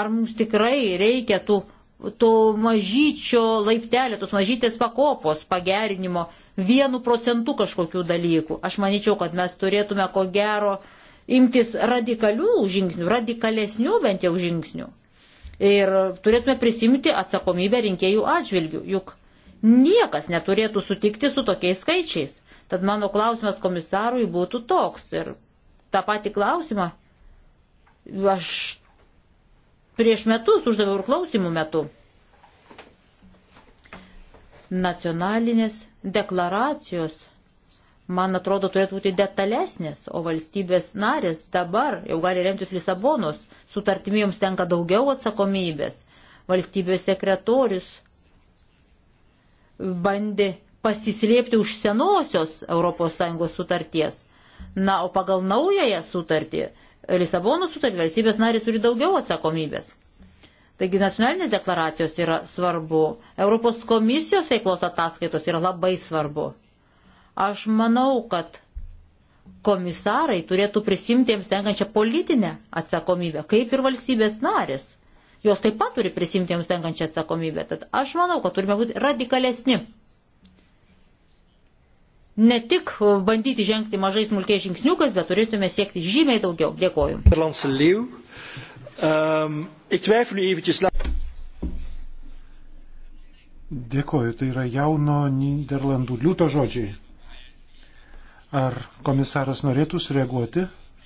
ar mums tikrai reikia tų, tų mažyčio laiptelio, tos mažytės pakopos pagerinimo vienu procentu kažkokių dalykų. Aš manyčiau, kad mes turėtume ko gero imtis radikalių žingsnių, radikalesnių bent jau žingsnių. Ir turėtume prisimti atsakomybę rinkėjų atžvilgių, juk Niekas neturėtų sutikti su tokiais skaičiais. Tad mano klausimas komisarui būtų toks. Ir tą patį klausimą aš prieš metus uždaviau ir klausimų metu. Nacionalinės deklaracijos, man atrodo, turėtų būti detalesnės, o valstybės narės dabar jau gali remtis Lisabonos, sutartimi joms tenka daugiau atsakomybės. Valstybės sekretorius bandė pasislėpti už senosios ES sutarties. Na, o pagal naująją sutartį, Lisabono sutartį, valstybės narės turi daugiau atsakomybės. Taigi nacionalinės deklaracijos yra svarbu, Europos komisijos veiklos ataskaitos yra labai svarbu. Aš manau, kad komisarai turėtų prisimti jiems tenkančią politinę atsakomybę, kaip ir valstybės narės jos taip pat turi prisimti jums tenkančią atsakomybę. Tad aš manau, kad turime būti radikalesni. Ne tik bandyti žengti mažais smulkiais žingsniukais, bet turėtume siekti žymiai daugiau. Dėkoju. Ehm, nu Dėkoju, tai yra jauno Niderlandų liūto žodžiai. Ar komisaras norėtų sureaguoti?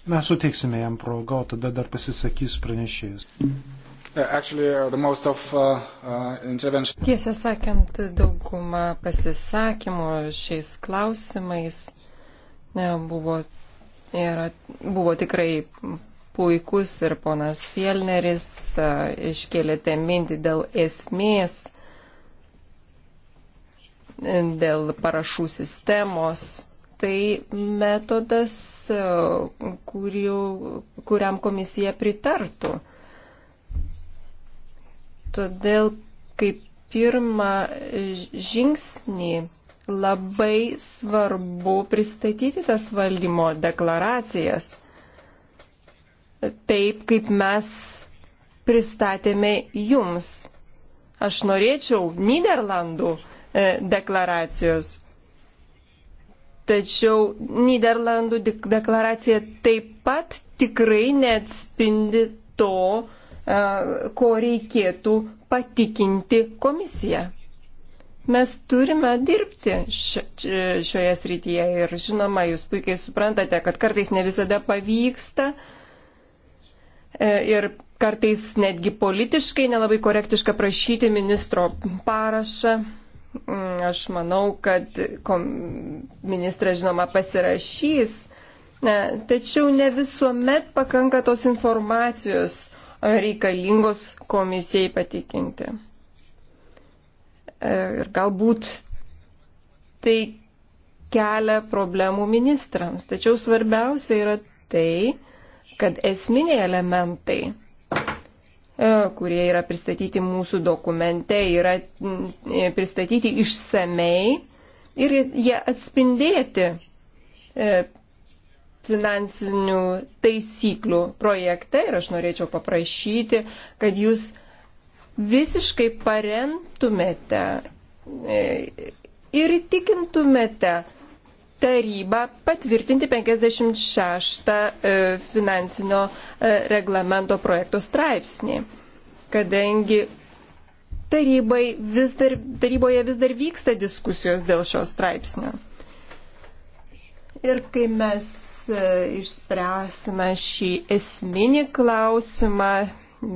Mes suteiksime jam progą, o tada dar pasisakys pranešėjas. Mm -hmm. Uh, actually, uh, of, uh, uh Tiesą sakant, dauguma pasisakymų šiais klausimais buvo, yra, buvo tikrai puikus ir ponas Fielneris iškėlėte mintį dėl esmės, dėl parašų sistemos. Tai metodas, kuriu, kuriam komisija pritartų. Todėl kaip pirmą žingsnį labai svarbu pristatyti tas valdymo deklaracijas. Taip, kaip mes pristatėme jums. Aš norėčiau Niderlandų e, deklaracijos. Tačiau Niderlandų deklaracija taip pat tikrai neatspindi to, E, ko reikėtų patikinti komisiją. Mes turime dirbti šioje srityje ir žinoma, jūs puikiai suprantate, kad kartais ne visada pavyksta e, ir kartais netgi politiškai nelabai korektiška prašyti ministro parašą. Mm, aš manau, kad ministras žinoma pasirašys, e, tačiau ne visuomet pakanka tos informacijos reikalingos komisijai patikinti. E, ir galbūt tai kelia problemų ministrams. Tačiau svarbiausia yra tai, kad esminiai elementai, e, kurie yra pristatyti mūsų dokumente, yra pristatyti išsamei ir jie atspindėti e, finansinių taisyklių projekte ir aš norėčiau paprašyti, kad jūs visiškai paremtumėte e, ir įtikintumėte tarybą patvirtinti 56 e, finansinio e, reglamento projekto straipsnį, kadangi vis dar, taryboje vis dar vyksta diskusijos dėl šio straipsnio. Ir kai mes E, išspręsime šį esminį klausimą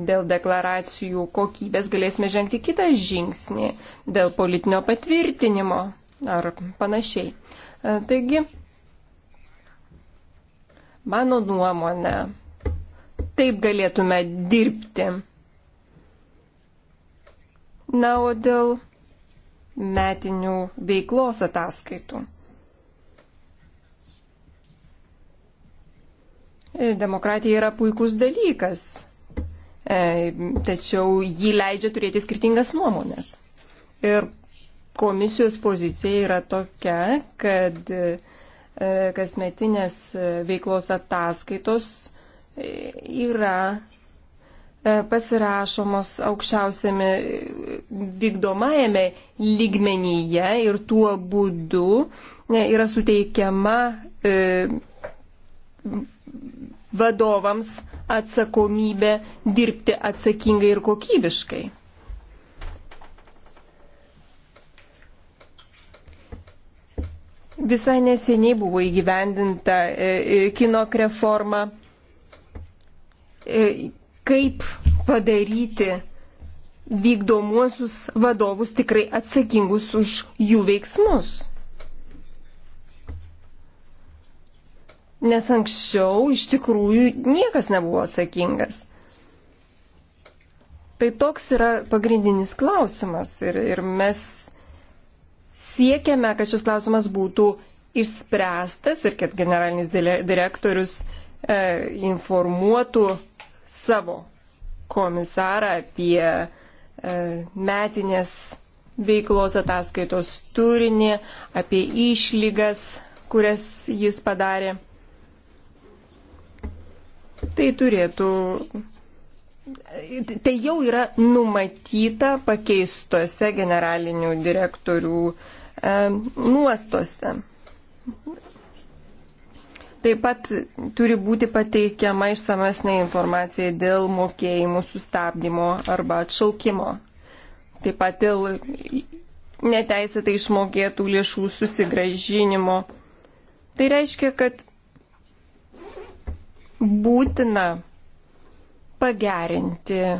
dėl deklaracijų kokybės, galėsime žengti kitą žingsnį dėl politinio patvirtinimo ar panašiai. E, taigi, mano nuomonė, taip galėtume dirbti. Na, o dėl metinių veiklos ataskaitų. Demokratija yra puikus dalykas, e, tačiau jį leidžia turėti skirtingas nuomonės. Ir komisijos pozicija yra tokia, kad e, kasmetinės veiklos ataskaitos e, yra pasirašomos aukščiausiame vykdomajame lygmenyje ir tuo būdu yra suteikiama vadovams atsakomybę dirbti atsakingai ir kokybiškai. Visai neseniai buvo įgyvendinta e, e, kinok reforma. E, kaip padaryti vykdomuosius vadovus tikrai atsakingus už jų veiksmus? nes anksčiau iš tikrųjų niekas nebuvo atsakingas. Tai toks yra pagrindinis klausimas ir, ir mes siekiame, kad šis klausimas būtų išspręstas ir kad generalinis direktorius e, informuotų savo komisarą apie e, metinės veiklos ataskaitos turinį, apie išlygas, kurias jis padarė. Tai turėtų. Tai jau yra numatyta pakeistose generalinių direktorių e, nuostose. Taip pat turi būti pateikiama išsamesnė informacija dėl mokėjimų sustabdymo arba atšaukimo. Taip pat dėl neteisėtai išmokėtų lėšų susigražinimo. Tai reiškia, kad būtina pagerinti e,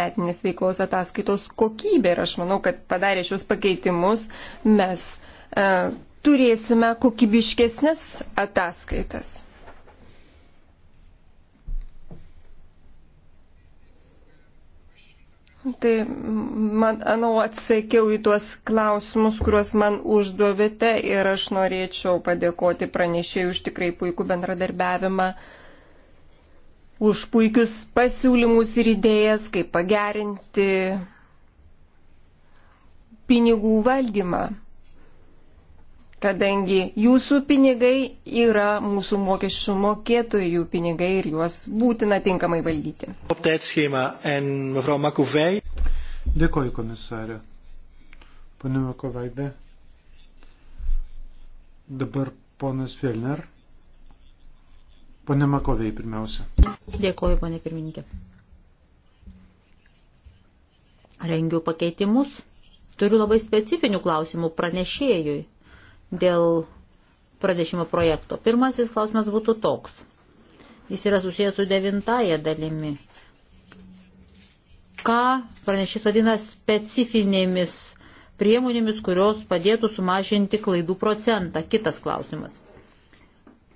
metinės veiklos ataskaitos kokybė ir aš manau, kad padarė šios pakeitimus mes e, turėsime kokybiškesnės ataskaitas. Tai, manau, atsakiau į tuos klausimus, kuriuos man užduovėte ir aš norėčiau padėkoti pranešėjai už tikrai puikų bendradarbiavimą, už puikius pasiūlymus ir idėjas, kaip pagerinti pinigų valdymą kadangi jūsų pinigai yra mūsų mokesčių mokėtojų pinigai ir juos būtina tinkamai valdyti. Dėkoju komisarė. Pane Makovaidė. Dabar ponas Filner. Pane Makovei pirmiausia. Dėkoju, pane pirmininkė. Rengiu pakeitimus. Turiu labai specifinių klausimų pranešėjui dėl pradėšimo projekto. Pirmasis klausimas būtų toks. Jis yra susijęs su devintaja dalimi. Ką pranešys vadina specifinėmis priemonėmis, kurios padėtų sumažinti klaidų procentą? Kitas klausimas.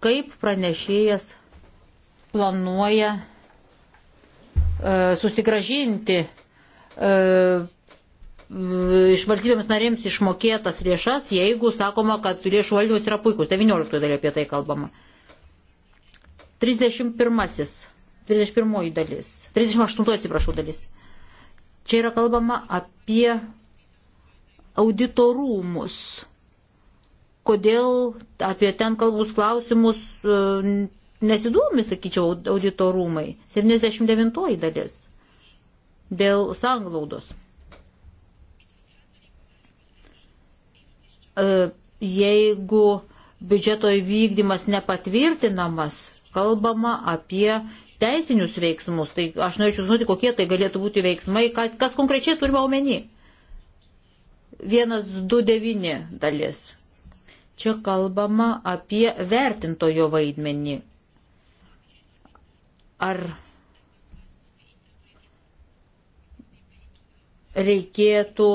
Kaip pranešėjas planuoja e, susigražinti e, iš valstybėms narėms išmokėtas lėšas, jeigu sakoma, kad lėšų valdymas yra puikus. 19 dalė apie tai kalbama. 31. 31 dalis. 38 atsiprašau dalis. Čia yra kalbama apie auditorumus. Kodėl apie ten kalbus klausimus e, nesidomi, sakyčiau, auditorumai. 79 dalis. Dėl sanglaudos. E, jeigu biudžeto įvykdymas nepatvirtinamas, kalbama apie teisinius veiksmus. Tai aš norėčiau žinoti, kokie tai galėtų būti veiksmai, kas konkrečiai turime omeny. 129 dalis. Čia kalbama apie vertintojo vaidmenį. Ar reikėtų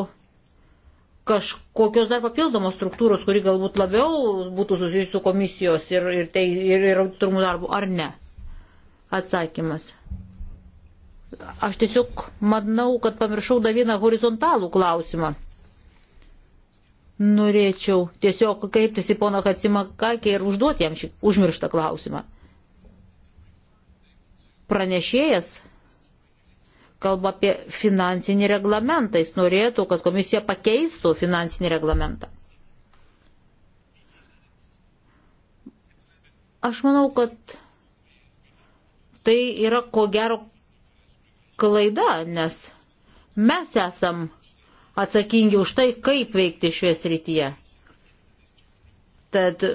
kažkokios dar papildomos struktūros, kuri galbūt labiau būtų susijusi su komisijos ir, ir, tai, ir, ir auditorumų darbu, ar ne? Atsakymas. Aš tiesiog manau, kad pamiršau dar vieną horizontalų klausimą. Norėčiau tiesiog kreiptis į poną Hatsimakakį ir užduoti jam šį užmirštą klausimą. Pranešėjas kalba apie finansinį reglamentą. Jis norėtų, kad komisija pakeistų finansinį reglamentą. Aš manau, kad tai yra ko gero klaida, nes mes esam atsakingi už tai, kaip veikti šioje srityje. Tad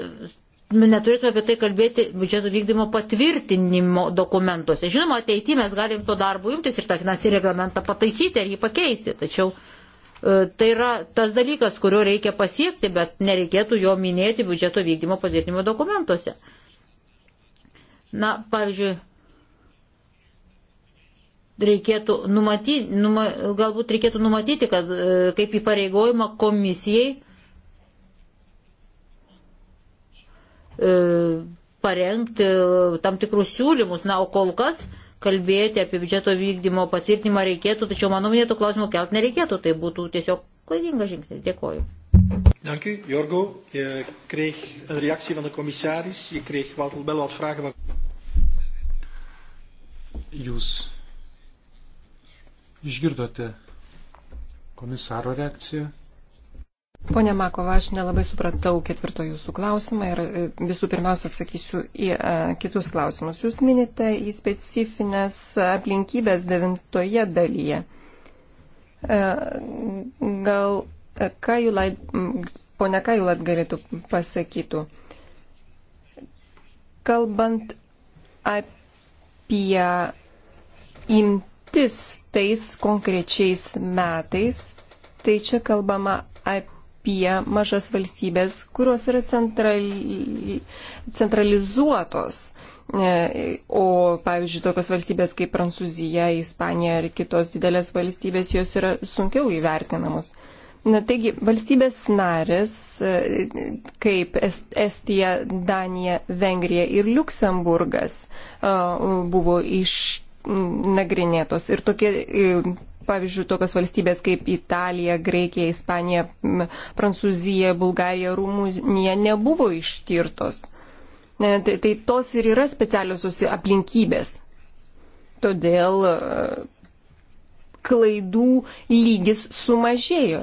neturėtume apie tai kalbėti biudžeto vykdymo patvirtinimo dokumentuose. Žinoma, ateityje mes galim to darbo imtis ir tą finansinį reglamentą pataisyti ar jį pakeisti, tačiau e, tai yra tas dalykas, kurio reikia pasiekti, bet nereikėtų jo minėti biudžeto vykdymo patvirtinimo dokumentuose. Na, pavyzdžiui, reikėtų numatyti, numa, galbūt reikėtų numatyti, kad e, kaip įpareigojimą komisijai E, parengti tam tikrus siūlymus. Na, o kol kas kalbėti apie biudžeto vykdymo patvirtinimą reikėtų, tačiau mano minėtų klausimų kelt nereikėtų, tai būtų tiesiog klaidingas žingsnis. Dėkoju. Dank u, Jorgo. Je kreeg een reactie van de commissaris. Je kreeg wat, wel wat vragen van. Jūs išgirdote komisaro reakciją. Pone Makova, aš nelabai supratau ketvirto jūsų klausimą ir e, visų pirmiausia atsakysiu į a, e, kitus klausimus. Jūs minite į specifines aplinkybės devintoje dalyje. A, e, gal ką jūlait, ponia Kajulat galėtų pasakytų. Kalbant apie imtis tais konkrečiais metais, tai čia kalbama apie apie mažas valstybės, kurios yra centrali, centralizuotos. E, o pavyzdžiui, tokios valstybės kaip Prancūzija, Ispanija ir kitos didelės valstybės, jos yra sunkiau įvertinamos. Na, taigi, valstybės narės e, kaip Estija, Danija, Vengrija ir Luksemburgas e, buvo išnagrinėtos ir tokie pavyzdžiui, tokios valstybės kaip Italija, Graikija, Ispanija, Prancūzija, Bulgarija, Rumunija nebuvo ištirtos. Ne, tai, tai tos ir yra specialiosios aplinkybės. Todėl e, klaidų lygis sumažėjo.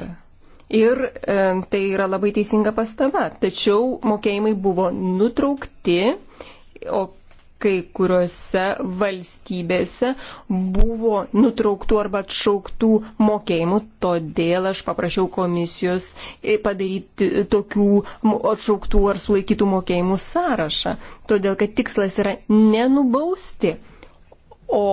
Ir e, tai yra labai teisinga pastaba. Tačiau mokėjimai buvo nutraukti, o kai kuriuose valstybėse buvo nutrauktų arba atšauktų mokėjimų, todėl aš paprašiau komisijos e, padaryti tokių atšauktų ar sulaikytų mokėjimų sąrašą, todėl kad tikslas yra nenubausti, o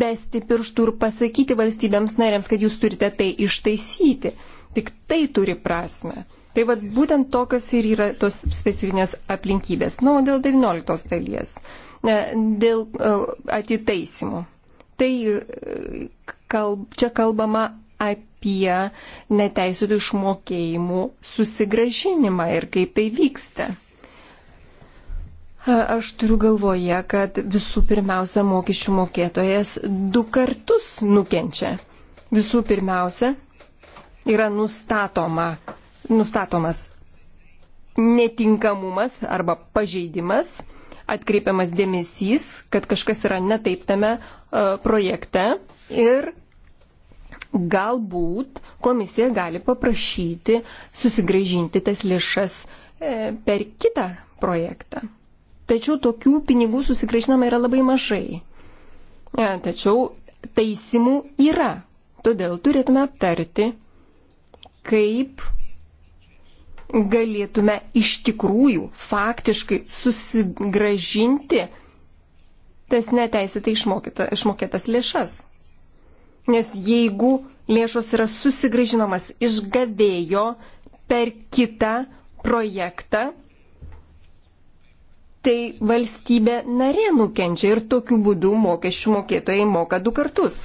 besti pirštų ir pasakyti valstybėms narėms, kad jūs turite tai ištaisyti. Tik tai turi prasme. Tai vad būtent tokios ir yra tos specifinės aplinkybės. Nu, dėl 19 dalies, e, dėl e, atitaisimų. Tai e, kalb, čia kalbama apie neteisėtų išmokėjimų susigražinimą ir kaip tai vyksta. Aš turiu galvoje, kad visų pirmiausia mokesčių mokėtojas du kartus nukenčia. Visų pirmiausia yra nustatoma, nustatomas netinkamumas arba pažeidimas, atkreipiamas dėmesys, kad kažkas yra netaip tame e, projekte ir galbūt komisija gali paprašyti susigražinti tas lėšas e, per kitą projektą. Tačiau tokių pinigų susigražinama yra labai mažai. E, tačiau taisimų yra. Todėl turėtume aptarti, kaip galėtume iš tikrųjų faktiškai susigražinti tas neteisėtai išmokėtas lėšas. Nes jeigu lėšos yra susigražinamas iš gavėjo per kitą projektą, tai valstybė narė nukenčia ir tokiu būdu mokesčių mokėtojai moka du kartus.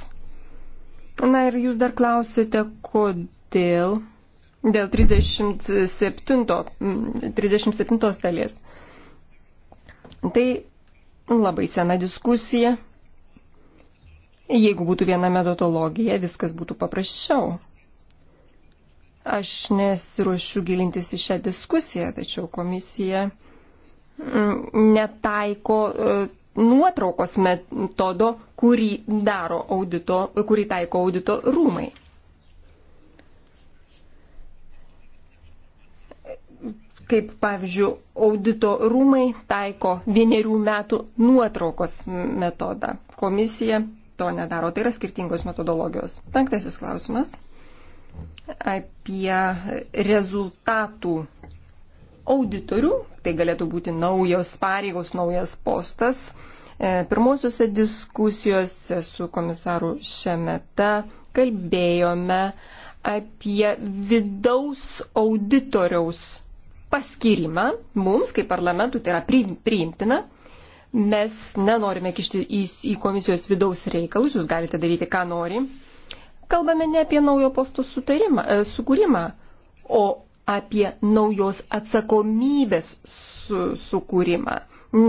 Na ir jūs dar klausite, kodėl dėl 37, 37 mm, dalies. Tai labai sena diskusija. Jeigu būtų viena metodologija, viskas būtų paprasčiau. Aš nesiruošiu gilintis į šią diskusiją, tačiau komisija mm, netaiko e, nuotraukos metodo, kurį, daro audito, kurį taiko audito rūmai. kaip pavyzdžiui audito rūmai taiko vienerių metų nuotraukos metodą. Komisija to nedaro. Tai yra skirtingos metodologijos. Penktasis klausimas apie rezultatų auditorių. Tai galėtų būti naujos pareigos, naujas postas. E, Pirmosiuose diskusijose su komisaru Šemeta kalbėjome apie vidaus auditoriaus paskirimą mums, kaip parlamentui, tai yra priimtina. Mes nenorime kišti į, į komisijos vidaus reikalus, jūs galite daryti, ką nori. Kalbame ne apie naujo posto sutarimą, e, sukūrimą, o apie naujos atsakomybės su, sukūrimą.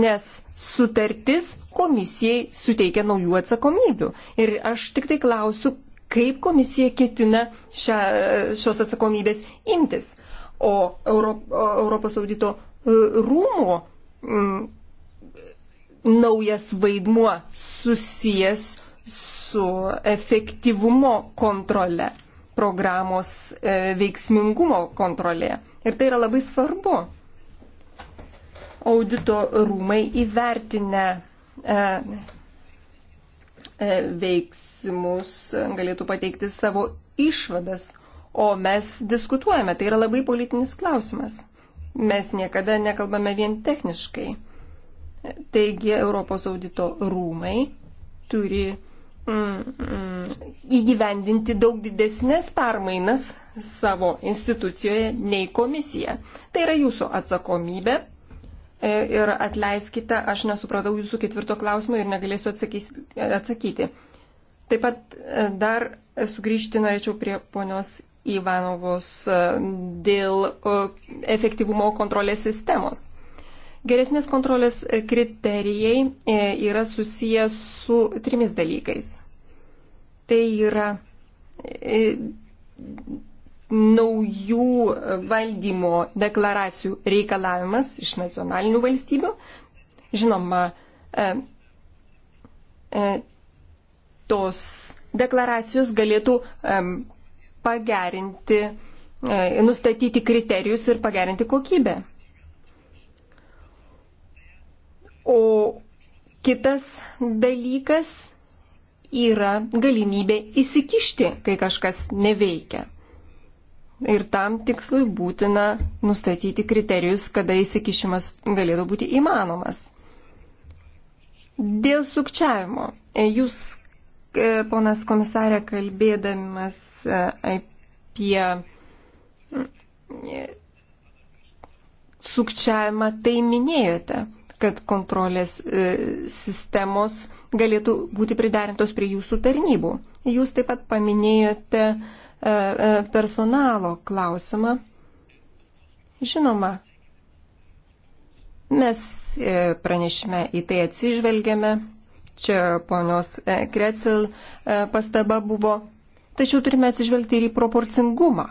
Nes sutartis komisijai suteikia naujų atsakomybių. Ir aš tik tai klausiu, kaip komisija ketina šia, šios atsakomybės imtis o Europos audito e, rūmų naujas vaidmuo susijęs su efektyvumo kontrole, programos e, veiksmingumo kontrolė. Ir tai yra labai svarbu. Audito rūmai įvertinę e, veiksmus galėtų pateikti savo išvadas, O mes diskutuojame, tai yra labai politinis klausimas. Mes niekada nekalbame vien techniškai. Taigi Europos audito rūmai turi mm, mm, įgyvendinti daug didesnės permainas savo institucijoje nei komisija. Tai yra jūsų atsakomybė. E, ir atleiskite, aš nesupratau jūsų ketvirto klausimo ir negalėsiu atsakys, atsakyti. Taip pat e, dar sugrįžti norėčiau prie ponios Ivanovos e, dėl e, efektyvumo kontrolės sistemos. Geresnės kontrolės kriterijai e, yra susijęs su trimis dalykais. Tai yra naujų valdymo deklaracijų reikalavimas iš nacionalinių valstybių. Žinoma, tos deklaracijos galėtų pagerinti, e, nustatyti kriterijus ir pagerinti kokybę. O kitas dalykas yra galimybė įsikišti, kai kažkas neveikia. Ir tam tikslui būtina nustatyti kriterijus, kada įsikišimas galėtų būti įmanomas. Dėl sukčiavimo. E, jūs E, ponas komisarė, kalbėdamas e, apie mm, e, sukčiavimą, tai minėjote, kad kontrolės sistemos galėtų būti pridarintos prie jūsų tarnybų. Jūs taip pat paminėjote personalo klausimą. Žinoma, mes pranešime į tai atsižvelgiame čia ponios Krecil e, e, pastaba buvo. Tačiau turime atsižvelgti ir į proporcingumą,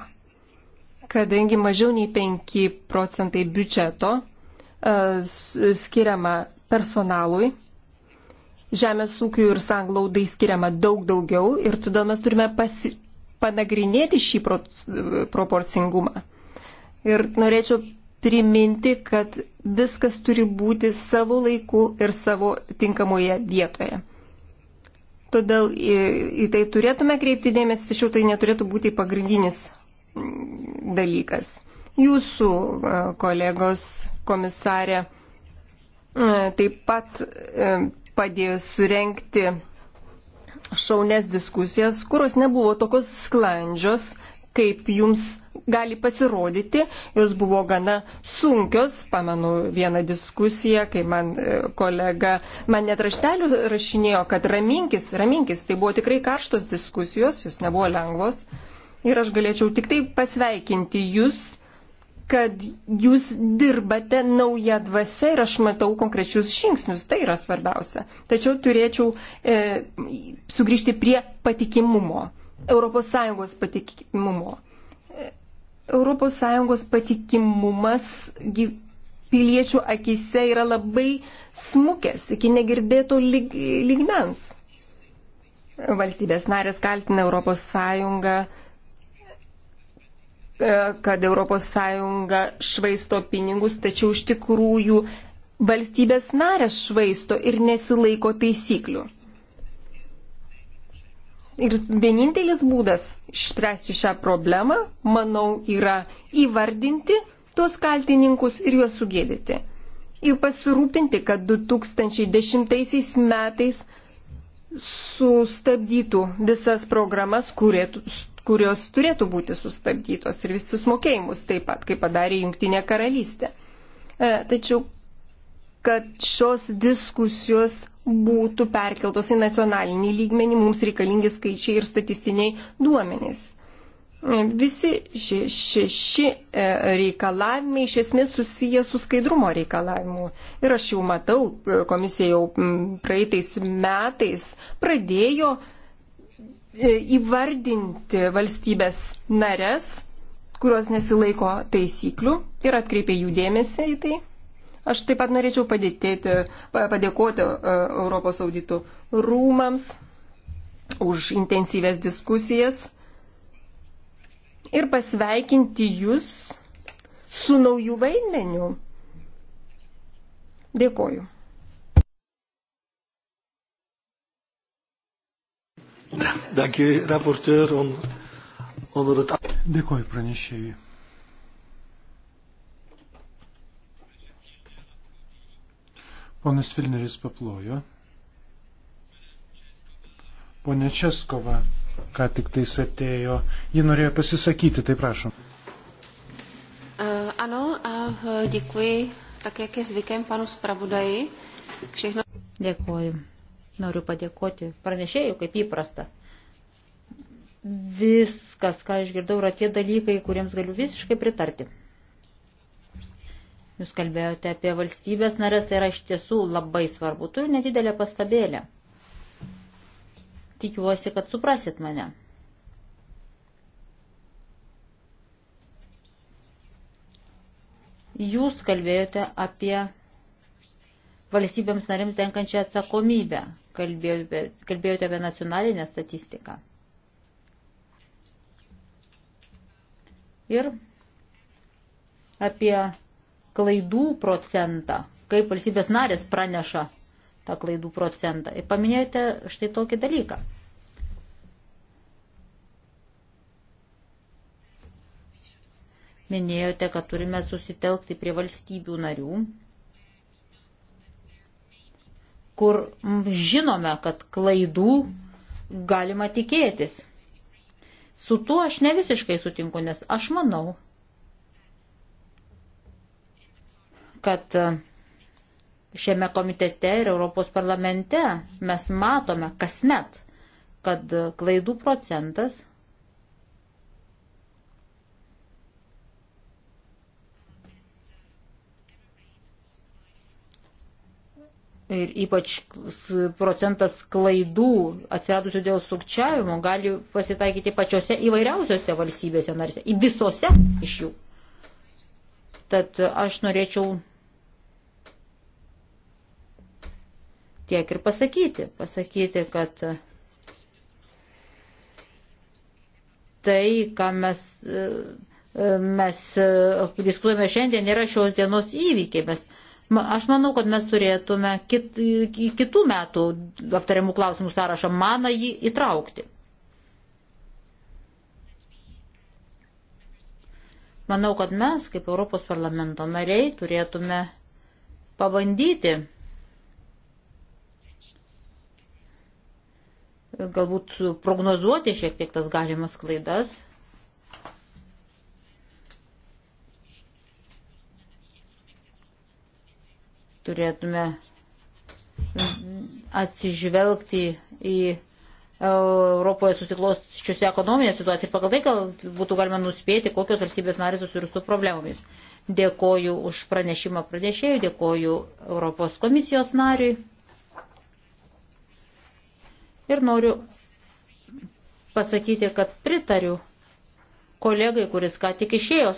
kadangi mažiau nei 5 procentai biudžeto e, skiriama personalui, žemės ūkiui ir sanglaudai skiriama daug daugiau ir todėl mes turime pasi, panagrinėti šį pro, proporcingumą. Ir norėčiau priminti, kad viskas turi būti savo laiku ir savo tinkamoje vietoje. Todėl į, į tai turėtume kreipti dėmesį, tačiau tai neturėtų būti pagrindinis mm, dalykas. Jūsų kolegos komisarė taip pat padėjo surenkti šaunes diskusijas, kurios nebuvo tokios sklandžios, kaip jums gali pasirodyti. Jos buvo gana sunkios. Pamenu vieną diskusiją, kai man e, kolega man net raštelių rašinėjo, kad raminkis, raminkis. Tai buvo tikrai karštos diskusijos, jos nebuvo lengvos. Ir aš galėčiau tik tai pasveikinti jūs kad jūs dirbate naują dvasę ir aš matau konkrečius žingsnius, tai yra svarbiausia. Tačiau turėčiau e, sugrįžti prie patikimumo. ES patikimumo. ES patikimumas piliečių akise yra labai smukęs iki negirdėto lyg, lygmens. Valstybės narės kaltina ES, e, kad ES švaisto pinigus, tačiau iš tikrųjų valstybės narės švaisto ir nesilaiko taisyklių. Ir vienintelis būdas išspręsti šią problemą, manau, yra įvardinti tuos kaltininkus ir juos sugėdyti. Ir pasirūpinti, kad 2010 metais sustabdytų visas programas, kurėtų, kurios turėtų būti sustabdytos ir visus mokėjimus taip pat, kaip padarė Junktinė karalystė. E, tačiau kad šios diskusijos būtų perkeltos į nacionalinį lygmenį, mums reikalingi skaičiai ir statistiniai duomenys. Visi šeši še, še, reikalavimai iš esmės susiję su skaidrumo reikalavimu. Ir aš jau matau, e, komisija jau praeitais metais pradėjo e, įvardinti valstybės nares, kurios nesilaiko taisyklių ir atkreipė jų dėmesį į tai. Aš taip pat norėčiau padėtėti, padėkoti e, Europos auditų rūmams už intensyves diskusijas ir pasveikinti jūs su naujų vaidmeniu. Dėkoju. Dank u, rapporteur, onder het... Dėkoju pranešėjui. Ponas Vilneris paplojo. Pone Českova, ką tik tais atėjo. Ji norėjo pasisakyti, tai prašom. E, ano, a e, děkuji, tak jak je zvykem, panu zpravodaji. Všechno... Dėkuoju. Noriu padėkoti pranešėjų, kaip įprasta. Viskas, ką išgirdau, yra tie dalykai, kuriems galiu visiškai pritarti. Jūs kalbėjote apie valstybės narės, tai yra iš tiesų labai svarbu. Turiu nedidelę pastabėlę. Tikiuosi, kad suprasit mane. Jūs kalbėjote apie valstybėms narims tenkančią atsakomybę, kalbėjote, kalbėjote apie nacionalinę statistiką. Ir apie klaidų procentą, kaip valstybės narės praneša tą klaidų procentą. Ir paminėjote štai tokį dalyką. Minėjote, kad turime susitelkti prie valstybių narių, kur žinome, kad klaidų galima tikėtis. Su tuo aš ne visiškai sutinku, nes aš manau, kad e, šiame komitete ir Europos parlamente mes matome kasmet, kad e, klaidų procentas ir ypač procentas klaidų atsiradusių dėl sukčiavimo gali pasitaikyti pačiose įvairiausiose valstybėse narėse, visose iš jų. Tad aš norėčiau tiek ir pasakyti. Pasakyti, kad tai, ką mes, e, mes e, diskutuojame šiandien, yra šios dienos įvykiai. Mes, aš manau, kad mes turėtume kit, kitų metų aptariamų klausimų sąrašą maną jį įtraukti. Manau, kad mes, kaip Europos parlamento nariai, turėtume pabandyti galbūt prognozuoti šiek tiek tas galimas klaidas. Turėtume atsižvelgti į Europoje susiklosčiusią ekonominę situaciją ir pagal tai, kad būtų galima nuspėti, kokios valstybės narės susidurs su problemomis. Dėkoju už pranešimą pranešėjų, dėkoju Europos komisijos nariui. Ir noriu pasakyti, kad pritariu kolegai, kuris ką tik išėjo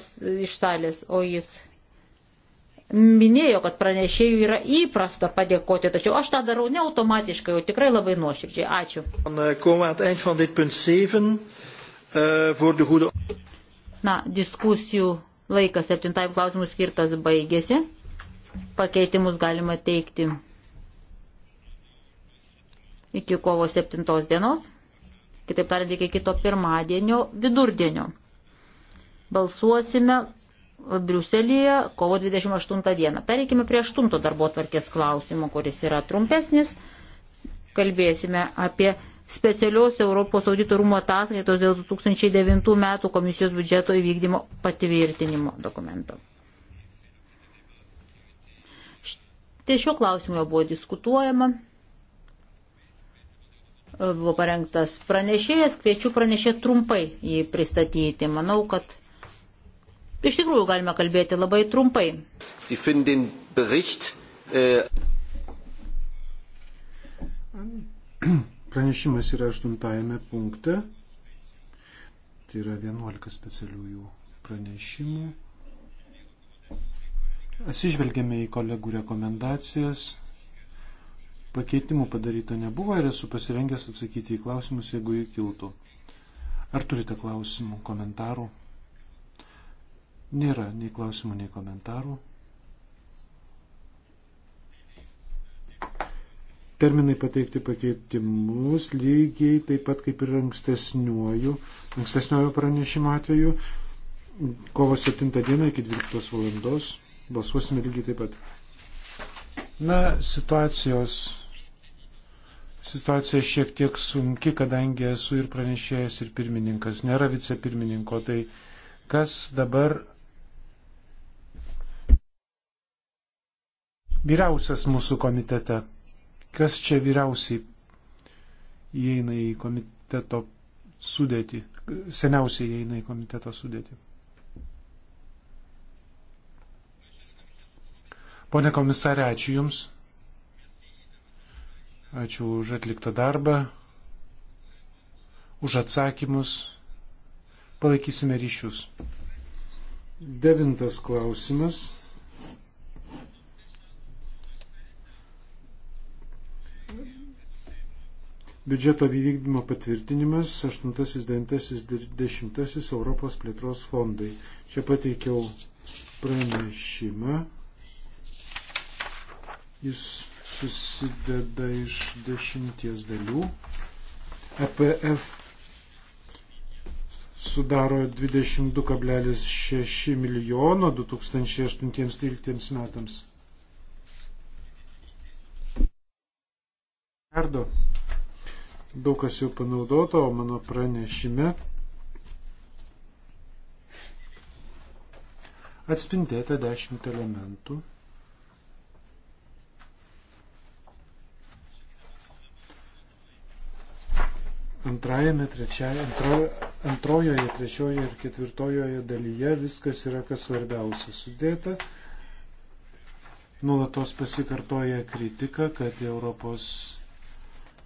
iš salės, o jis minėjo, kad pranešėjų yra įprasta padėkoti, tačiau aš tą darau ne automatiškai, o tikrai labai nuoširdžiai. Ačiū. Eh, eh, Na, diskusijų laikas septintajam klausimui skirtas baigėsi. Pakeitimus galima teikti iki kovo 7 dienos, kitaip tariant, iki kito pirmadienio vidurdienio. Balsuosime Briuselėje kovo 28 dieną. Pereikime prie 8 darbo tvarkės klausimo, kuris yra trumpesnis. Kalbėsime apie specialios Europos audito rūmo ataskaitos dėl 2009 metų komisijos biudžeto įvykdymo patvirtinimo dokumento. Ties šio klausimo buvo diskutuojama buvo parengtas pranešėjas, kviečiu pranešę trumpai jį pristatyti. Manau, kad iš tikrųjų galime kalbėti labai trumpai. Bericht, e... Pranešimas yra aštuntajame punkte. Tai yra 11 specialiųjų pranešimų. Atsižvelgėme į kolegų rekomendacijas, Pakeitimų padaryta nebuvo ir esu pasirengęs atsakyti į klausimus, jeigu jų kiltų. Ar turite klausimų, komentarų? Nėra nei klausimų, nei komentarų. Terminai pateikti pakeitimus lygiai taip pat kaip ir ankstesniuoju, ankstesniuoju pranešimo atveju. Kovo 7 dieną iki 12 valandos balsuosime lygiai taip pat. Na, situacijos situacija šiek tiek sunki, kadangi esu ir pranešėjas, ir pirmininkas, nėra vicepirmininko. Tai kas dabar vyriausias mūsų komitete? Kas čia vyriausiai įeina į komiteto sudėtį? Seniausiai įeina į komiteto sudėtį. Pone komisarė, ačiū Jums. Ačiū už atliktą darbą, už atsakymus. Palaikysime ryšius. Devintas klausimas. Biudžeto įvykdymo patvirtinimas 8-10 Europos plėtros fondai. Čia pateikiau pranešimą. Jis susideda iš dešimties dalių. EPF sudaro 22,6 milijono 2008-2013 metams. Erdo. Daug kas jau panaudoto, o mano pranešime atspindėta 10 elementų antrajame, trečia, antra, antrojoje, trečiojoje ir ketvirtojoje dalyje viskas yra kas svarbiausia sudėta. Nulatos pasikartoja kritika, kad Europos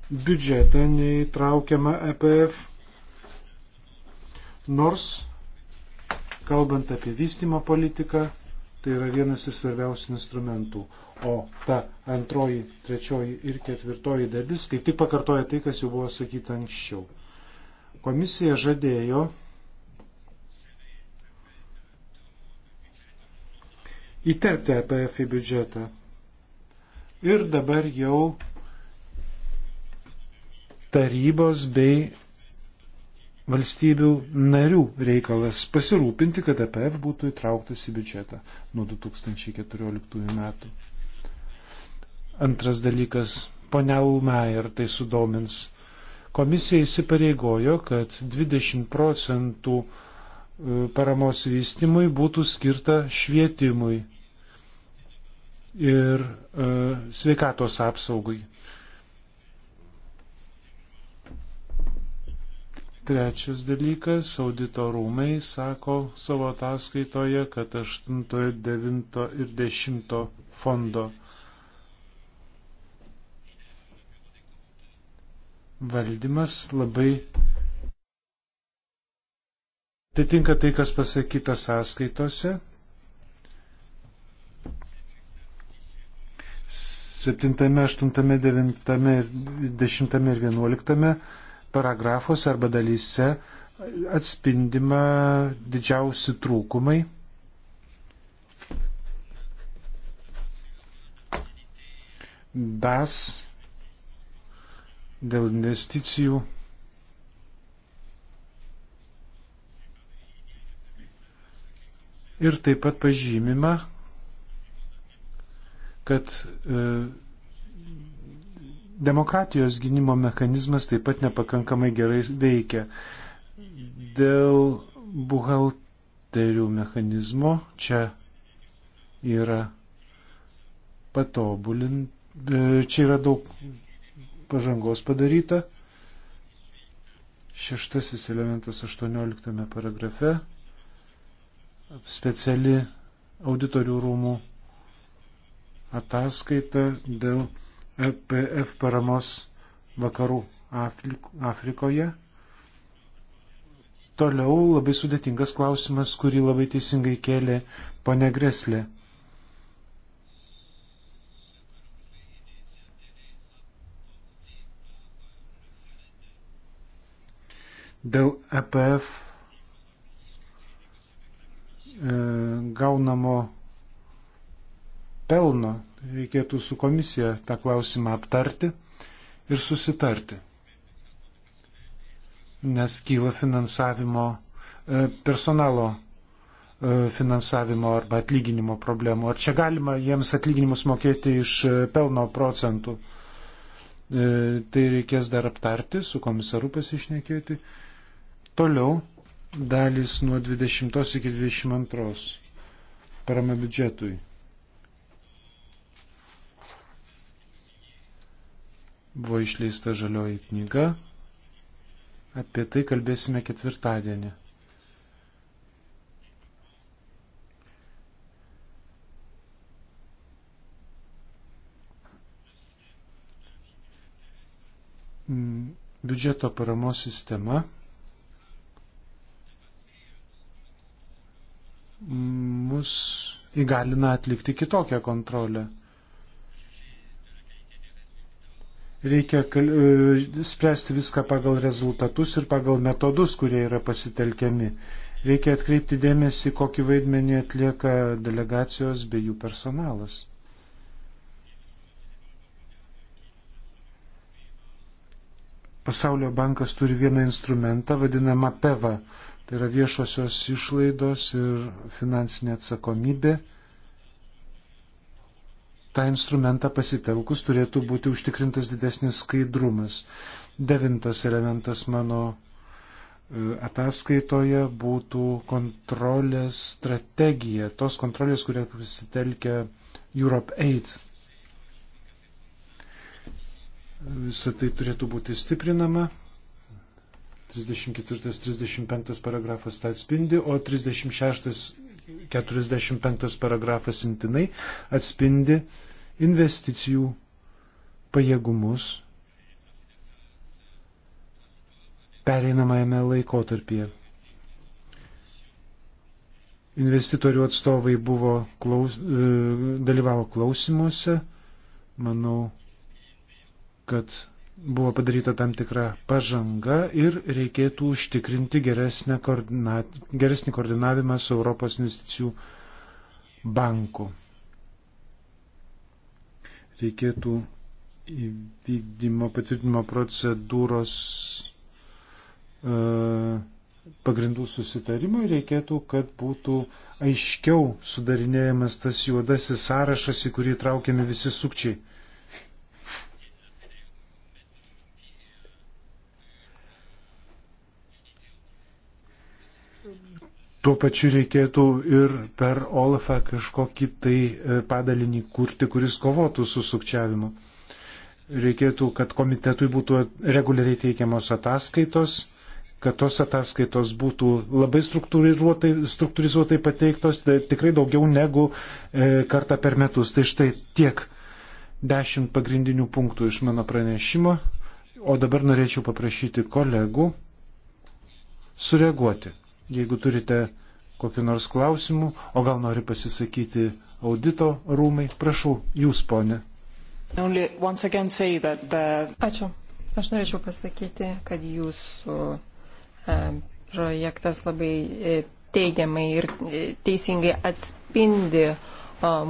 biudžetą neįtraukiama EPF. Nors, kalbant apie vystimo politiką, tai yra vienas iš svarbiausių instrumentų. O ta antroji, trečioji ir ketvirtoji dalis kaip tik pakartoja tai, kas jau buvo sakyta anksčiau. Komisija žadėjo įterpti EPF į biudžetą. Ir dabar jau tarybos bei valstybių narių reikalas pasirūpinti, kad EPF būtų įtrauktas į biudžetą nuo 2014 metų. Antras dalykas, ponia Ulmajer tai sudomins. Komisija įsipareigojo, kad 20 procentų e, paramos vystimui būtų skirta švietimui ir e, sveikatos apsaugai. Trečias dalykas, audito rūmai sako savo ataskaitoje, kad 8, 9 ir 10 fondo valdymas labai atitinka tai, kas pasakyta sąskaitose. Septintame, aštuntame, devintame, dešimtame ir vienuoliktame paragrafuose arba dalyse atspindima didžiausi trūkumai. DAS dėl investicijų. Ir taip pat pažymima, kad e, demokratijos gynimo mechanizmas taip pat nepakankamai gerai veikia. Dėl buhalterių mechanizmo čia yra patobulint, e, čia yra daug pažangos padaryta. Šeštasis elementas 18 paragrafe. Speciali auditorių rūmų ataskaita dėl EPF paramos vakarų Afrikoje. Toliau labai sudėtingas klausimas, kurį labai teisingai kėlė pane Greslė. dėl EPF e, gaunamo pelno reikėtų su komisija tą klausimą aptarti ir susitarti, nes kyla finansavimo, e, personalo e, finansavimo arba atlyginimo problemų. Ar čia galima jiems atlyginimus mokėti iš pelno procentų? Tai reikės dar aptarti, su komisaru pasišnekėti Toliau dalis nuo 20 iki 22 parama biudžetui. Buvo išleista žalioji knyga. Apie tai kalbėsime ketvirtadienį. Mm, biudžeto paramos sistema mus įgalina atlikti kitokią kontrolę. Reikia kal... E, spręsti viską pagal rezultatus ir pagal metodus, kurie yra pasitelkiami. Reikia atkreipti dėmesį, kokį vaidmenį atlieka delegacijos bei jų personalas. Pasaulio bankas turi vieną instrumentą, vadinamą PEVA Tai yra viešosios išlaidos ir finansinė atsakomybė. Ta instrumentą pasitelkus turėtų būti užtikrintas didesnis skaidrumas. Devintas elementas mano e, ataskaitoje būtų kontrolės strategija, tos kontrolės, kurią pasitelkia Europe 8. Visą tai turėtų būti stiprinama. 34-35 paragrafas tą atspindi, o 36-45 paragrafas intinai atspindi investicijų pajėgumus pereinamajame laikotarpyje. Investitorių atstovai buvo klaus, e, dalyvavo klausimuose. Manau, kad buvo padaryta tam tikra pažanga ir reikėtų užtikrinti koordina, geresnį koordinavimą su Europos investicijų banku. Reikėtų įvykdymo patvirtinimo procedūros e, pagrindų susitarimui reikėtų, kad būtų aiškiau sudarinėjamas tas juodasis sąrašas, į kurį traukiami visi sukčiai. Tuo pačiu reikėtų ir per Olafą kažkokį tai e, padalinį kurti, kuris kovotų su sukčiavimu. Reikėtų, kad komitetui būtų reguliariai teikiamos ataskaitos, kad tos ataskaitos būtų labai struktūrizuotai, struktūrizuotai pateiktos, tai tikrai daugiau negu e, kartą per metus. Tai štai tiek dešimt pagrindinių punktų iš mano pranešimo, o dabar norėčiau paprašyti kolegų sureaguoti. Jeigu turite kokiu nors klausimu, o gal nori pasisakyti audito rūmai, prašau, jūs, ponė. Ačiū. Aš norėčiau pasakyti, kad jūsų e, projektas labai e, teigiamai ir e, teisingai atspindi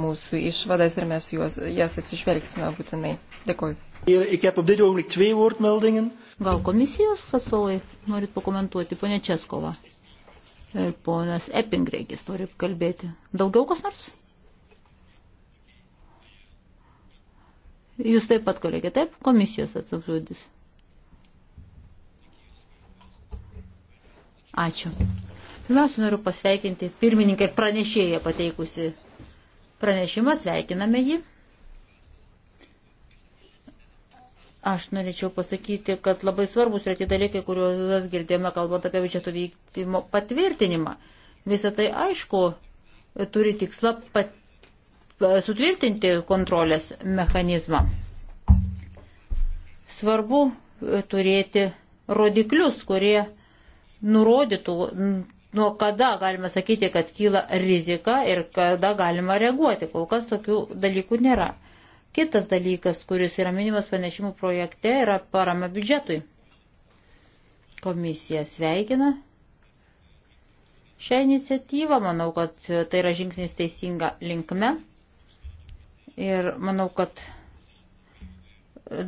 mūsų išvadas ir mes juos, jas atsižvelgsime būtinai. Dėkuoju. Ir iki apabdėti, o tik dvi vordmeldingen. Gal komisijos atstovai norit pakomentuoti, ponė Českova? Ponas Epingreikis turi kalbėti. Daugiau kas nors? Jūs taip pat, kolegė, taip, komisijos atsakžodis. Ačiū. Pirmiausia, noriu pasveikinti pirmininkai pranešėją pateikusi pranešimą, sveikiname jį. Aš norėčiau pasakyti, kad labai svarbus yra tie dalykai, kuriuos girdėjome kalbant apie biudžeto vykdymo patvirtinimą. Visą tai aišku turi tikslą pat, sutvirtinti kontrolės mechanizmą. Svarbu e, turėti rodiklius, kurie nurodytų, nuo kada galima sakyti, kad kyla rizika ir kada galima reaguoti. Kol kas tokių dalykų nėra. Kitas dalykas, kuris yra minimas panešimų projekte, yra parama biudžetui. Komisija sveikina šią iniciatyvą, manau, kad tai yra žingsnis teisinga linkme ir manau, kad e,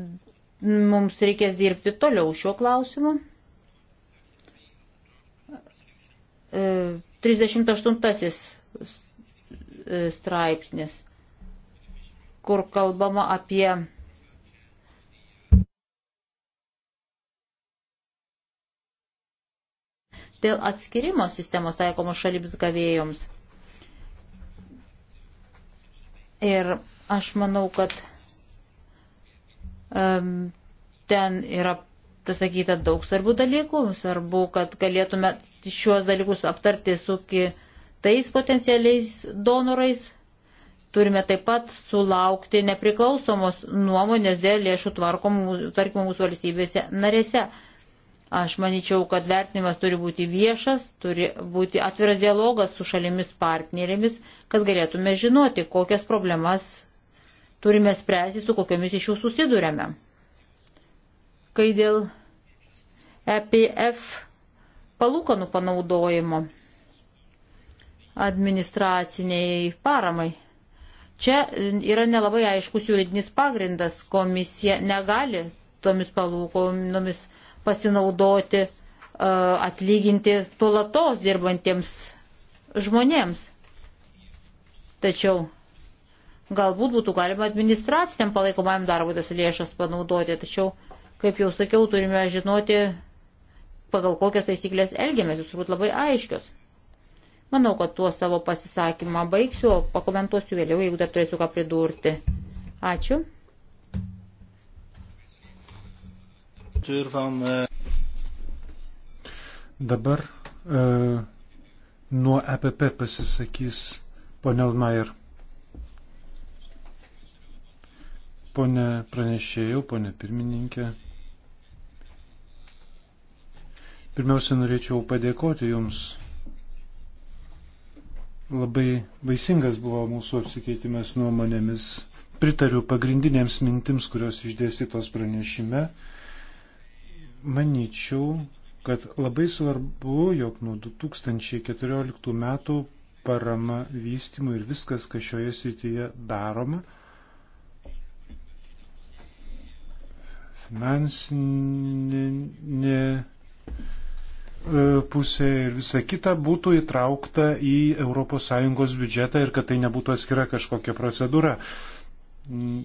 mums reikės dirbti toliau šiuo klausimu. 38 e, e, straipsnis kur kalbama apie dėl atskirimo sistemos taikomos šalims gavėjoms. Ir aš manau, kad um, ten yra pasakyta daug svarbių dalykų. Svarbu, kad galėtume šiuos dalykus aptarti su kitais potencialiais donorais, Turime taip pat sulaukti nepriklausomos nuomonės dėl lėšų tvarkymo mūsų valstybėse narėse. Aš manyčiau, kad vertinimas turi būti viešas, turi būti atviras dialogas su šalimis partnerėmis, kad galėtume žinoti, kokias problemas turime spręsti, su kokiamis iš jų susidurėme. Kai dėl EPF palūkanų panaudojimo administraciniai paramai Čia e, yra nelabai aiškus juridinis pagrindas, komisija negali tomis palūkomis pasinaudoti, e, atlyginti tuolatos dirbantiems žmonėms. Tačiau galbūt būtų galima administraciniam palaikomajam darbui tas lėšas panaudoti, tačiau, kaip jau sakiau, turime žinoti, pagal kokias taisyklės elgiamės, jūs turbūt labai aiškios. Manau, kad tuo savo pasisakymą baigsiu, o pakomentuosiu vėliau, jeigu dar turėsiu ką pridurti. Ačiū. E, Dabar e, nuo EPP pasisakys ponė Elmair. Pone pranešėjau, pone pirmininkė. Pirmiausia, norėčiau padėkoti Jums Labai vaisingas buvo mūsų apsikeitimas nuomonėmis. Pritariu pagrindinėms mintims, kurios išdėstytos pranešime. Maničiau, kad labai svarbu, jog nuo 2014 metų parama vystimui ir viskas, kas šioje srityje daroma, finansinė E, pusė ir visa kita būtų įtraukta į ES biudžetą ir kad tai nebūtų atskira kažkokia procedūra. Mm,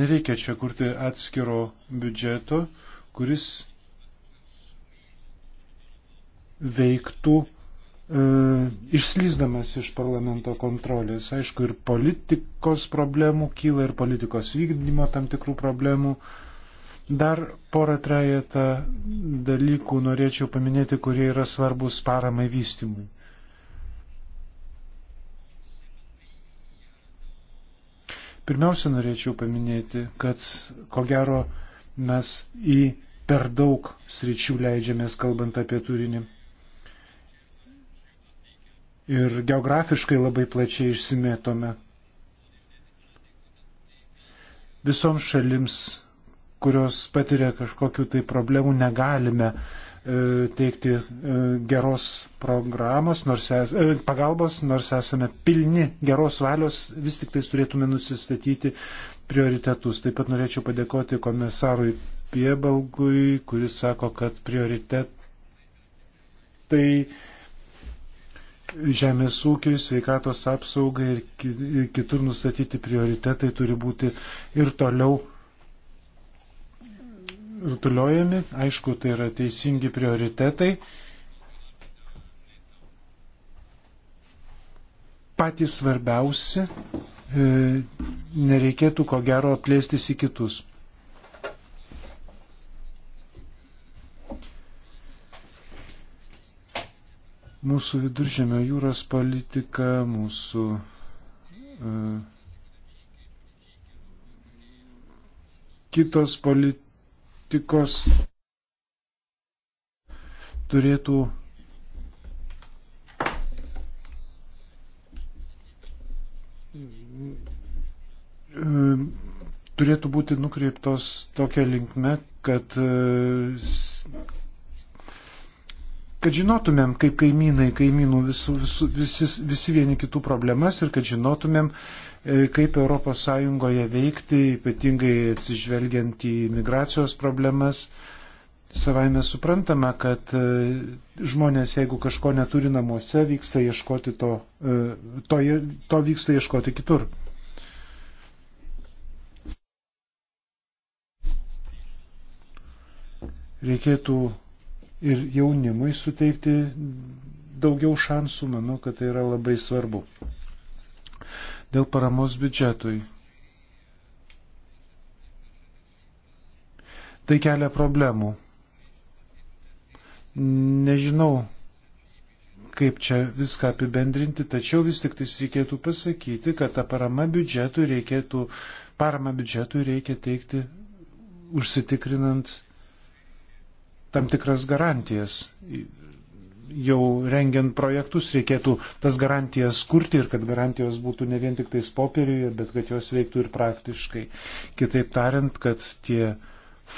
nereikia čia kurti atskiro biudžeto, kuris veiktų e, išslyzdamas iš parlamento kontrolės. Aišku, ir politikos problemų kyla, ir politikos vykdymo tam tikrų problemų. E, Dar porą trajetą dalykų norėčiau paminėti, kurie yra svarbus paramai vystimui. Pirmiausia, norėčiau paminėti, kad ko gero mes į per daug sričių leidžiamės, kalbant apie turinį. Ir geografiškai labai plačiai išsimėtome. Visoms šalims kurios patiria kažkokių tai problemų, negalime e, teikti e, geros programos, nors es, e, pagalbos, nors esame pilni geros valios, vis tik tai turėtume nusistatyti prioritetus. Taip pat norėčiau padėkoti komisarui Piebalgui, kuris sako, kad prioritetai žemės ūkiui, sveikatos apsaugai ir kitur nustatyti prioritetai turi būti ir toliau rutuliojami. Aišku, tai yra teisingi prioritetai. Patys svarbiausi, e, nereikėtų ko gero plėstis į kitus. mūsų viduržėmio jūros politika, mūsų uh, kitos politikos politikos turėtų turėtų būti nukreiptos tokia linkme, kad e, kad žinotumėm, kaip kaimynai, kaimynų visų, visų, visi, visi vieni kitų problemas ir kad žinotumėm, e, kaip ES veikti, ypatingai atsižvelgiant į migracijos problemas. Savaime suprantama, kad e, žmonės, jeigu kažko neturi namuose, vyksta ieškoti to, e, to, to vyksta ieškoti kitur. Reikėtų ir jaunimui suteikti daugiau šansų, manau, kad tai yra labai svarbu. Dėl paramos biudžetui. Tai kelia problemų. Nežinau, kaip čia viską apibendrinti, tačiau vis tik tais reikėtų pasakyti, kad tą paramą biudžetui reikėtų, paramą biudžetui reikia teikti užsitikrinant tam tikras garantijas. Jau rengiant projektus reikėtų tas garantijas kurti ir kad garantijos būtų ne vien tik tais popieriuje, bet kad jos veiktų ir praktiškai. Kitaip tariant, kad tie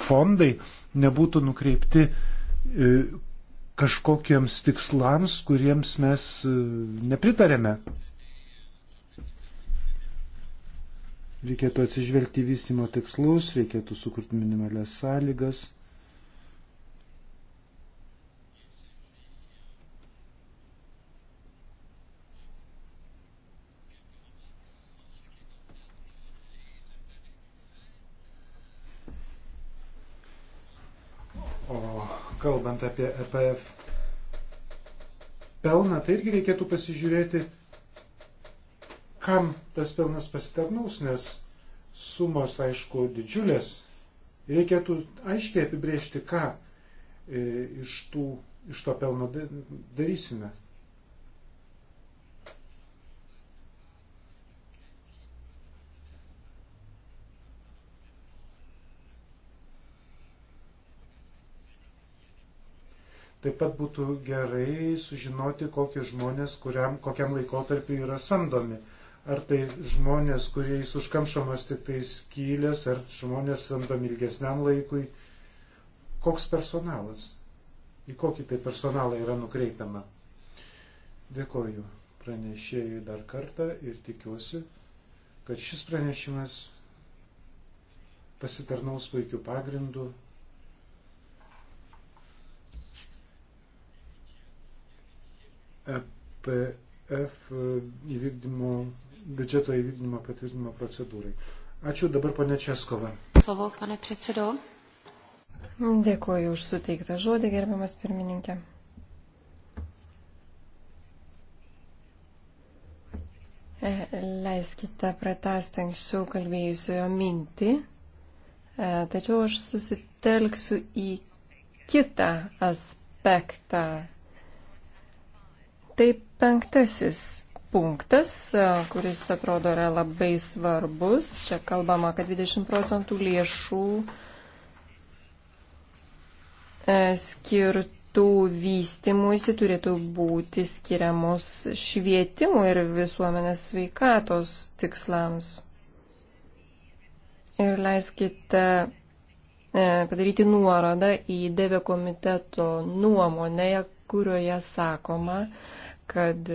fondai nebūtų nukreipti e, kažkokiems tikslams, kuriems mes e, nepritarėme. Reikėtų atsižvelgti vystimo tikslus, reikėtų sukurti minimalias sąlygas. kalbant apie EPF pelną, tai irgi reikėtų pasižiūrėti, kam tas pelnas pasitarnaus, nes sumos, aišku, didžiulės. Reikėtų aiškiai apibriežti, ką e, iš, tų, iš to pelno darysime. Taip pat būtų gerai sužinoti, kokie žmonės, kuriam, kokiam laikotarpiu yra samdomi. Ar tai žmonės, kuriais užkamšamos tik tai skylės, ar žmonės samdomi ilgesniam laikui. Koks personalas? Į kokį tai personalą yra nukreipiama? Dėkoju pranešėjui dar kartą ir tikiuosi, kad šis pranešimas pasitarnaus puikių pagrindų EPF e, įvykdymo, biudžeto įvykdymo patvirtinimo procedūrai. Ačiū dabar ponė Českova. Slovo, pane predsedo. Dėkuoju už suteiktą žodį, gerbiamas pirmininkė. E, leiskite pratesti anksčiau kalbėjusiojo mintį, e, tačiau aš susitelksiu į kitą aspektą Tai penktasis punktas, e, kuris atrodo yra labai svarbus. Čia kalbama, kad 20 procentų lėšų e, skirtų vystimuisi turėtų būti skiriamos švietimų ir visuomenės sveikatos tikslams. Ir leiskite e, padaryti nuorodą į Deve komiteto nuomonę, kurioje sakoma, kad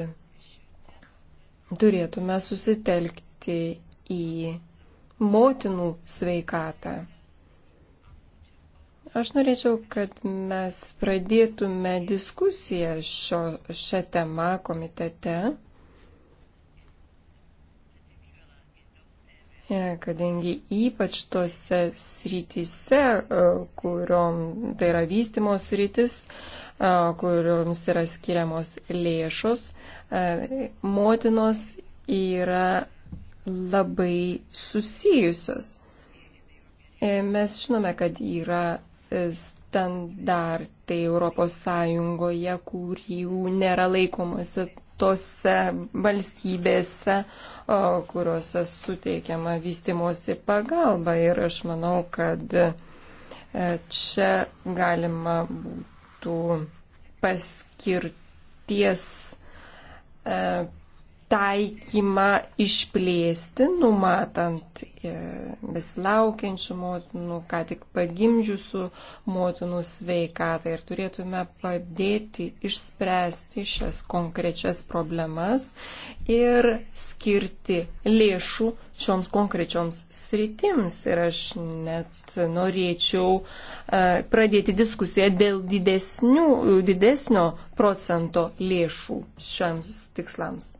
turėtume susitelkti į motinų sveikatą. Aš norėčiau, kad mes pradėtume diskusiją šio, šią temą komitete, e, kadangi ypač tose srityse, e, kuriuom tai yra vystimos sritis, kuriuoms yra skiriamos lėšos, motinos yra labai susijusios. E, mes žinome, kad yra e, standartai Europos Sąjungoje, kurių nėra laikomasi tose valstybėse, kuriuose suteikiama vystimosi pagalba. Ir aš manau, kad e, čia galima būti paskirties e, taikymą išplėsti, numatant e, besilaukiančių motinų, ką tik pagimdžiusių motinų sveikatą ir turėtume padėti išspręsti šias konkrečias problemas ir skirti lėšų šioms konkrečioms sritims. Ir aš net norėčiau e, pradėti diskusiją dėl didesnių, didesnio procento lėšų šiams tikslams.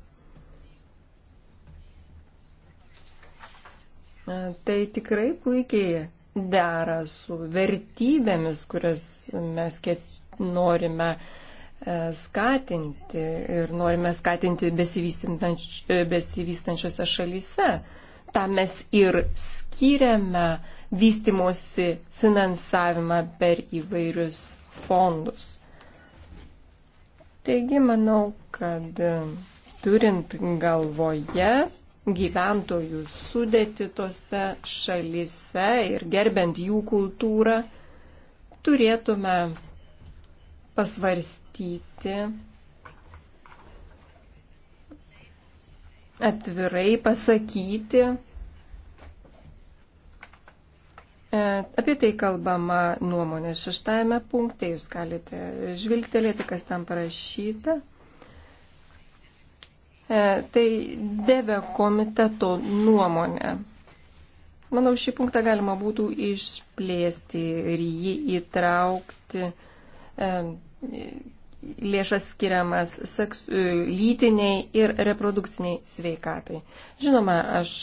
tai tikrai puikiai dera su vertybėmis, kurias mes norime e, skatinti ir norime skatinti e, besivystančiose šalyse. Tam mes ir skiriame vystimosi finansavimą per įvairius fondus. Taigi manau, kad turint galvoje gyventojų sudėti tose šalyse ir gerbent jų kultūrą, turėtume pasvarstyti atvirai pasakyti. E, apie tai kalbama nuomonė šeštame punkte, jūs galite žvilgtelėti, kas tam parašyta. E, tai deve komiteto nuomonė. Manau, šį punktą galima būtų išplėsti ir jį įtraukti e, lėšas skiriamas seks, e, lytiniai ir reprodukciniai sveikatai. Žinoma, aš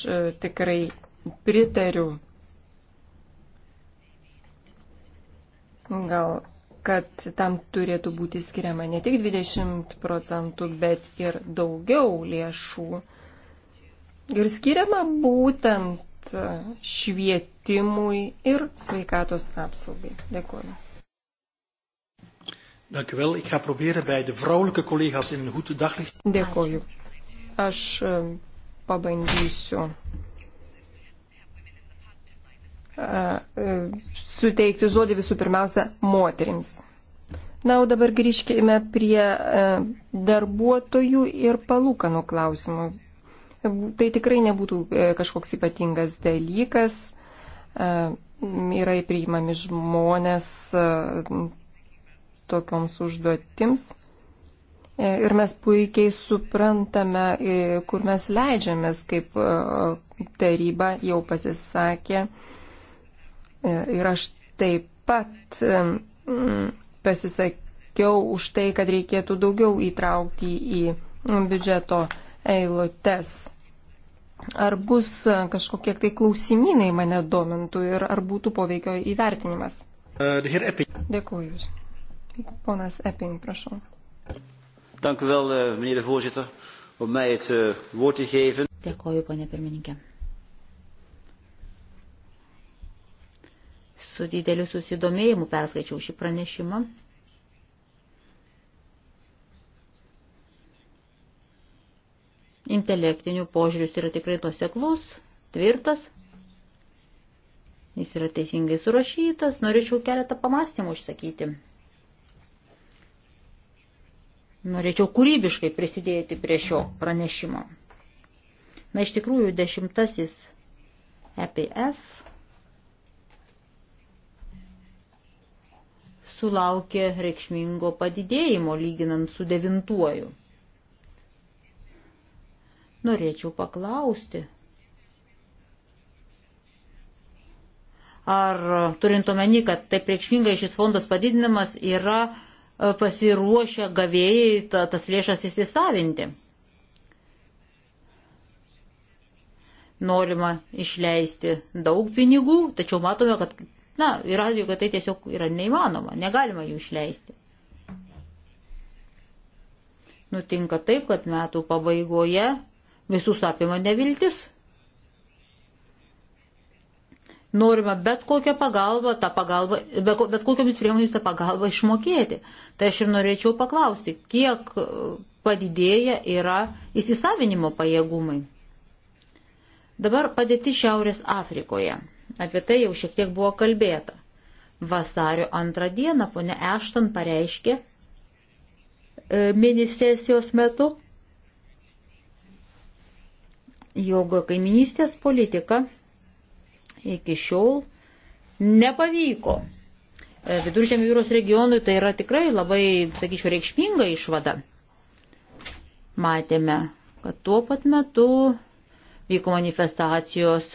tikrai pritariu gal kad tam turėtų būti skiriama ne tik 20 procentų, bet ir daugiau lėšų. Ir skiriama būtent švietimui ir sveikatos apsaugai. Dėkuoju. Dank u wel. Ik ga proberen bij de vrouwelijke collega's in een goed daglicht. Dėkuoju. Aš eh, pabandysiu suteikti žodį visų pirmiausia moterims. Na, o dabar grįžkime prie e, darbuotojų ir palūkanų klausimų. Tai tikrai nebūtų e, kažkoks ypatingas dalykas. E, yra įpriimami žmonės tokioms užduotims. Ir mes puikiai suprantame, kur mes leidžiamės, kaip taryba jau pasisakė E, ir aš taip pat pasisakiau už tai, kad reikėtų daugiau įtraukti į biudžeto eilutes. Ar bus kažkokie tai klausimynai mane domintų ir ar būtų poveikio įvertinimas? Dėkuoju. Ponas Epping, prašau. Dank u wel, eh, meneer de voorzitter, om mij het eh, woord te geven. Dėkuoju, ponė pirmininkė. su dideliu susidomėjimu perskaičiau šį pranešimą. Intelektinių požiūrius yra tikrai nuoseklus, tvirtas, jis yra teisingai surašytas, norėčiau keletą pamastymų išsakyti. Norėčiau kūrybiškai prisidėti prie šio pranešimo. Na, iš tikrųjų, dešimtasis EPF sulaukė reikšmingo padidėjimo lyginant su devintuoju. Norėčiau paklausti, ar turint omeny, kad taip reikšmingai šis fondas padidinamas yra e, pasiruošę gavėjai ta, tas lėšas įsisavinti. Norima išleisti daug pinigų, tačiau matome, kad Na, yra atveju, kad tai tiesiog yra neįmanoma, negalima jų išleisti. Nutinka taip, kad metų pabaigoje visus apima neviltis. Norime bet kokią pagalbą, tą pagalbą, bet, bet kokiamis priemonėmis tą pagalbą išmokėti. Tai aš ir norėčiau paklausti, kiek padidėja yra įsisavinimo pajėgumai. Dabar padėti Šiaurės Afrikoje. Apie tai jau šiek tiek buvo kalbėta. Vasario antrą dieną ponė Ešton pareiškė e, minisesijos metu, jog kaiminystės politika iki šiol nepavyko. E, Viduržėmio jūros regionui tai yra tikrai labai, sakyčiau, reikšminga išvada. Matėme, kad tuo pat metu vyko manifestacijos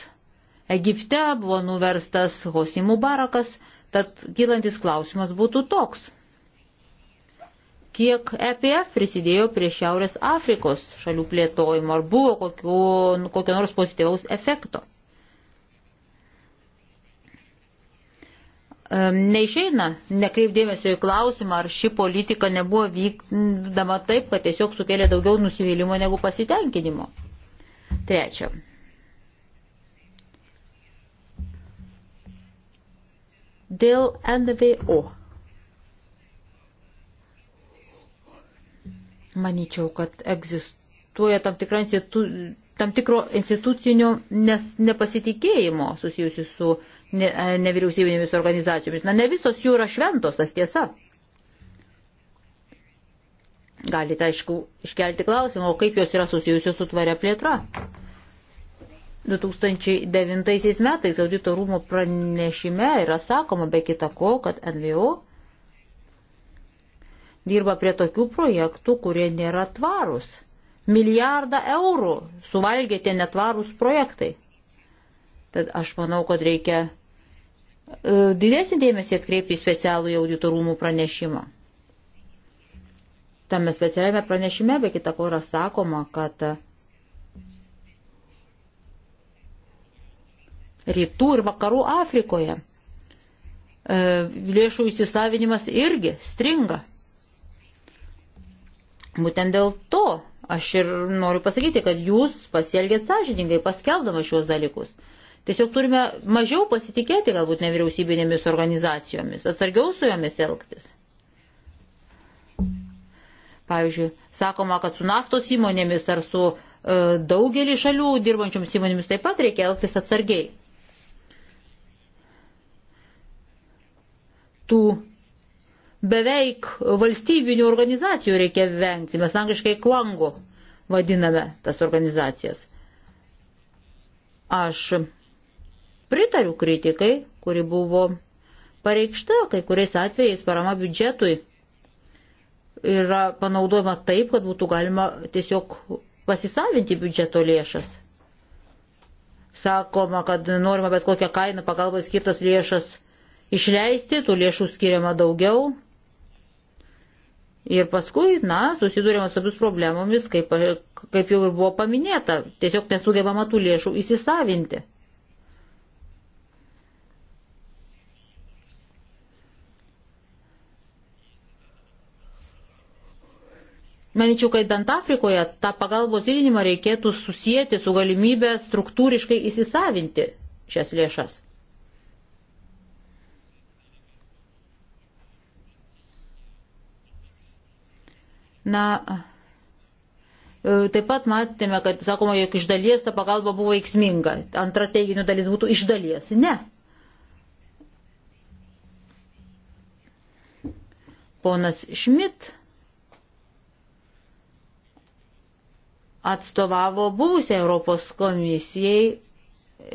Egipte buvo nuverstas Hosimų barakas, tad kylantis klausimas būtų toks. Kiek EPF prisidėjo prie Šiaurės Afrikos šalių plėtojimo, ar buvo kokio, kokio nors pozityvaus efekto? neišeina nekreipdėmėsio į klausimą, ar ši politika nebuvo vykdama taip, kad tiesiog sukėlė daugiau nusivylimų negu pasitenkinimo. Trečia. dėl NVO. Manyčiau, kad egzistuoja tam, institu, tam tikro institucinio nes, nepasitikėjimo susijusiu su ne, e, nevyriausybinėmis organizacijomis. Na, ne visos jų yra šventos, tas tiesa. Galite, aišku, iškelti klausimą, o kaip jos yra susijusios su tvaria plėtra. 2009 metais audito rūmų pranešime yra sakoma be kita ko, kad NVO dirba prie tokių projektų, kurie nėra tvarūs. Milijardą eurų suvalgė tie netvarūs projektai. Tad aš manau, kad reikia e, didesnį dėmesį atkreipti į specialų auditorumų pranešimą. Tame specialiame pranešime, be kita ko, yra sakoma, kad rytų ir vakarų Afrikoje. E, lėšų įsisavinimas irgi stringa. Būtent dėl to aš ir noriu pasakyti, kad jūs pasielgėt sąžiningai paskelbdama šios dalykus. Tiesiog turime mažiau pasitikėti galbūt nevyriausybinėmis organizacijomis, atsargiau su jomis elgtis. Pavyzdžiui, sakoma, kad su naftos įmonėmis ar su e, daugelį šalių dirbančioms įmonėmis taip pat reikia elgtis atsargiai. tų beveik valstybinių organizacijų reikia vengti. Mes angliškai kvangu vadiname tas organizacijas. Aš pritariu kritikai, kuri buvo pareikšta, kai kuriais atvejais parama biudžetui yra panaudojama taip, kad būtų galima tiesiog pasisavinti biudžeto lėšas. Sakoma, kad norima bet kokią kainą pagalbą skirtas lėšas išleisti, tų lėšų skiriama daugiau. Ir paskui, na, susidurėma su tomis problemomis, kaip, kaip jau ir buvo paminėta, tiesiog nesugebama tų lėšų įsisavinti. Maničiau, kad bent Afrikoje tą pagalbos didinimą reikėtų susijęti su galimybė struktūriškai įsisavinti šias lėšas. Na, e, taip pat matėme, kad sakoma, jog iš dalies ta pagalba buvo veiksminga. Antra teiginio dalis būtų iš dalies. Ne. Ponas Šmit atstovavo buvusią Europos komisijai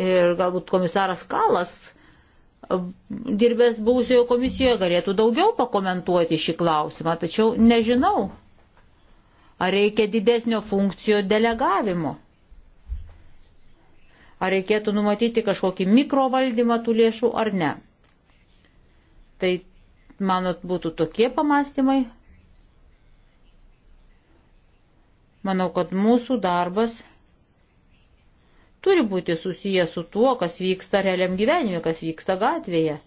ir galbūt komisaras Kalas e, dirbęs buvusioje komisijoje galėtų daugiau pakomentuoti šį klausimą, tačiau nežinau. Ar reikia didesnio funkcijų delegavimo? Ar reikėtų numatyti kažkokį mikrovaldymą tų lėšų ar ne? Tai, manot, būtų tokie pamastymai. Manau, kad mūsų darbas turi būti susijęs su tuo, kas vyksta realiam gyvenime, kas vyksta gatvėje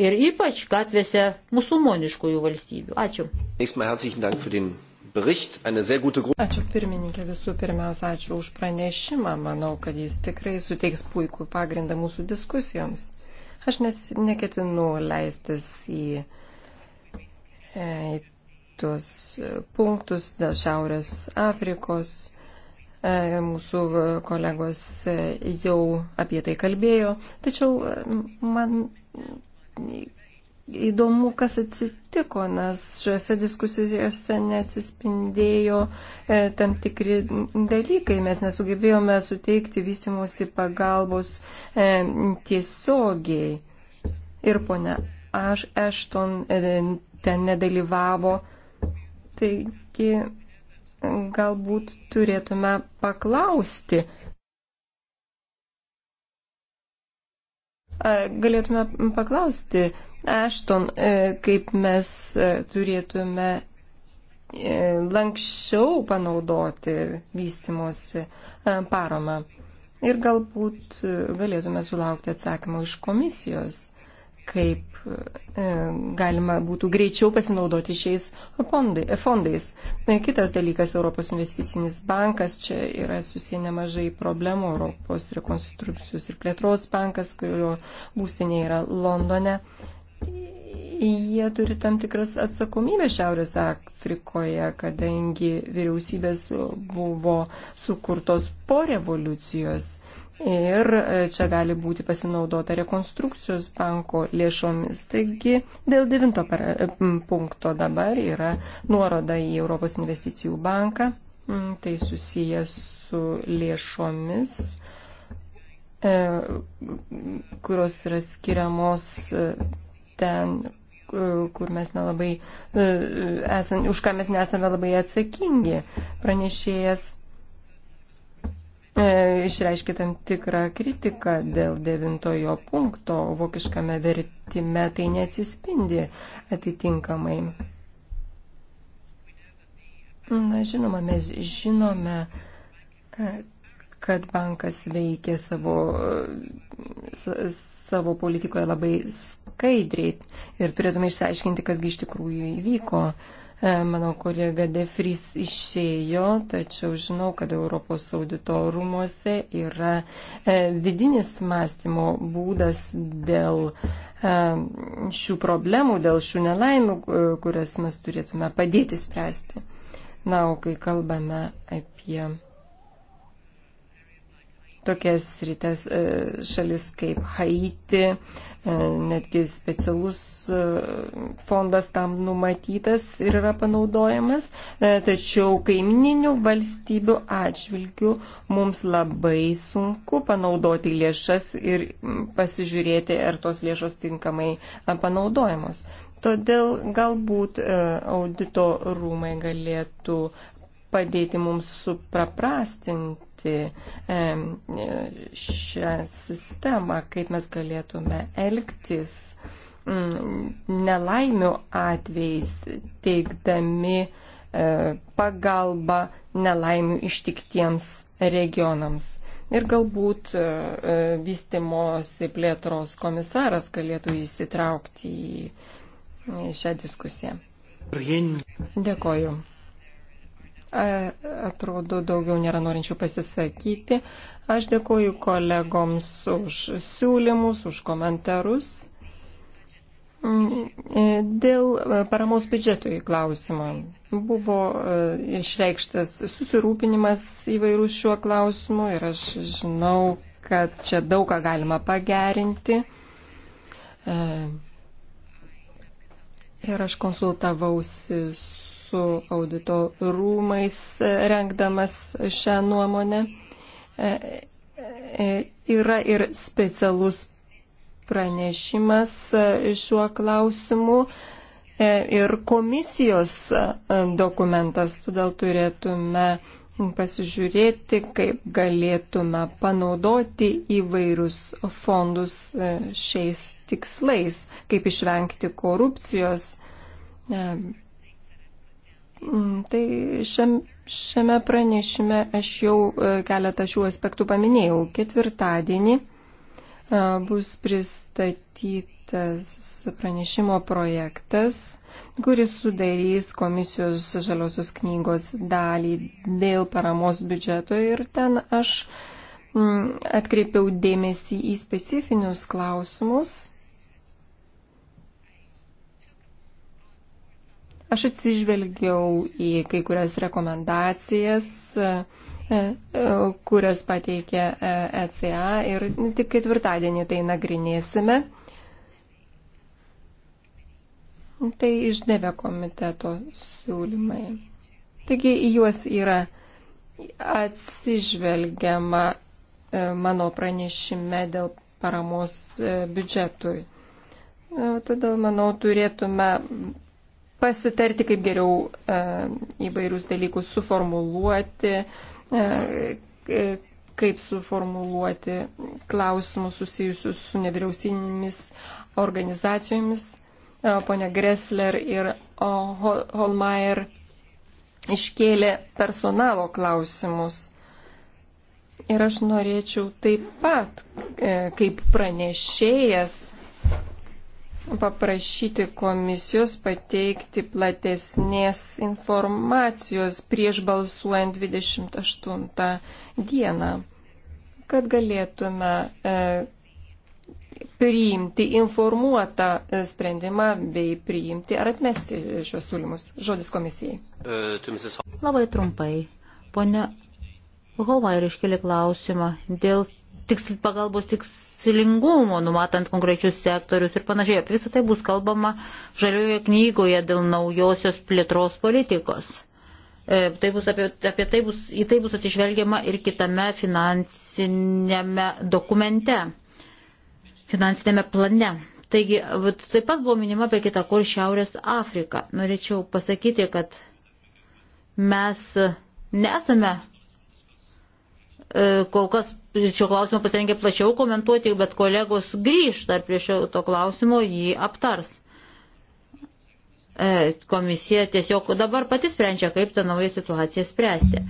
ir ypač gatvėse musulmoniškųjų valstybių. Ačiū. Ačiū pirmininkė visų pirmiausia, ačiū už pranešimą. Manau, kad jis tikrai suteiks puikų pagrindą mūsų diskusijoms. Aš nes, neketinu leistis į, e, į tuos punktus dėl Šiaurės Afrikos. E, mūsų kolegos jau apie tai kalbėjo. Tačiau e, man įdomu, kas atsitiko, nes šiuose diskusijose neatsispindėjo e, tam tikri dalykai. Mes nesugebėjome suteikti vystimusi pagalbos e, tiesiogiai. Ir ponia aš Ešton e, ten nedalyvavo. Taigi galbūt turėtume paklausti, galėtume paklausti Ešton, e, kaip mes e, turėtume e, lankščiau panaudoti vystimosi paramą. Ir galbūt galėtume sulaukti atsakymą iš komisijos kaip e, galima būtų greičiau pasinaudoti šiais fondais. E, kitas dalykas - Europos investicinis bankas. Čia yra susiję nemažai problemų. Europos rekonstrukcijos ir plėtros bankas, kurio būstinė yra Londone. Jie turi tam tikras atsakomybės Šiaurės Afrikoje, kadangi vyriausybės buvo sukurtos po revoliucijos ir e, čia gali būti pasinaudota rekonstrukcijos banko lėšomis. Taigi dėl devinto e, punkto dabar yra nuoroda į Europos investicijų banką, tai susijęs su lėšomis e, kurios yra skiriamos ten, kur mes nelabai, esam, už ką mes nesame labai atsakingi. Pranešėjas E, išreiškė tam tikrą kritiką dėl devintojo punkto, vokiškame vertime tai neatsispindi atitinkamai. Na, žinoma, mes žinome, e, kad bankas veikia savo, e, savo politikoje labai skaidriai ir turėtume išsiaiškinti, kasgi iš tikrųjų įvyko. Uh, E, Mano kolega Defrys išėjo, tačiau žinau, kad Europos audito rūmose yra e, vidinis mąstymo būdas dėl e, šių problemų, dėl šių nelaimių, kurias mes turėtume padėti spręsti. Na, o kai kalbame apie tokias rytes e, šalis kaip Haiti, e, netgi specialus e, fondas tam numatytas ir yra panaudojamas, tačiau kaimininių valstybių atžvilgių mums labai sunku panaudoti lėšas ir pasižiūrėti, ar tos lėšos tinkamai panaudojamos. Todėl galbūt audito rūmai galėtų padėti mums supaprastinti šią sistemą, kaip mes galėtume elgtis mm, nelaimių atvejais, teikdami e, pagalbą nelaimių ištiktiems regionams. Ir galbūt e, e, vystimosi plėtros komisaras galėtų įsitraukti į šią diskusiją. Dėkoju. Atrodo, daugiau nėra norinčių pasisakyti. Aš dėkuoju kolegoms už siūlymus, už komentarus. Mm, e, dėl e, paramos biudžetui klausimo buvo e, išreikštas susirūpinimas įvairūs šiuo klausimu ir aš žinau, kad čia daug ką galima pagerinti. Ir aš konsultavausi su su audito rūmais e, rengdamas šią nuomonę. E, e, yra ir specialus pranešimas šiuo klausimu ir komisijos dokumentas, todėl turėtume pasižiūrėti, kaip galėtume panaudoti įvairius fondus šiais tikslais, kaip išvengti korupcijos, Mm, tai šiam, šiame pranešime aš jau e, keletą šių aspektų paminėjau. Ketvirtadienį e, bus pristatytas pranešimo projektas, kuris sudarys komisijos žaliosios knygos dalį dėl paramos biudžeto ir ten aš mm, atkreipiau dėmesį į specifinius klausimus Aš atsižvelgiau į kai kurias rekomendacijas, e, e, kurias pateikė ECA e ir tik ketvirtadienį tai nagrinėsime. Tai išdavė komiteto siūlymai. Taigi į juos yra atsižvelgiama mano pranešime dėl paramos biudžetui. Todėl, manau, turėtume pasitarti, kaip geriau e, įvairius dalykus suformuluoti, e, e, kaip suformuluoti klausimus susijusius su nevyriausybinėmis organizacijomis. Pone Gressler ir Holmeier iškėlė personalo klausimus. Ir aš norėčiau taip pat, kaip pranešėjas, paprašyti komisijos pateikti platesnės informacijos prieš balsuojant 28 dieną, kad galėtume e, priimti informuotą e, sprendimą bei priimti ar atmesti šios siūlymus. Žodis komisijai. E, Labai trumpai. Pone Holmair iškėlė klausimą dėl tiksl, pagalbos tiks, tikslingumo, numatant konkrečius sektorius ir panašiai. Apie visą tai bus kalbama žalioje knygoje dėl naujosios plėtros politikos. E, tai bus apie, apie tai bus, į tai bus atsižvelgiama ir kitame finansinėme dokumente, finansinėme plane. Taigi, taip pat buvo minima apie kitą kur Šiaurės Afriką. Norėčiau pasakyti, kad mes nesame e, kol kas šio klausimo pasirengę plačiau komentuoti, bet kolegos grįž dar prie šio to klausimo, jį aptars. E, komisija tiesiog dabar pati sprendžia, kaip tą naują situaciją spręsti.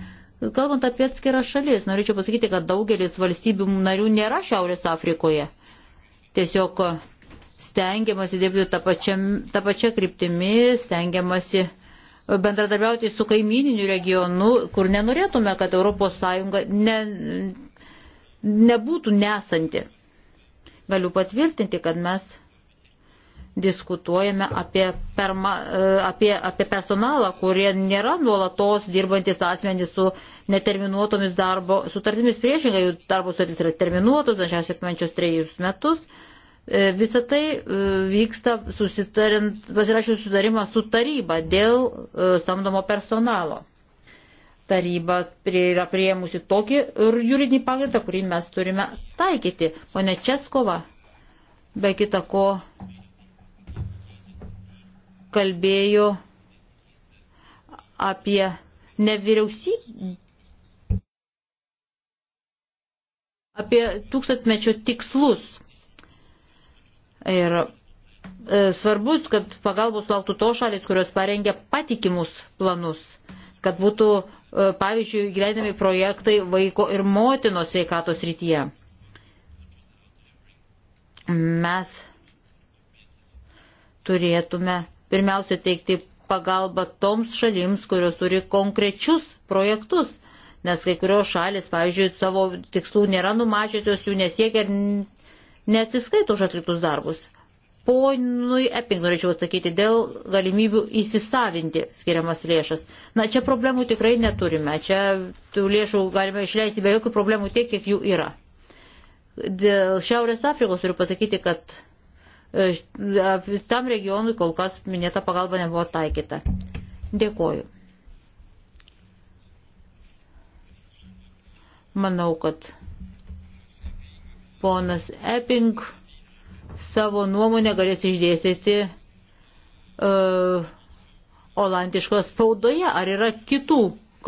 Kalbant apie atskirą šalis, norėčiau pasakyti, kad daugelis valstybių narių nėra Šiaurės Afrikoje. Tiesiog stengiamasi dirbti tą pačią, tą pačią kryptimį, stengiamasi bendradarbiauti su kaimininiu regionu, kur nenorėtume, kad ES ne, nebūtų nesanti. Galiu patvirtinti, kad mes diskutuojame apie, perma, e, apie, apie personalą, kurie nėra nuolatos dirbantis asmenys su neterminuotomis darbo sutartimis. Priešingai, jų darbo sutartys yra terminuotos, dažniausiai apimančios trejus metus. E, Visą tai e, vyksta pasirašęs susitarimą su taryba dėl samdomo personalo taryba yra prieimusi tokį juridinį pagrindą, kurį mes turime taikyti. Pone Českova, be kita ko, kalbėjo apie nevyriausybę. Apie tūkstantmečio tikslus. Ir e, svarbus, kad pagalbos lauktų to šalis, kurios parengia patikimus planus, kad būtų E, pavyzdžiui, gyvenami projektai vaiko ir motinos sveikatos rytyje. Mes turėtume pirmiausia teikti pagalbą toms šalims, kurios turi konkrečius projektus, nes kai kurios šalis, pavyzdžiui, savo tikslų nėra numačiusios, jų nesiekia ir neatsiskaito už atliktus darbus. Ponui Epping norėčiau atsakyti dėl galimybių įsisavinti skiriamas lėšas. Na, čia problemų tikrai neturime. Čia tų lėšų galime išleisti be jokių problemų tiek, kiek jų yra. Dėl Šiaurės Afrikos turiu pasakyti, kad e, tam regionui kol kas minėta pagalba nebuvo taikyta. Dėkoju. Manau, kad ponas Epping savo nuomonę galės išdėstyti uh, e, olandiškoje spaudoje, ar yra kitų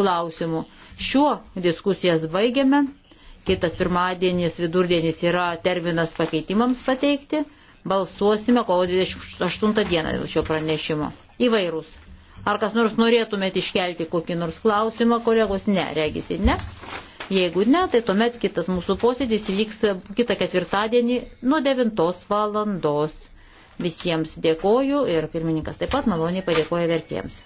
klausimų. Šiuo diskusijas baigiame. Kitas pirmadienis, vidurdienis yra terminas pakeitimams pateikti. Balsuosime kovo 28 dieną dėl šio pranešimo. Įvairūs. Ar kas nors norėtumėte iškelti kokį nors klausimą, kolegos? Ne, regisi, ne. Jeigu ne, tai tuomet kitas mūsų posėdis vyks kitą ketvirtadienį nuo 9 valandos. Visiems dėkoju ir pirmininkas taip pat maloniai padėkoja vertėjams.